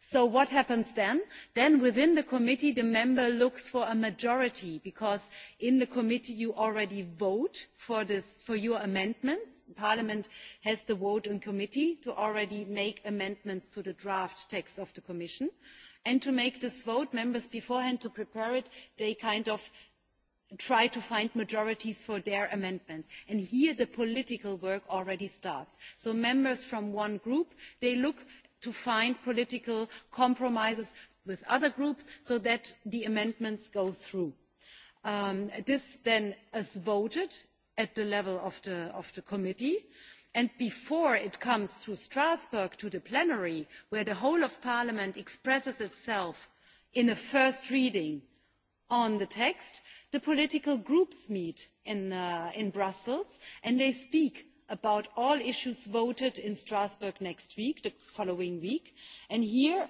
So what happens then? Then within the committee, the member looks for a majority because in the committee you already vote for, this, for your amendments. Parliament has the vote in committee to already make amendments to the draft text of the Commission. And to make this vote, members beforehand to prepare it, they kind of try to find majorities for their amendments. And here the political work already starts. So members from one group, they look to find political compromises with other groups so that the amendments go through. this then is voted at the level of the, committee and before it comes to Strasbourg to the plenary where the whole of parliament expresses itself in a first reading on the text, the political groups meet in, Brussels and they speak about all issues voted in Strasbourg next week, the following week. And here,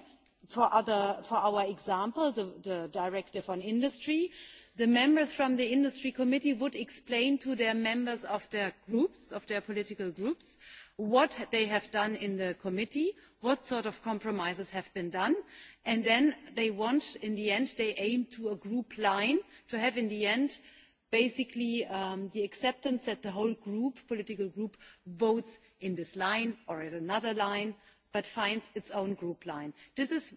for, other, for our example, the, the directive on industry, the members from the industry committee would explain to their members of their groups, of their political groups, what they have done in the committee, what sort of compromises have been done, and then they want, in the end, they aim to a group line to have in the end basically the acceptance that the whole group, political group, votes in this line or in another line, but finds its own group line. This is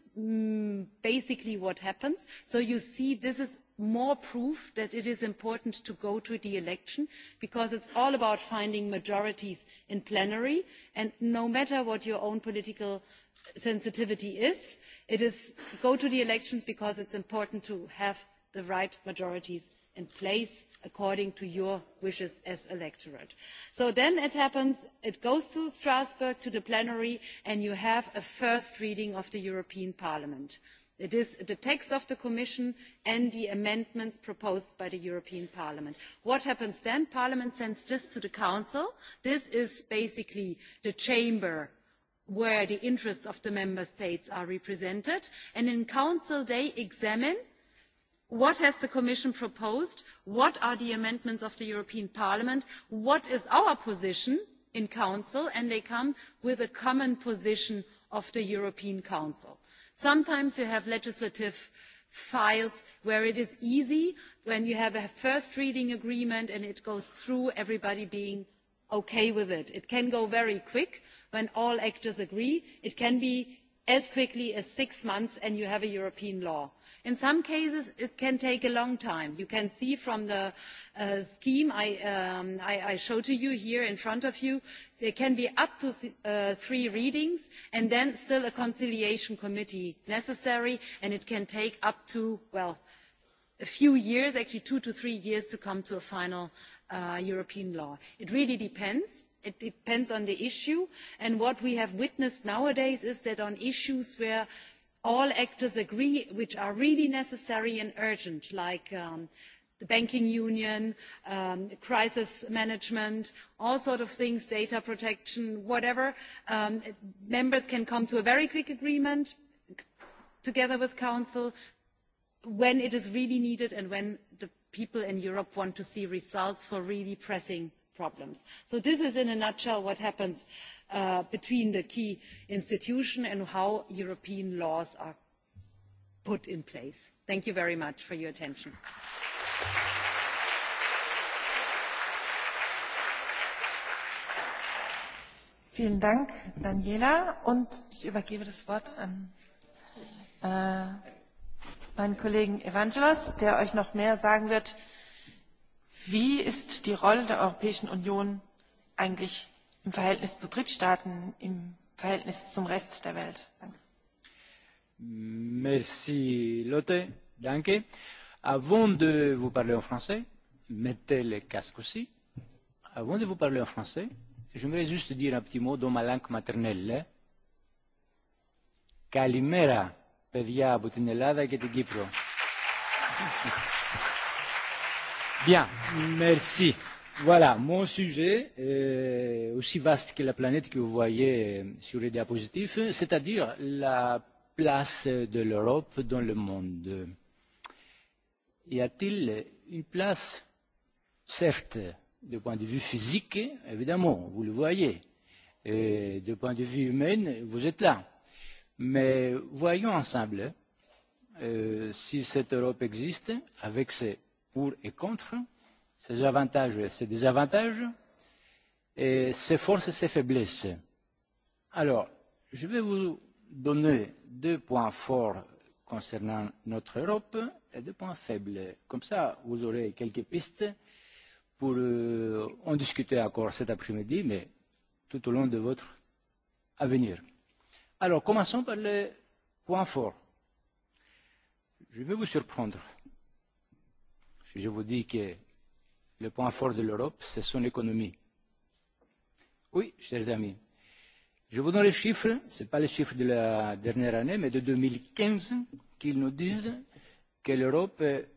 basically what happens. So you see this is more proof that it is important to go to the election because it's all about finding majorities in plenary and no matter what your own political sensitivity is, it is go to the elections because it's important to have the right majorities in place according to your wishes as electorate. So then it happens, it goes to Strasbourg, to the plenary, and you have a first reading of the European Parliament. It is the text of the Commission and the amendments proposed by the European Parliament. What happens then? Parliament sends this to the Council. This is basically the chamber where the interests of the member states are represented. And in Council, they examine What has the Commission proposed? What are the amendments of the European Parliament? What is our position in Council? And they come with a common position of the European Council. Sometimes you have legislative files where it is easy when you have a first reading agreement and it goes through everybody being okay with it. It can go very quick when all actors agree. It can be as quickly as six months and you have a European law. In some cases, it can take a long time. You can see from the uh, scheme I, um, I, I show to you here in front of you, there can be up to th uh, three readings and then still a conciliation committee necessary and it can take up to, well, a few years, actually two to three years to come to a final uh, European law. It really depends it depends on the issue and what we have witnessed nowadays is that on issues where all actors agree which are really necessary and urgent like the banking union crisis management all sorts of things data protection whatever members can come to a very quick agreement together with council when it is really needed and when the people in europe want to see results for really pressing problems. So this is in a nutshell what happens between the key institution and how European laws are put in place. Thank you very much for your attention. Vielen Dank, Daniela. Und ich übergebe das Wort an äh, meinen Kollegen Evangelos, der euch noch mehr sagen wird Wie ist die Rolle der Europäischen Union eigentlich im Verhältnis zu Drittstaaten, im Verhältnis zum Rest der Welt? Danke. Merci Lotte, danke. Avant de vous parler en français, mettez le casque aussi. Avant de vous parler en français, j'aimerais juste dire un petit mot dans ma langue maternelle. Καλημέρα, παιδιά από την Ελλάδα και την Κύπρο. Thank you. Bien, merci. Voilà, mon sujet, est aussi vaste que la planète que vous voyez sur les diapositives, c'est-à-dire la place de l'Europe dans le monde. Y a-t-il une place, certes, du point de vue physique, évidemment, vous le voyez, et du point de vue humain, vous êtes là. Mais voyons ensemble euh, si cette Europe existe avec ses pour et contre, ses avantages et ses désavantages, et ses forces et ses faiblesses. Alors, je vais vous donner deux points forts concernant notre Europe et deux points faibles. Comme ça, vous aurez quelques pistes pour euh, en discuter encore cet après-midi, mais tout au long de votre avenir. Alors, commençons par les points forts. Je vais vous surprendre je vous dis que le point fort de l'Europe, c'est son économie. Oui, chers amis, je vous donne les chiffres, ce n'est pas les chiffres de la dernière année, mais de 2015, qu'ils nous disent que l'Europe est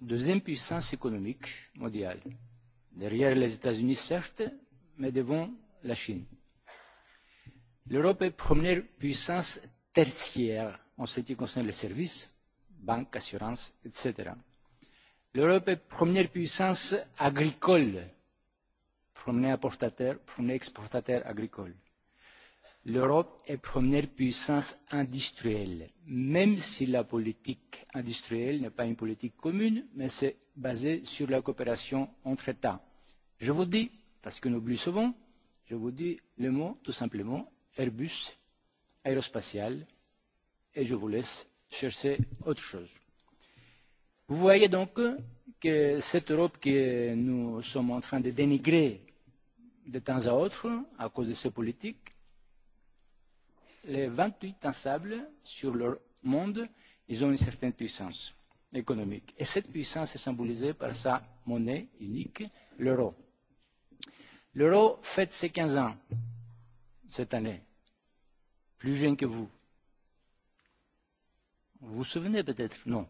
deuxième puissance économique mondiale, derrière les États-Unis certes, mais devant la Chine. L'Europe est première puissance tertiaire en ce qui concerne les services, banques, assurances, etc. L'Europe est première puissance agricole, premier importateur, premier exportateur agricole. L'Europe est première puissance industrielle, même si la politique industrielle n'est pas une politique commune, mais c'est basé sur la coopération entre États. Je vous dis, parce que nous souvent, je vous dis le mot tout simplement Airbus, aérospatial, et je vous laisse chercher autre chose. Vous voyez donc que cette Europe que nous sommes en train de dénigrer de temps à autre à cause de ces politiques, les 28 instables sur leur monde, ils ont une certaine puissance économique. Et cette puissance est symbolisée par sa monnaie unique, l'euro. L'euro fête ses 15 ans cette année, plus jeune que vous. Vous vous souvenez peut-être Non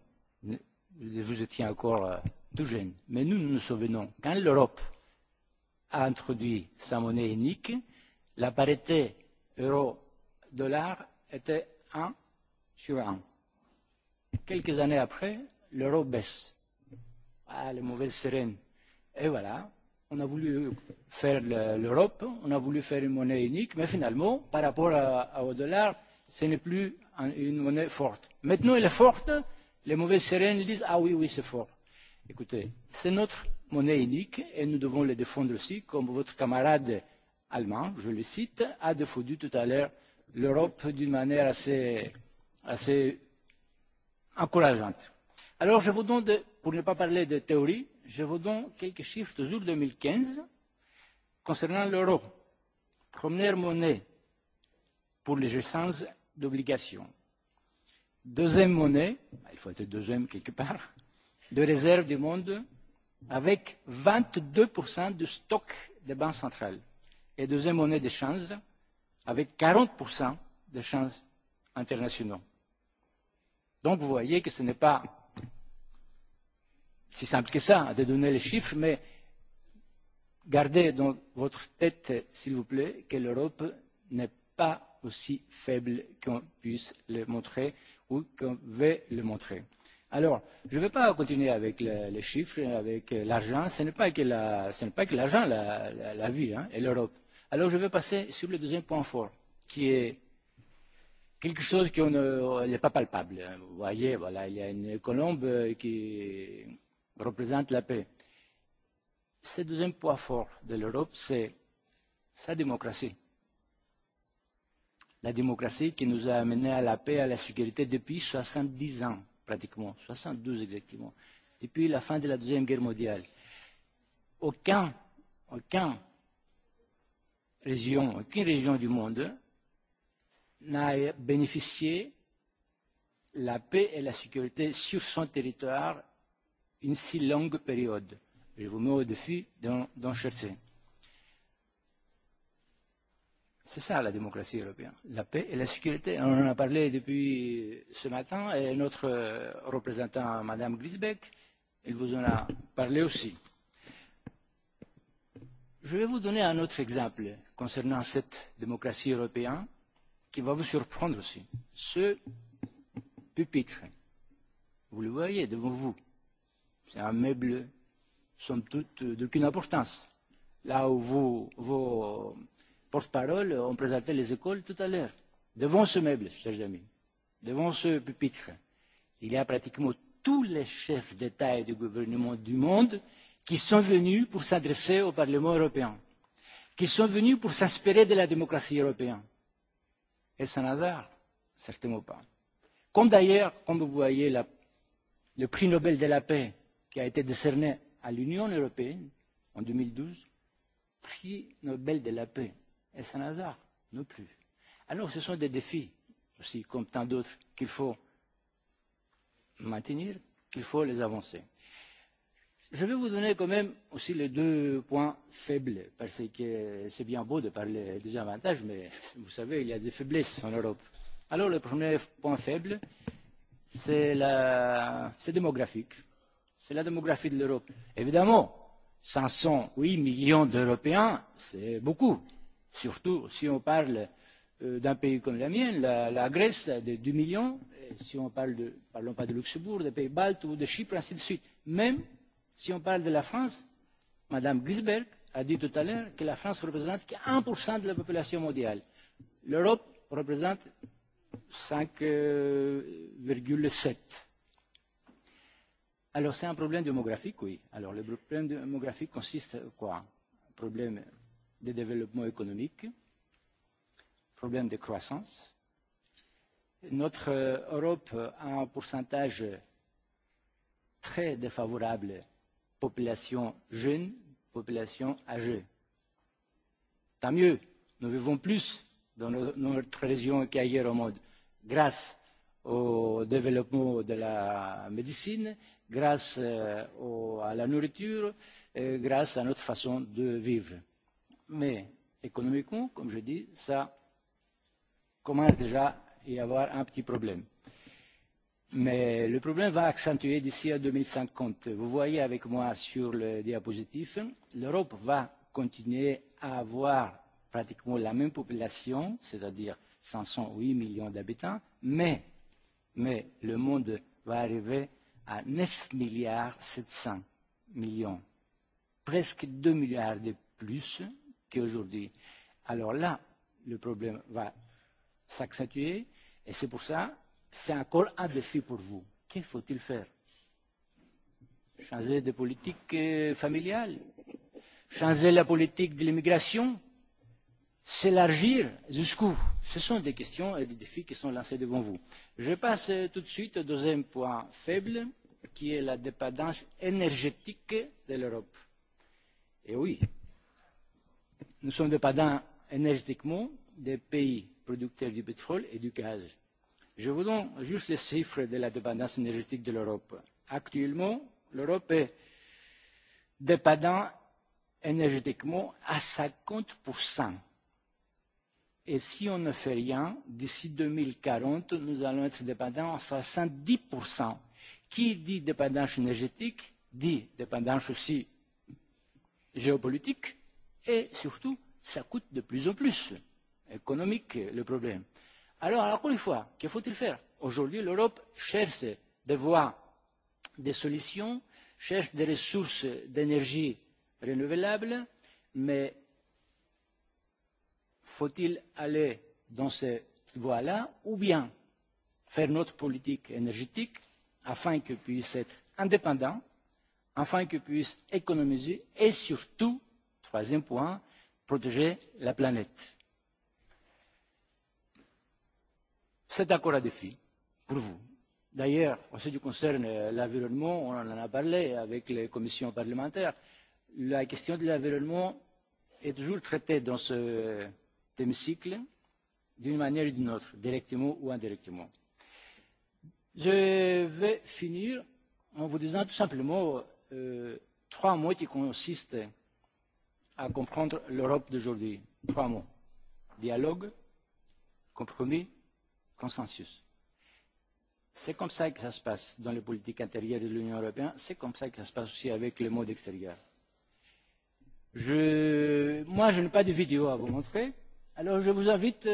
vous étiez encore tout jeune, mais nous, nous nous souvenons, quand l'Europe a introduit sa monnaie unique, la parité euro-dollar était 1 sur 1. Quelques années après, l'euro baisse. Ah, les mauvaises sirènes. Et voilà, on a voulu faire l'Europe, on a voulu faire une monnaie unique, mais finalement, par rapport à, au dollar, ce n'est plus une monnaie forte. Maintenant, elle est forte Les mauvaises sirènes disent Ah oui, oui, c'est fort. Écoutez, c'est notre monnaie unique et nous devons les défendre aussi, comme votre camarade allemand, je le cite, a défendu tout à l'heure l'Europe d'une manière assez, assez encourageante. Alors je vous donne, pour ne pas parler de théorie, je vous donne quelques chiffres jour 2015 concernant l'euro. Première monnaie pour les gestions d'obligations deuxième monnaie, il faut être deuxième quelque part, de réserve du monde avec 22% du stock des banques centrales et deuxième monnaie d'échange avec 40% d'échanges internationaux. Donc vous voyez que ce n'est pas si simple que ça de donner les chiffres, mais gardez dans votre tête, s'il vous plaît, que l'Europe n'est pas aussi faible qu'on puisse le montrer ou qu'on veut le montrer. Alors, je ne vais pas continuer avec le, les chiffres, avec l'argent. Ce n'est pas que la, l'argent, la, la, la vie hein, et l'Europe. Alors, je vais passer sur le deuxième point fort, qui est quelque chose qui n'est pas palpable. Vous voyez, voilà, il y a une colombe qui représente la paix. Ce deuxième point fort de l'Europe, c'est sa démocratie la démocratie qui nous a amenés à la paix et à la sécurité depuis 70 ans, pratiquement, 72 exactement, depuis la fin de la Deuxième Guerre mondiale. Aucun, aucun région, aucune région du monde n'a bénéficié la paix et la sécurité sur son territoire une si longue période. Je vous mets au défi d'en chercher. C'est ça la démocratie européenne, la paix et la sécurité. On en a parlé depuis ce matin et notre représentant, Madame Grisbeck, elle vous en a parlé aussi. Je vais vous donner un autre exemple concernant cette démocratie européenne qui va vous surprendre aussi. Ce pupitre, vous le voyez devant vous, c'est un meuble somme toute d'aucune importance. Là où vous, vos porte-parole on présentait les écoles tout à l'heure. Devant ce meuble, chers amis, devant ce pupitre, il y a pratiquement tous les chefs d'État et de gouvernement du monde qui sont venus pour s'adresser au Parlement européen, qui sont venus pour s'inspirer de la démocratie européenne. Est-ce un hasard Certainement pas. Comme d'ailleurs, comme vous voyez, la, le prix Nobel de la paix qui a été décerné à l'Union européenne en 2012, prix Nobel de la paix et saint un hasard Non plus. Alors ce sont des défis aussi, comme tant d'autres, qu'il faut maintenir, qu'il faut les avancer. Je vais vous donner quand même aussi les deux points faibles, parce que c'est bien beau de parler des avantages, mais vous savez, il y a des faiblesses en Europe. Alors le premier point faible, c'est la... démographique. C'est la démographie de l'Europe. Évidemment, 508 millions d'Européens, c'est beaucoup surtout si on parle d'un pays comme la mienne, la, la Grèce, de 2 millions, et si on parle de, parlons pas de Luxembourg, des pays baltes ou de Chypre, ainsi de suite. Même si on parle de la France, Madame Gisberg a dit tout à l'heure que la France représente que 1% de la population mondiale. L'Europe représente 5,7%. Alors c'est un problème démographique, oui. Alors le problème démographique consiste quoi Problème de développement économique, problème de croissance. Notre Europe a un pourcentage très défavorable population jeune, population âgée. Tant mieux, nous vivons plus dans notre région qu'ailleurs au monde, grâce au développement de la médecine, grâce à la nourriture, grâce à notre façon de vivre. Mais économiquement, comme je dis, ça commence déjà à y avoir un petit problème. Mais le problème va accentuer d'ici à 2050. Vous voyez avec moi sur le diapositive, l'Europe va continuer à avoir pratiquement la même population, c'est-à-dire 508 millions d'habitants, mais, mais le monde va arriver à 9 milliards 700 millions, presque 2 milliards de plus aujourd'hui. Alors là, le problème va s'accentuer et c'est pour ça, c'est encore un défi pour vous. Que faut-il faire Changer de politique familiale Changer la politique de l'immigration S'élargir jusqu'où Ce sont des questions et des défis qui sont lancés devant vous. Je passe tout de suite au deuxième point faible, qui est la dépendance énergétique de l'Europe. Et oui, Nous sommes dépendants énergétiquement des pays producteurs du pétrole et du gaz. Je vous donne juste les chiffres de la dépendance énergétique de l'Europe. Actuellement, l'Europe est dépendante énergétiquement à 50%. Et si on ne fait rien, d'ici 2040, nous allons être dépendants à 70%. Qui dit dépendance énergétique dit dépendance aussi géopolitique Et surtout, ça coûte de plus en plus économique le problème. Alors, encore une fois, que faut-il faire Aujourd'hui, l'Europe cherche des voies, des solutions, cherche des ressources d'énergie renouvelables, mais faut-il aller dans cette voie-là ou bien faire notre politique énergétique afin qu'elle puisse être indépendante, afin qu'elle puisse économiser et surtout Troisième point, protéger la planète. Cet accord à défi, pour vous. D'ailleurs, en ce qui concerne l'environnement, on en a parlé avec les commissions parlementaires. La question de l'environnement est toujours traitée dans ce hémicycle d'une manière ou d'une autre, directement ou indirectement. Je vais finir en vous disant tout simplement euh, trois mots qui consistent à comprendre l'Europe d'aujourd'hui. Trois mots. Dialogue, compromis, consensus. C'est comme ça que ça se passe dans les politiques intérieures de l'Union européenne. C'est comme ça que ça se passe aussi avec le monde extérieur. Je, moi, je n'ai pas de vidéo à vous montrer. Alors, je vous invite,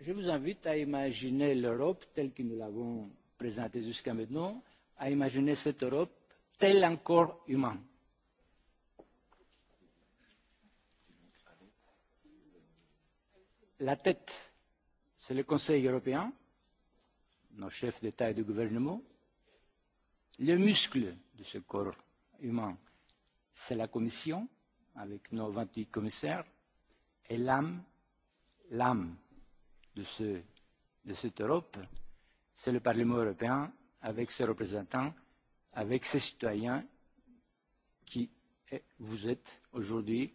je vous invite à imaginer l'Europe telle que nous l'avons présentée jusqu'à maintenant, à imaginer cette Europe telle encore humaine la tête, c'est le Conseil européen, nos chefs d'État et de gouvernement. Le muscle de ce corps humain, c'est la Commission, avec nos 28 commissaires. Et l'âme, l'âme de, ce, de cette Europe, c'est le Parlement européen, avec ses représentants, avec ses citoyens, qui vous êtes aujourd'hui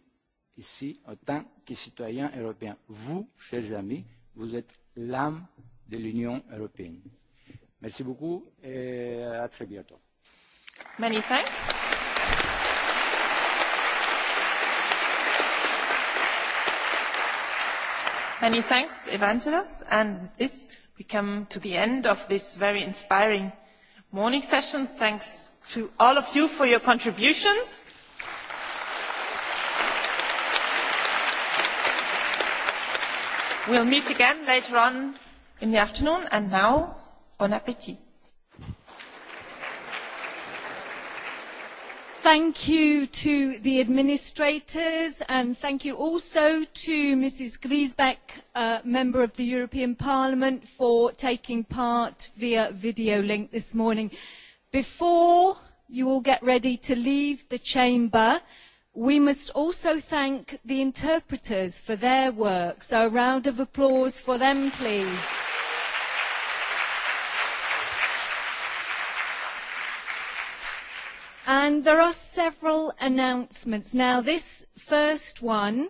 ici en tant que citoyens européens. Vous, chers amis, vous êtes l'âme de l'Union européenne. Merci beaucoup et à très bientôt. Many thanks. Many thanks, Evangelos. And with this, we come to the end of this very inspiring morning session. Thanks to all of you for your contributions. We'll meet again later on in the afternoon. And now, bon appétit. Thank you to the administrators and thank you also to Mrs. Griesbeck, uh, Member of the European Parliament, for taking part via video link this morning. Before you all get ready to leave the chamber, We must also thank the interpreters for their work, so a round of applause for them, please. And there are several announcements. Now, this first one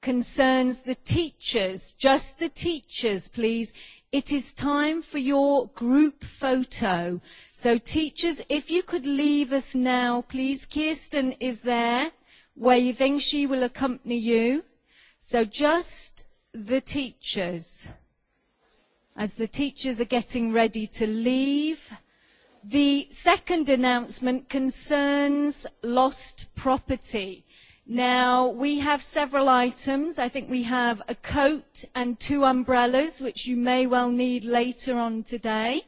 concerns the teachers, just the teachers, please. It is time for your group photo. So, teachers, if you could leave us now, please. Kirsten is there waving. She will accompany you. So just the teachers. As the teachers are getting ready to leave, the second announcement concerns lost property. Now, we have several items. I think we have a coat and two umbrellas, which you may well need later on today.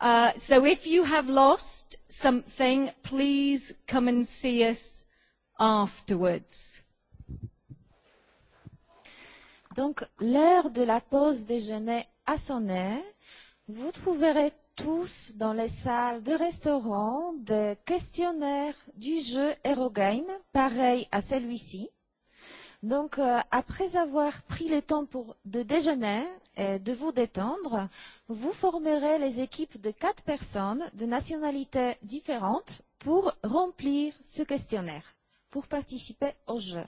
Uh, so if you have lost something, please come and see us afterwards. Donc, l'heure de la pause déjeuner a sonné. Vous trouverez tous dans les salles de restaurant des questionnaires du jeu Aerogame, pareil à celui-ci. Donc, euh, après avoir pris le temps pour, de déjeuner et de vous détendre, vous formerez les équipes de quatre personnes de nationalités différentes pour remplir ce questionnaire pour participer au jeu.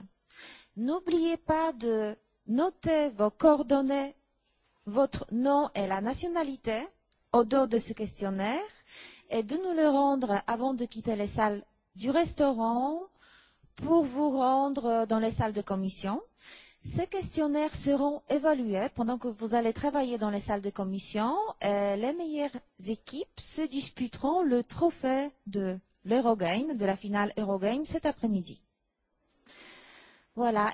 N'oubliez pas de noter vos coordonnées, votre nom et la nationalité au dos de ce questionnaire et de nous le rendre avant de quitter les salles du restaurant pour vous rendre dans les salles de commission. Ces questionnaires seront évalués pendant que vous allez travailler dans les salles de commission. Et les meilleures équipes se disputeront le trophée de l'Eurogame, de la finale Eurogame cet après-midi. Voilà.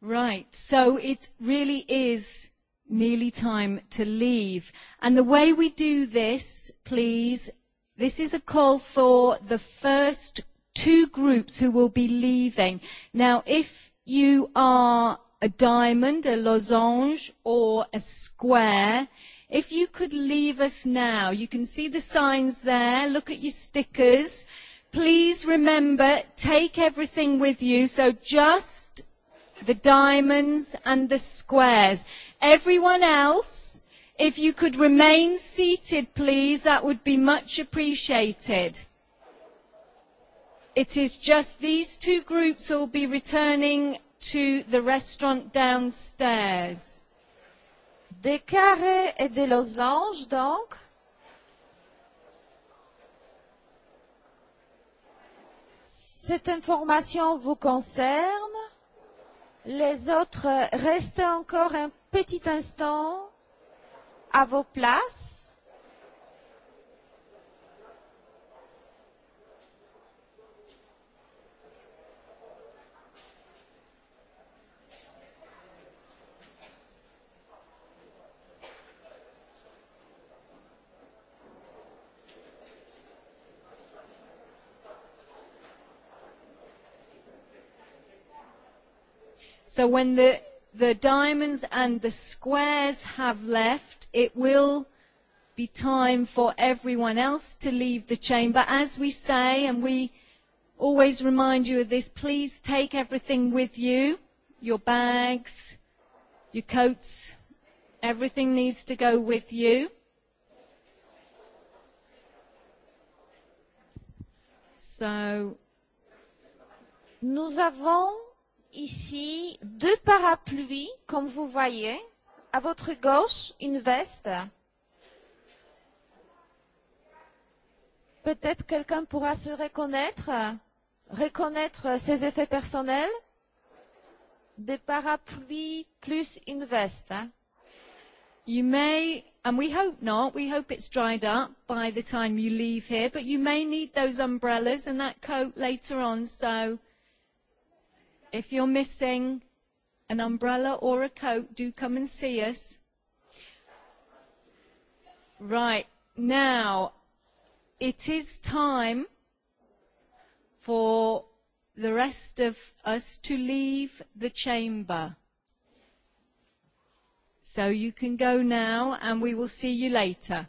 Right, so it really is nearly time to leave. And the way we do this, please, this is a call for the first two groups who will be leaving. Now, if you are a diamond, a lozenge, or a square, If you could leave us now, you can see the signs there, look at your stickers. Please remember, take everything with you, so just the diamonds and the squares. Everyone else, if you could remain seated, please, that would be much appreciated. It is just these two groups will be returning to the restaurant downstairs des carrés et des losanges, donc. Cette information vous concerne. Les autres, restez encore un petit instant à vos places. So when the, the diamonds and the squares have left, it will be time for everyone else to leave the chamber. As we say, and we always remind you of this, please take everything with you, your bags, your coats, everything needs to go with you. So, nous avons ici deux parapluies, comme vous voyez. À votre gauche, une veste. Peut-être quelqu'un pourra se reconnaître, reconnaître ses effets personnels. Des parapluies plus une veste. You may, and we hope not, we hope it's dried up by the time you leave here, but you may need those umbrellas and that coat later on, so If you're missing an umbrella or a coat, do come and see us. Right, now it is time for the rest of us to leave the chamber. So you can go now and we will see you later.